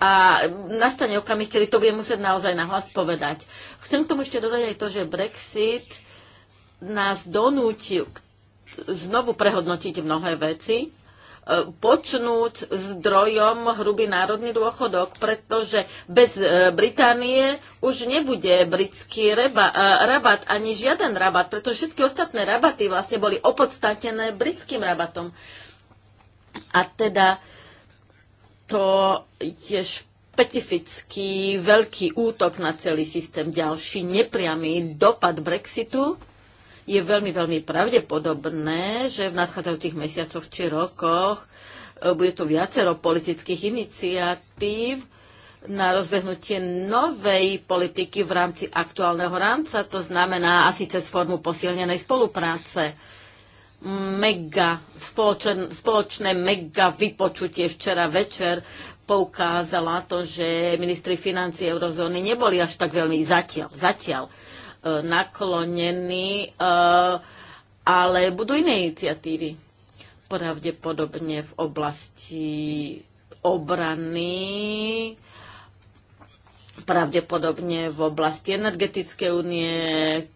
a nastane okamih, kedy to bude musieť naozaj nahlas povedať. Chcem k tomu ešte dodať aj to, že Brexit nás donúti znovu prehodnotiť mnohé veci, e, počnúť zdrojom hrubý národný dôchodok, pretože bez e, Británie už nebude britský reba, e, rabat, ani žiaden rabat, pretože všetky ostatné rabaty vlastne boli opodstatené britským rabatom. A teda to je špecifický veľký útok na celý systém. Ďalší nepriamy dopad Brexitu je veľmi, veľmi pravdepodobné, že v nadchádzajúcich mesiacoch či rokoch e, bude tu viacero politických iniciatív na rozbehnutie novej politiky v rámci aktuálneho rámca, to znamená asi cez formu posilnenej spolupráce mega, spoločen, spoločné mega vypočutie včera večer poukázala to, že ministri financí eurozóny neboli až tak veľmi zatiaľ, zatiaľ e, naklonení, e, ale budú iné iniciatívy. Pravdepodobne v oblasti obrany, pravdepodobne v oblasti energetickej únie,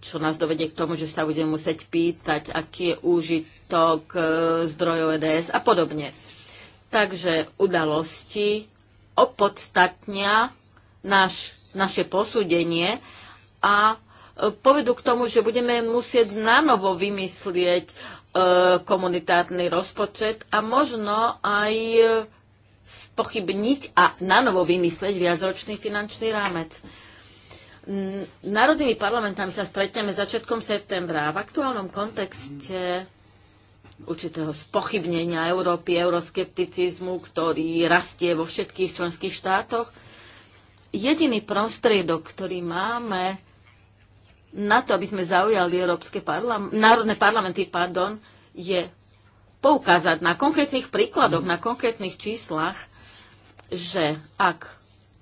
čo nás dovedie k tomu, že sa budeme musieť pýtať, aký je úžitok e, zdrojov EDS a podobne. Takže udalosti opodstatnia naš, naše posúdenie a e, povedú k tomu, že budeme musieť nanovo vymyslieť e, komunitárny rozpočet a možno aj spochybniť a nanovo vymyslieť viacročný finančný rámec. Národnými parlamentami sa stretneme začiatkom septembra. V aktuálnom kontexte určitého spochybnenia Európy, euroskepticizmu, ktorý rastie vo všetkých členských štátoch, jediný prostriedok, ktorý máme na to, aby sme zaujali Európske parlam- národné parlamenty, pardon, je poukázať na konkrétnych príkladoch, na konkrétnych číslach, že ak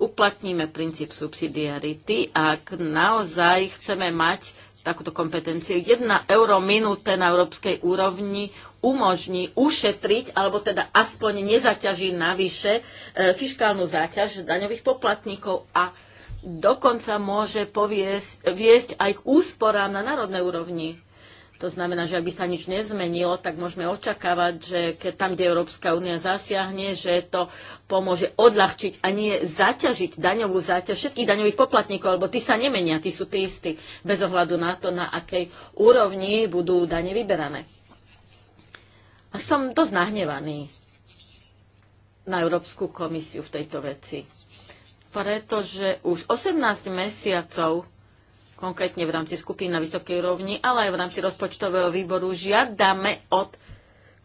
uplatníme princíp subsidiarity, ak naozaj chceme mať takúto kompetenciu, jedna euro minúte na európskej úrovni umožní ušetriť, alebo teda aspoň nezaťaží navyše e, fiskálnu záťaž daňových poplatníkov a dokonca môže poviesť, viesť aj k úsporám na národnej úrovni to znamená, že ak by sa nič nezmenilo, tak môžeme očakávať, že keď tam, kde Európska únia zasiahne, že to pomôže odľahčiť a nie zaťažiť daňovú záťaž všetkých daňových poplatníkov, lebo tí sa nemenia, tí sú tí istí, bez ohľadu na to, na akej úrovni budú dane vyberané. A som dosť nahnevaný na Európsku komisiu v tejto veci, pretože už 18 mesiacov konkrétne v rámci skupín na vysokej úrovni, ale aj v rámci rozpočtového výboru žiadame od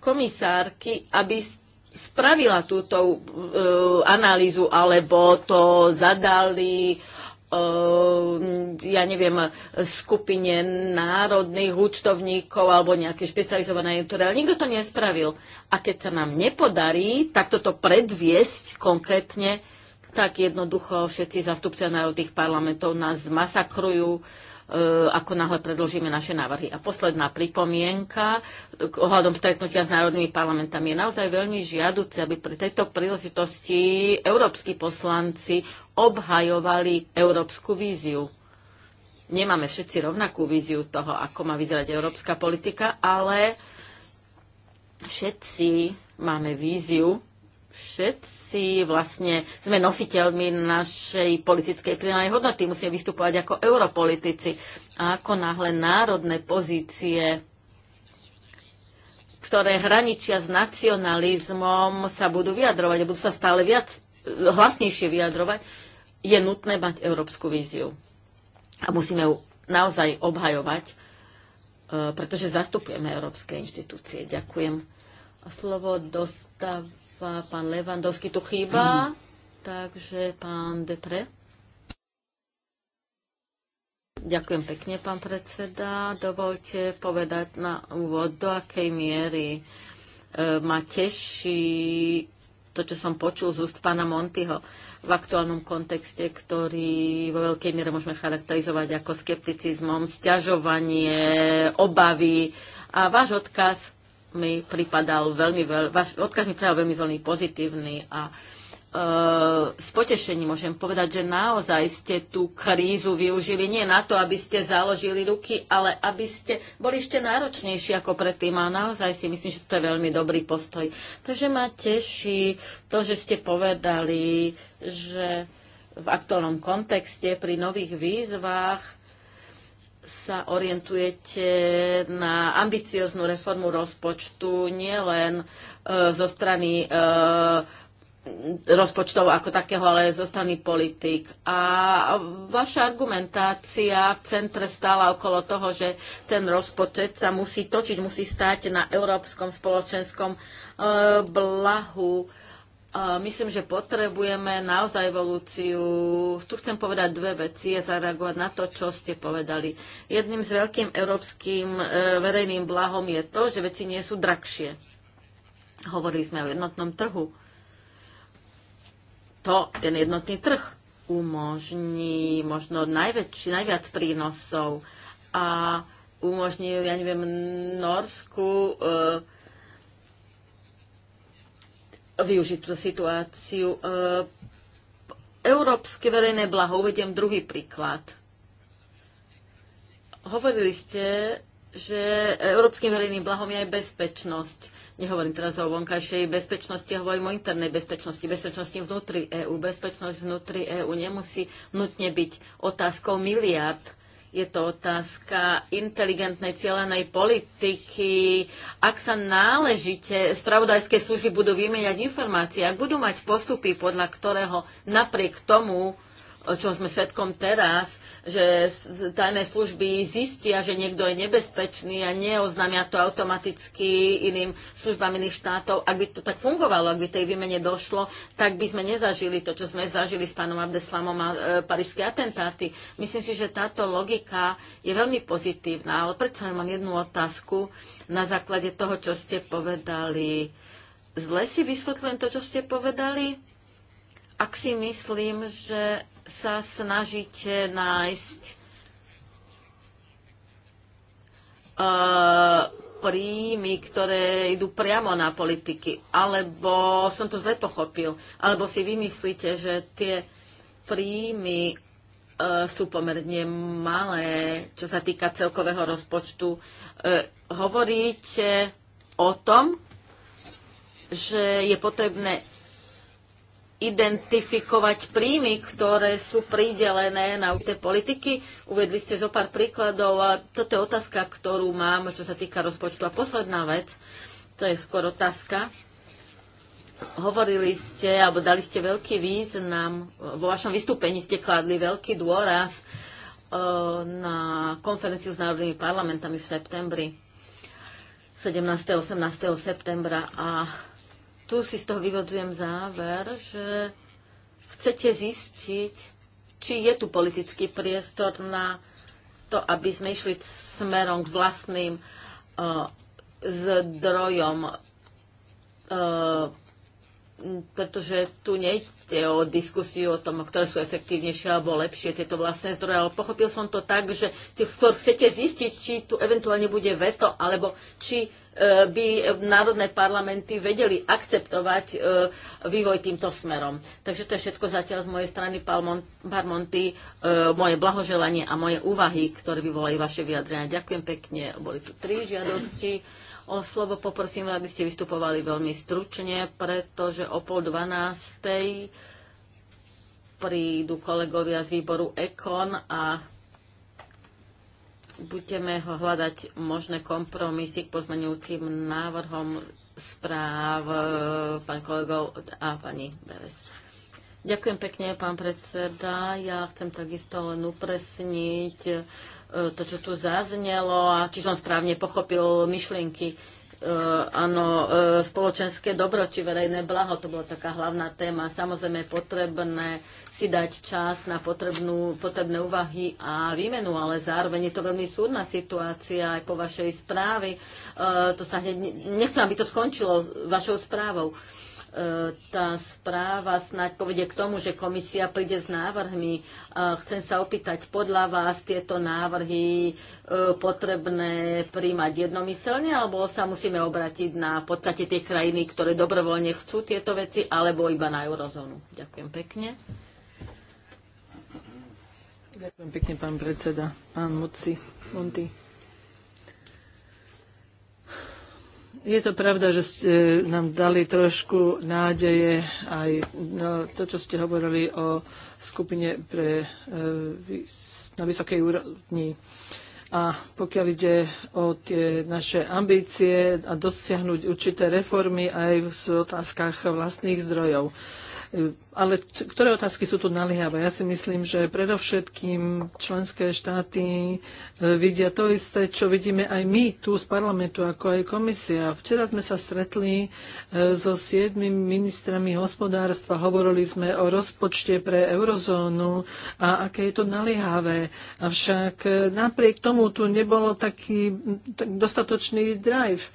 komisárky, aby spravila túto uh, analýzu, alebo to zadali e, ja neviem, skupine národných účtovníkov alebo nejaké špecializované ale Nikto to nespravil. A keď sa nám nepodarí tak toto predviesť konkrétne, tak jednoducho všetci zastupcia národných parlamentov nás zmasakrujú, e, ako náhle predložíme naše návrhy. A posledná pripomienka k ohľadom stretnutia s národnými parlamentami. Je naozaj veľmi žiaduce, aby pri tejto príležitosti európsky poslanci obhajovali európsku víziu. Nemáme všetci rovnakú víziu toho, ako má vyzerať európska politika, ale všetci máme víziu všetci vlastne sme nositeľmi našej politickej pridanej hodnoty. Musíme vystupovať ako europolitici. A ako náhle národné pozície ktoré hraničia s nacionalizmom, sa budú vyjadrovať a budú sa stále viac hlasnejšie vyjadrovať, je nutné mať európsku víziu. A musíme ju naozaj obhajovať, e, pretože zastupujeme európske inštitúcie. Ďakujem. A slovo dostávam pán Levandovský tu chýba, takže pán Depre. Ďakujem pekne, pán predseda. Dovolte povedať na úvod, do akej miery e, ma teší to, čo som počul z úst pána Montyho v aktuálnom kontexte, ktorý vo veľkej miere môžeme charakterizovať ako skepticizmom, sťažovanie, obavy a váš odkaz mi pripadal veľmi veľ, váš odkaz mi pripadal veľmi veľmi pozitívny a e, s potešením môžem povedať, že naozaj ste tú krízu využili nie na to, aby ste založili ruky, ale aby ste boli ešte náročnejší ako predtým a naozaj si myslím, že to je veľmi dobrý postoj. Takže ma teší to, že ste povedali, že v aktuálnom kontexte pri nových výzvach sa orientujete na ambicioznú reformu rozpočtu nielen e, zo strany e, rozpočtov ako takého, ale zo strany politik. A vaša argumentácia v centre stála okolo toho, že ten rozpočet sa musí točiť, musí stať na európskom spoločenskom e, blahu myslím, že potrebujeme naozaj evolúciu. Tu chcem povedať dve veci a zareagovať na to, čo ste povedali. Jedným z veľkým európskym e, verejným blahom je to, že veci nie sú drahšie. Hovorili sme o jednotnom trhu. To, ten jednotný trh umožní možno najväčší, najviac prínosov a umožní, ja neviem, Norsku e, využiť tú situáciu. E, Európske verejné blaho, uvediem druhý príklad. Hovorili ste, že európskym verejným blahom je aj bezpečnosť. Nehovorím teraz o vonkajšej bezpečnosti, hovorím o internej bezpečnosti, bezpečnosti vnútri EÚ. Bezpečnosť vnútri EÚ nemusí nutne byť otázkou miliard je to otázka inteligentnej cielenej politiky. Ak sa náležite, spravodajské služby budú vymieňať informácie, ak budú mať postupy, podľa ktorého napriek tomu, čo sme svetkom teraz, že tajné služby zistia, že niekto je nebezpečný a neoznamia to automaticky iným službám iných štátov. Ak by to tak fungovalo, ak by tej výmene došlo, tak by sme nezažili to, čo sme zažili s pánom Abdeslamom a e, parížské atentáty. Myslím si, že táto logika je veľmi pozitívna, ale predsa mám jednu otázku na základe toho, čo ste povedali. Zle si vysvetľujem to, čo ste povedali? Ak si myslím, že sa snažíte nájsť uh, príjmy, ktoré idú priamo na politiky. Alebo som to zle pochopil. Alebo si vymyslíte, že tie príjmy eh, sú pomerne malé, čo sa týka celkového rozpočtu. Eh, hovoríte o tom, že je potrebné identifikovať príjmy, ktoré sú pridelené na určité politiky. Uvedli ste zo pár príkladov a toto je otázka, ktorú mám, čo sa týka rozpočtu. A posledná vec, to je skôr otázka. Hovorili ste, alebo dali ste veľký význam, vo vašom vystúpení ste kladli veľký dôraz e, na konferenciu s národnými parlamentami v septembri, 17. 18. septembra a tu si z toho vyvodzujem záver, že chcete zistiť, či je tu politický priestor na to, aby sme išli smerom k vlastným uh, zdrojom, uh, pretože tu nejde o diskusiu o tom, ktoré sú efektívnejšie alebo lepšie tieto vlastné zdroje, ale pochopil som to tak, že skôr chcete zistiť, či tu eventuálne bude veto, alebo či E, by národné parlamenty vedeli akceptovať e, vývoj týmto smerom. Takže to je všetko zatiaľ z mojej strany, pán Monty, e, moje blahoželanie a moje úvahy, ktoré vyvolajú vaše vyjadrenia. Ďakujem pekne. Boli tu tri žiadosti. O slovo poprosím, aby ste vystupovali veľmi stručne, pretože o pol dvanástej prídu kolegovia z výboru EKON a budeme ho hľadať možné kompromisy k pozmenujúcim návrhom správ e, pán kolegov a pani Beres. Ďakujem pekne, pán predseda. Ja chcem takisto len upresniť e, to, čo tu zaznelo a či som správne pochopil myšlienky E, áno, e, spoločenské dobro či verejné blaho, to bola taká hlavná téma. Samozrejme je potrebné si dať čas na potrebnú, potrebné úvahy a výmenu, ale zároveň je to veľmi súdna situácia aj po vašej správe. E, to sa hneď, nechcem, aby to skončilo vašou správou. Uh, E, tá správa snáď povede k tomu, že komisia príde s návrhmi. E, chcem sa opýtať, podľa vás tieto návrhy e, potrebné príjmať jednomyselne, alebo sa musíme obratiť na podstate tie krajiny, ktoré dobrovoľne chcú tieto veci, alebo iba na eurozónu? Ďakujem pekne. Ďakujem pekne, pán predseda. Pán Moci, Monty. Je to pravda, že ste e, nám dali trošku nádeje aj na to, čo ste hovorili o skupine pre, e, na vysokej úrovni. A pokiaľ ide o tie naše ambície a dosiahnuť určité reformy aj v otázkach vlastných zdrojov. Ale ktoré otázky sú tu naliehavé? Ja si myslím, že predovšetkým členské štáty e, vidia to isté, čo vidíme aj my tu z parlamentu, ako aj komisia. Včera sme sa stretli e, so siedmimi ministrami hospodárstva, hovorili sme o rozpočte pre eurozónu a aké je to naliehavé. Avšak e, napriek tomu tu nebolo taký tak dostatočný drive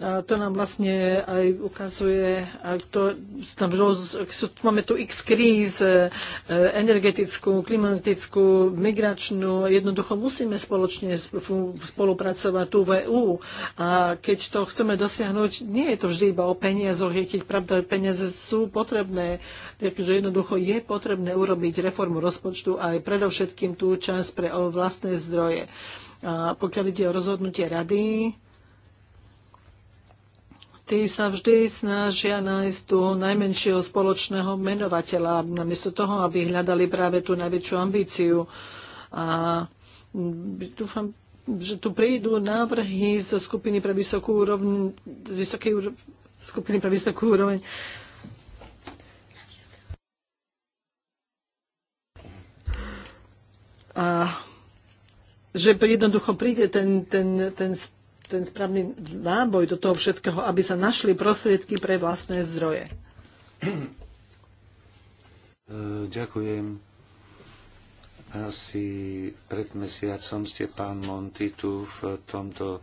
a to nám vlastne aj ukazuje, to, máme tu x kríz, e, energetickú, klimatickú, migračnú. Jednoducho musíme spoločne spolupracovať tu v EU. A keď to chceme dosiahnuť, nie je to vždy iba o peniazoch, keď pravda, peniaze sú potrebné. Takže jednoducho je potrebné urobiť reformu rozpočtu aj predovšetkým tú časť pre vlastné zdroje. A pokiaľ ide o rozhodnutie rady, tí sa vždy snažia nájsť tú najmenšieho spoločného menovateľa, namiesto toho, aby hľadali práve tú najväčšiu ambíciu. A dúfam, že tu prídu návrhy zo skupiny pre vysokú úroveň, vysokej skupiny pre vysokú úroveň a že jednoducho príde ten, ten, ten ten správny náboj do toho všetkého, aby sa našli prostriedky pre vlastné zdroje. E, ďakujem. Asi pred mesiacom ste, pán Monty, tu v tomto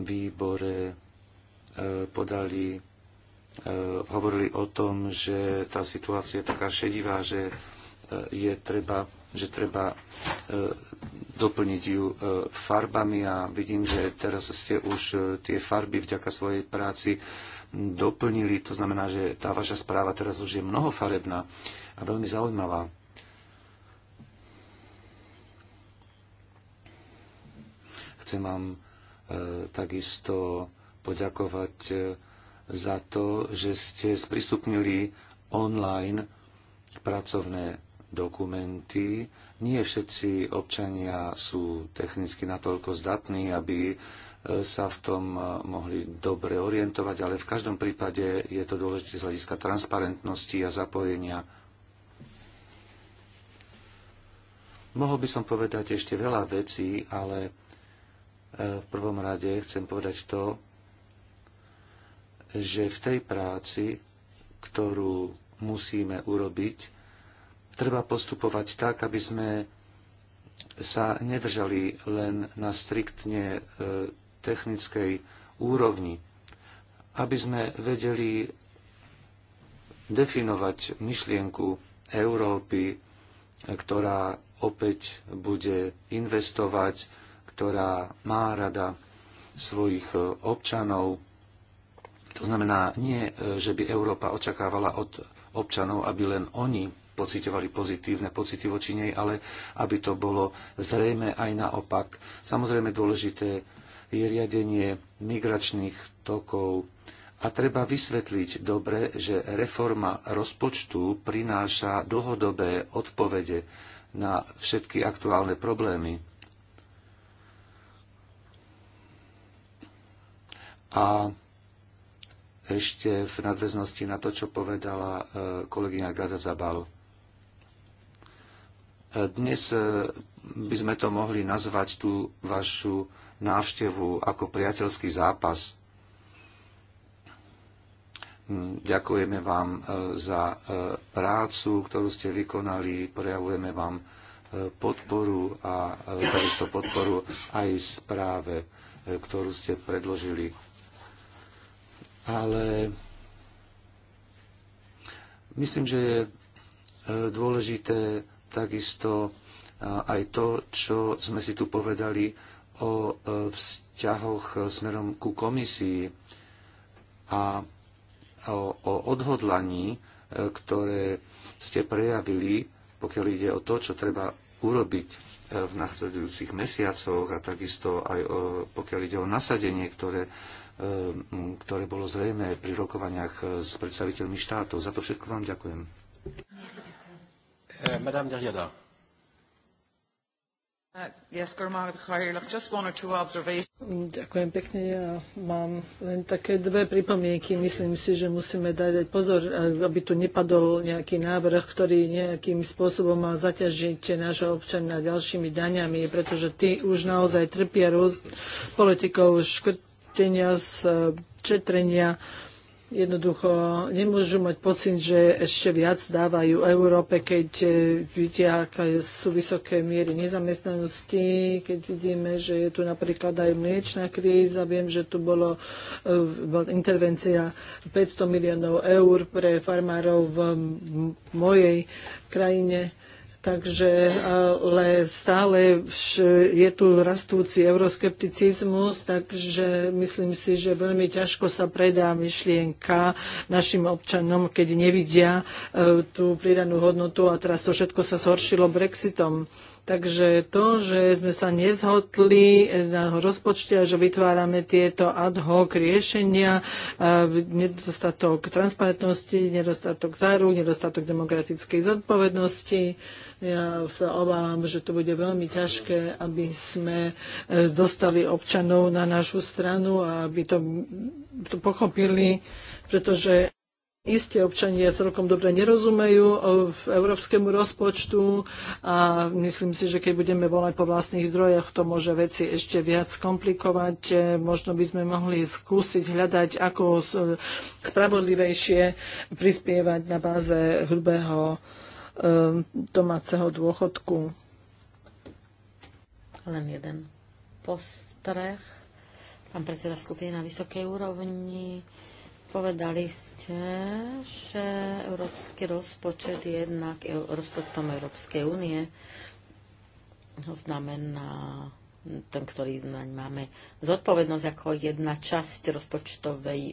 výbore e, podali, e, hovorili o tom, že tá situácia je taká šedivá, že je treba že treba e, doplniť ju e, farbami a vidím, že teraz ste už e, tie farby vďaka svojej práci doplnili. To znamená, že tá vaša správa teraz už je mnohofarebná a veľmi zaujímavá. Chcem vám takisto poďakovať za to, že ste sprístupnili online pracovné dokumenty. Nie všetci občania sú technicky natoľko zdatní, aby e, sa v tom e, mohli dobre orientovať, ale v každom prípade je to dôležité z hľadiska transparentnosti a zapojenia. Mohol by som povedať ešte veľa vecí, ale e, v prvom rade chcem povedať to, že v tej práci, ktorú musíme urobiť, treba postupovať tak, aby sme sa nedržali len na striktne e, technickej úrovni, aby sme vedeli definovať myšlienku Európy, ktorá opäť bude investovať, ktorá má rada svojich e, občanov. To znamená nie, e, že by Európa očakávala od občanov, aby len oni pocitovali pozitívne pocity voči nej, ale aby to bolo zrejme aj naopak. Samozrejme dôležité je riadenie migračných tokov a treba vysvetliť dobre, že reforma rozpočtu prináša dlhodobé odpovede na všetky aktuálne problémy. A ešte v nadväznosti na to, čo povedala e, kolegyňa Gada Zabal dnes e, by sme to mohli nazvať tú vašu návštevu ako priateľský zápas. Hm, ďakujeme vám e, za e, prácu, ktorú ste vykonali, prejavujeme vám podporu a takisto podporu aj správe, ktorú ste predložili. Ale myslím, že je dôležité takisto aj to, čo sme si tu povedali o e, vzťahoch e, smerom ku komisii a o, odhodlaní, e, ktoré ste prejavili, pokiaľ ide o to, čo treba urobiť v nasledujúcich mesiacoch a takisto aj o, pokiaľ ide o nasadenie, ktoré, ktoré bolo zrejme pri rokovaniach s predstaviteľmi štátov. Za to všetko vám ďakujem. Eh, Madame Derrida. Uh, mm, ďakujem pekne. Ja mám len také dve pripomienky. Myslím si, že musíme dať pozor, aby tu nepadol nejaký návrh, ktorý nejakým spôsobom má zaťažiť nášho občana ďalšími daňami, pretože tí už naozaj trpia rôz politikou škrtenia, šetrenia jednoducho nemôžu mať pocit, že ešte viac dávajú Európe, keď e, vidia, aké sú vysoké miery nezamestnanosti, keď vidíme, že je tu napríklad aj mliečná kríza. Viem, že tu bolo, e, bola intervencia 500 miliónov eur pre farmárov v mojej krajine Takže ale stále je tu rastúci euroskepticizmus, takže myslím si, že veľmi ťažko sa predá myšlienka našim občanom, keď nevidia e, tú pridanú hodnotu a teraz to všetko sa zhoršilo Brexitom. Takže to, že sme sa nezhodli na rozpočte a že vytvárame tieto ad hoc riešenia, e, nedostatok transparentnosti, nedostatok záruk, nedostatok demokratickej zodpovednosti, ja sa obávam, že to bude veľmi ťažké, aby sme e, dostali občanov na našu stranu a aby to, to pochopili, pretože Isté občania celkom dobre nerozumejú e, v európskemu rozpočtu a myslím si, že keď budeme volať po vlastných zdrojoch, to môže veci ešte viac komplikovať. E, možno by sme mohli skúsiť hľadať, ako spravodlivejšie prispievať na báze hrubého E, domáceho dôchodku. Len jeden postreh. Pán predseda skupiny na vysokej úrovni. Povedali ste, že európsky rozpočet je jednak e, rozpočtom Európskej únie. To znamená ten, ktorý naň máme zodpovednosť ako jedna časť rozpočtovej e,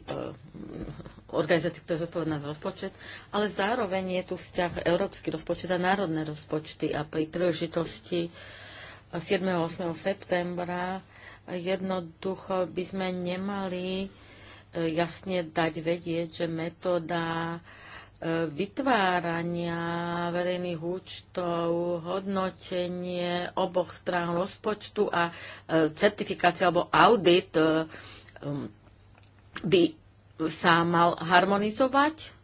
organizácie, ktorá je zodpovedná za rozpočet, ale zároveň je tu vzťah európsky rozpočet a národné rozpočty a pri príležitosti 7. 8. septembra jednoducho by sme nemali e, jasne dať vedieť, že metóda e, vytvárania verejných účtov, hodnotenie oboch strán rozpočtu a e, certifikácia alebo audit e, um, by sa mal harmonizovať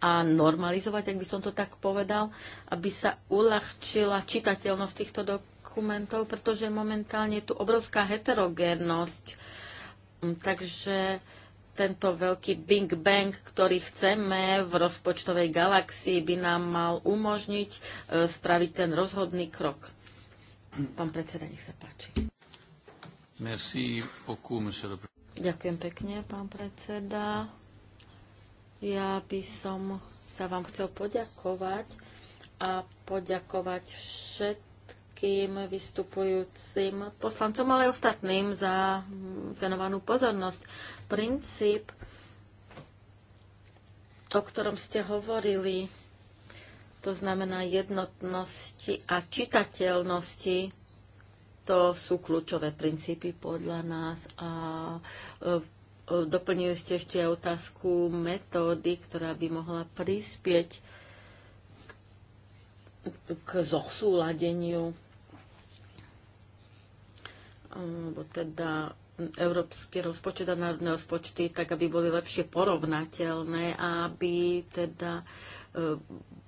a normalizovať, ak by som to tak povedal, aby sa uľahčila čitateľnosť týchto dokumentov, pretože momentálne je tu obrovská heterogénnosť. Mm, takže tento veľký Big Bang, ktorý chceme v rozpočtovej galaxii, by nám mal umožniť e, spraviť ten rozhodný krok. Pán predseda, nech sa páči. Merci beaucoup, monsieur. Ďakujem pekne, pán predseda. Ja by som sa vám chcel poďakovať a poďakovať všetkým vystupujúcim poslancom, ale aj ostatným za venovanú pozornosť princíp, o ktorom ste hovorili, to znamená jednotnosti a čitateľnosti, to sú kľúčové princípy podľa nás a e, e, doplnili ste ešte aj otázku metódy, ktorá by mohla prispieť k zosúladeniu alebo teda európsky rozpočet a národné rozpočty, tak aby boli lepšie porovnateľné a aby teda e,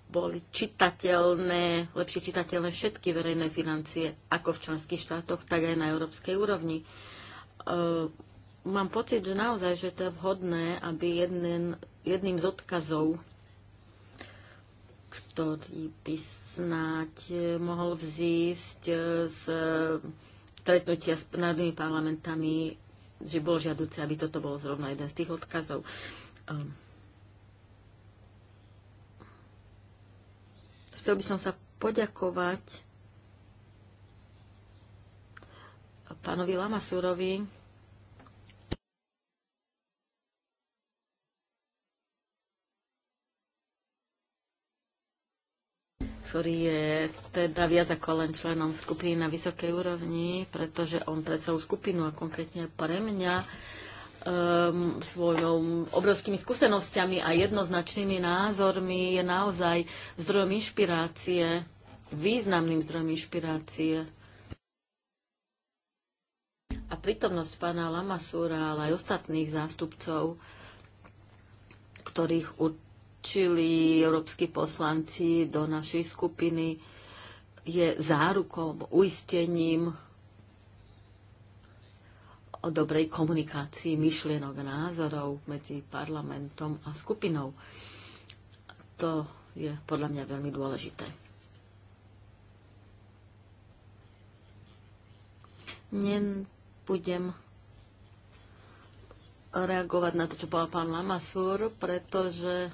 boli čitateľné, lepšie čitateľné všetky verejné financie, ako v členských štátoch, tak aj na európskej úrovni. E, mám pocit, že naozaj, že to je vhodné, aby jedným, jedným z odkazov, ktorý by snáď mohol vzísť e, z stretnutia s národnými parlamentami, že bolo žiaduce, aby toto bolo zrovna jeden z tých odkazov. Ehm. Chcel by som sa poďakovať pánovi Lamasurovi, ktorý je teda viac ako len členom skupiny na vysokej úrovni, pretože on pre celú skupinu a konkrétne pre mňa um, svojou obrovskými skúsenosťami a jednoznačnými názormi je naozaj zdrojom inšpirácie, významným zdrojom inšpirácie. A prítomnosť pána Lamasúra, ale aj ostatných zástupcov, ktorých určite tlačili európsky poslanci do našej skupiny, je zárukom, uistením o dobrej komunikácii myšlienok a názorov medzi parlamentom a skupinou. To je podľa mňa veľmi dôležité. Nebudem reagovať na to, čo povedal pán Lamasur, pretože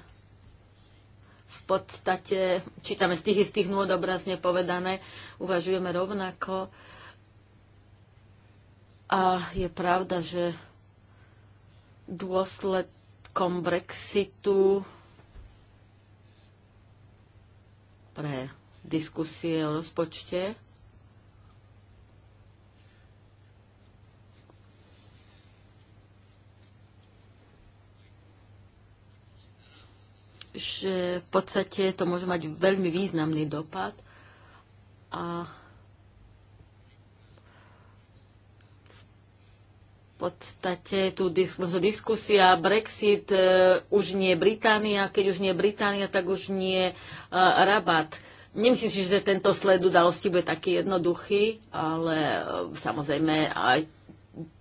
v podstate čítame z tých istých nôd obrazne povedané, uvažujeme rovnako. A je pravda, že dôsledkom Brexitu pre diskusie o rozpočte že v podstate to môže mať veľmi významný dopad a V podstate tu diskusia Brexit e, už nie Británia, keď už nie Británia, tak už nie e, Rabat. Nemyslím si, že tento sled udalosti bude taký jednoduchý, ale e, samozrejme aj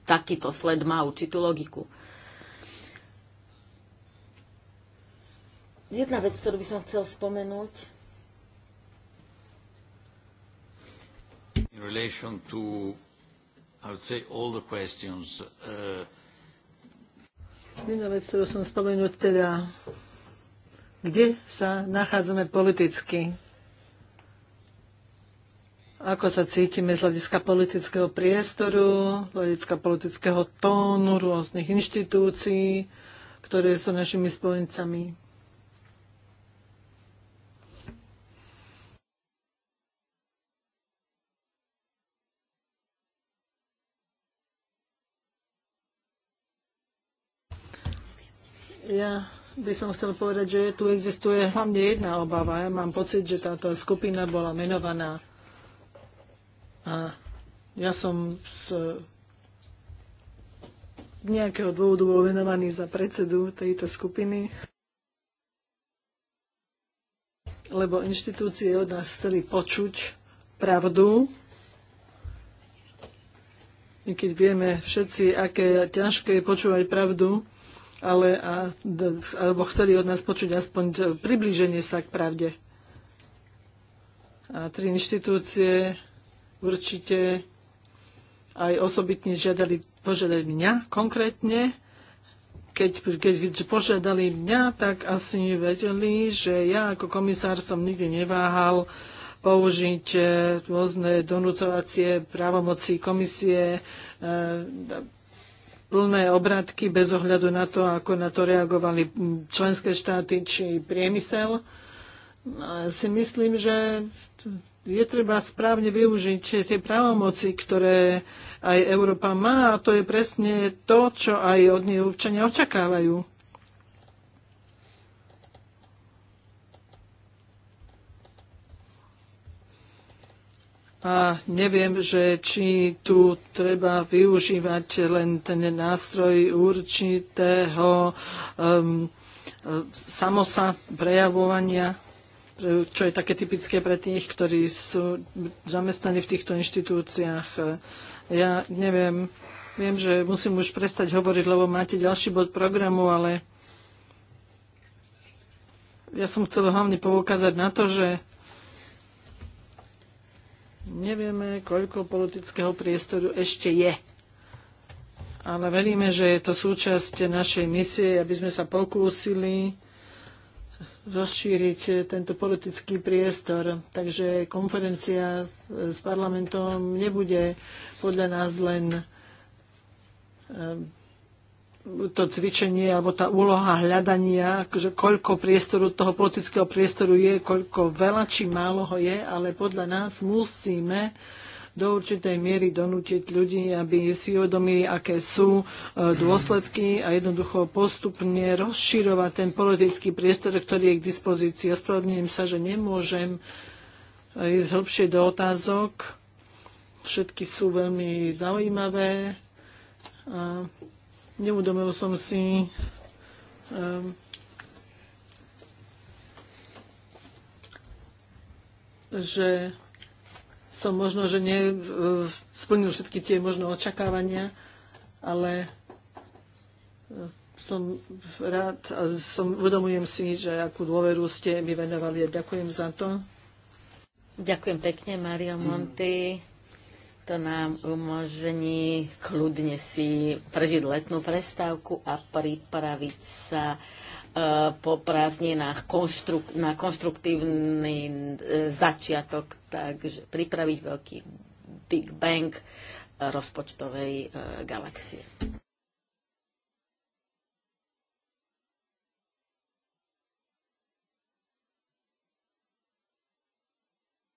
takýto sled má určitú logiku. Jedna vec, ktorú by som chcel spomenúť, in relation to, I would say, all the questions. Uh... Jedna vec, ktorú som spomenúť, teda, kde sa nachádzame politicky? Ako sa cítime z hľadiska politického priestoru, z hľadiska politického tónu rôznych inštitúcií, ktoré sú našimi spojencami? Ja by som chcel povedať, že tu existuje hlavne jedna obava. Ja mám pocit, že táto skupina bola menovaná. A ja som z nejakého dôvodu bol venovaný za predsedu tejto skupiny lebo inštitúcie od nás chceli počuť pravdu. I keď vieme všetci, aké ťažké je počúvať pravdu, ale a, alebo chceli od nás počuť aspoň priblíženie sa k pravde. A tri inštitúcie určite aj osobitne žiadali, požiadať mňa konkrétne, keď, keď požiadali mňa, tak asi vedeli, že ja ako komisár som nikdy neváhal použiť eh, rôzne donúcovacie právomoci komisie, eh, plné obratky bez ohľadu na to, ako na to reagovali členské štáty či priemysel. No, si myslím, že je treba správne využiť tie právomoci, ktoré aj Európa má a to je presne to, čo aj od nej občania očakávajú. a neviem, že či tu treba využívať len ten nástroj určitého um, samosa prejavovania, čo je také typické pre tých, ktorí sú zamestnaní v týchto inštitúciách. Ja neviem, viem, že musím už prestať hovoriť, lebo máte ďalší bod programu, ale ja som chcel hlavne poukázať na to, že Nevieme, koľko politického priestoru ešte je. Ale veríme, že je to súčasť našej misie, aby sme sa pokúsili rozšíriť tento politický priestor. Takže konferencia s parlamentom nebude podľa nás len to cvičenie alebo tá úloha hľadania, že akože koľko priestoru, toho politického priestoru je, koľko veľa či málo ho je, ale podľa nás musíme do určitej miery donútiť ľudí, aby si uvedomili, aké sú e, dôsledky a jednoducho postupne rozširovať ten politický priestor, ktorý je k dispozícii. Ospravedlňujem sa, že nemôžem ísť hlbšie do otázok. Všetky sú veľmi zaujímavé. A Neudomil som si um, že som možno, že ne, e, splnil všetky tie možno očakávania, ale e, som rád a som, uvedomujem si, že akú dôveru ste mi venovali a ďakujem za to. Ďakujem pekne, Mario Monti. To nám umožní kľudne si prežiť letnú prestávku a pripraviť sa e, po prázdninách konštruk- na konštruktívny e, začiatok, takže pripraviť veľký Big Bang rozpočtovej e, galaxie.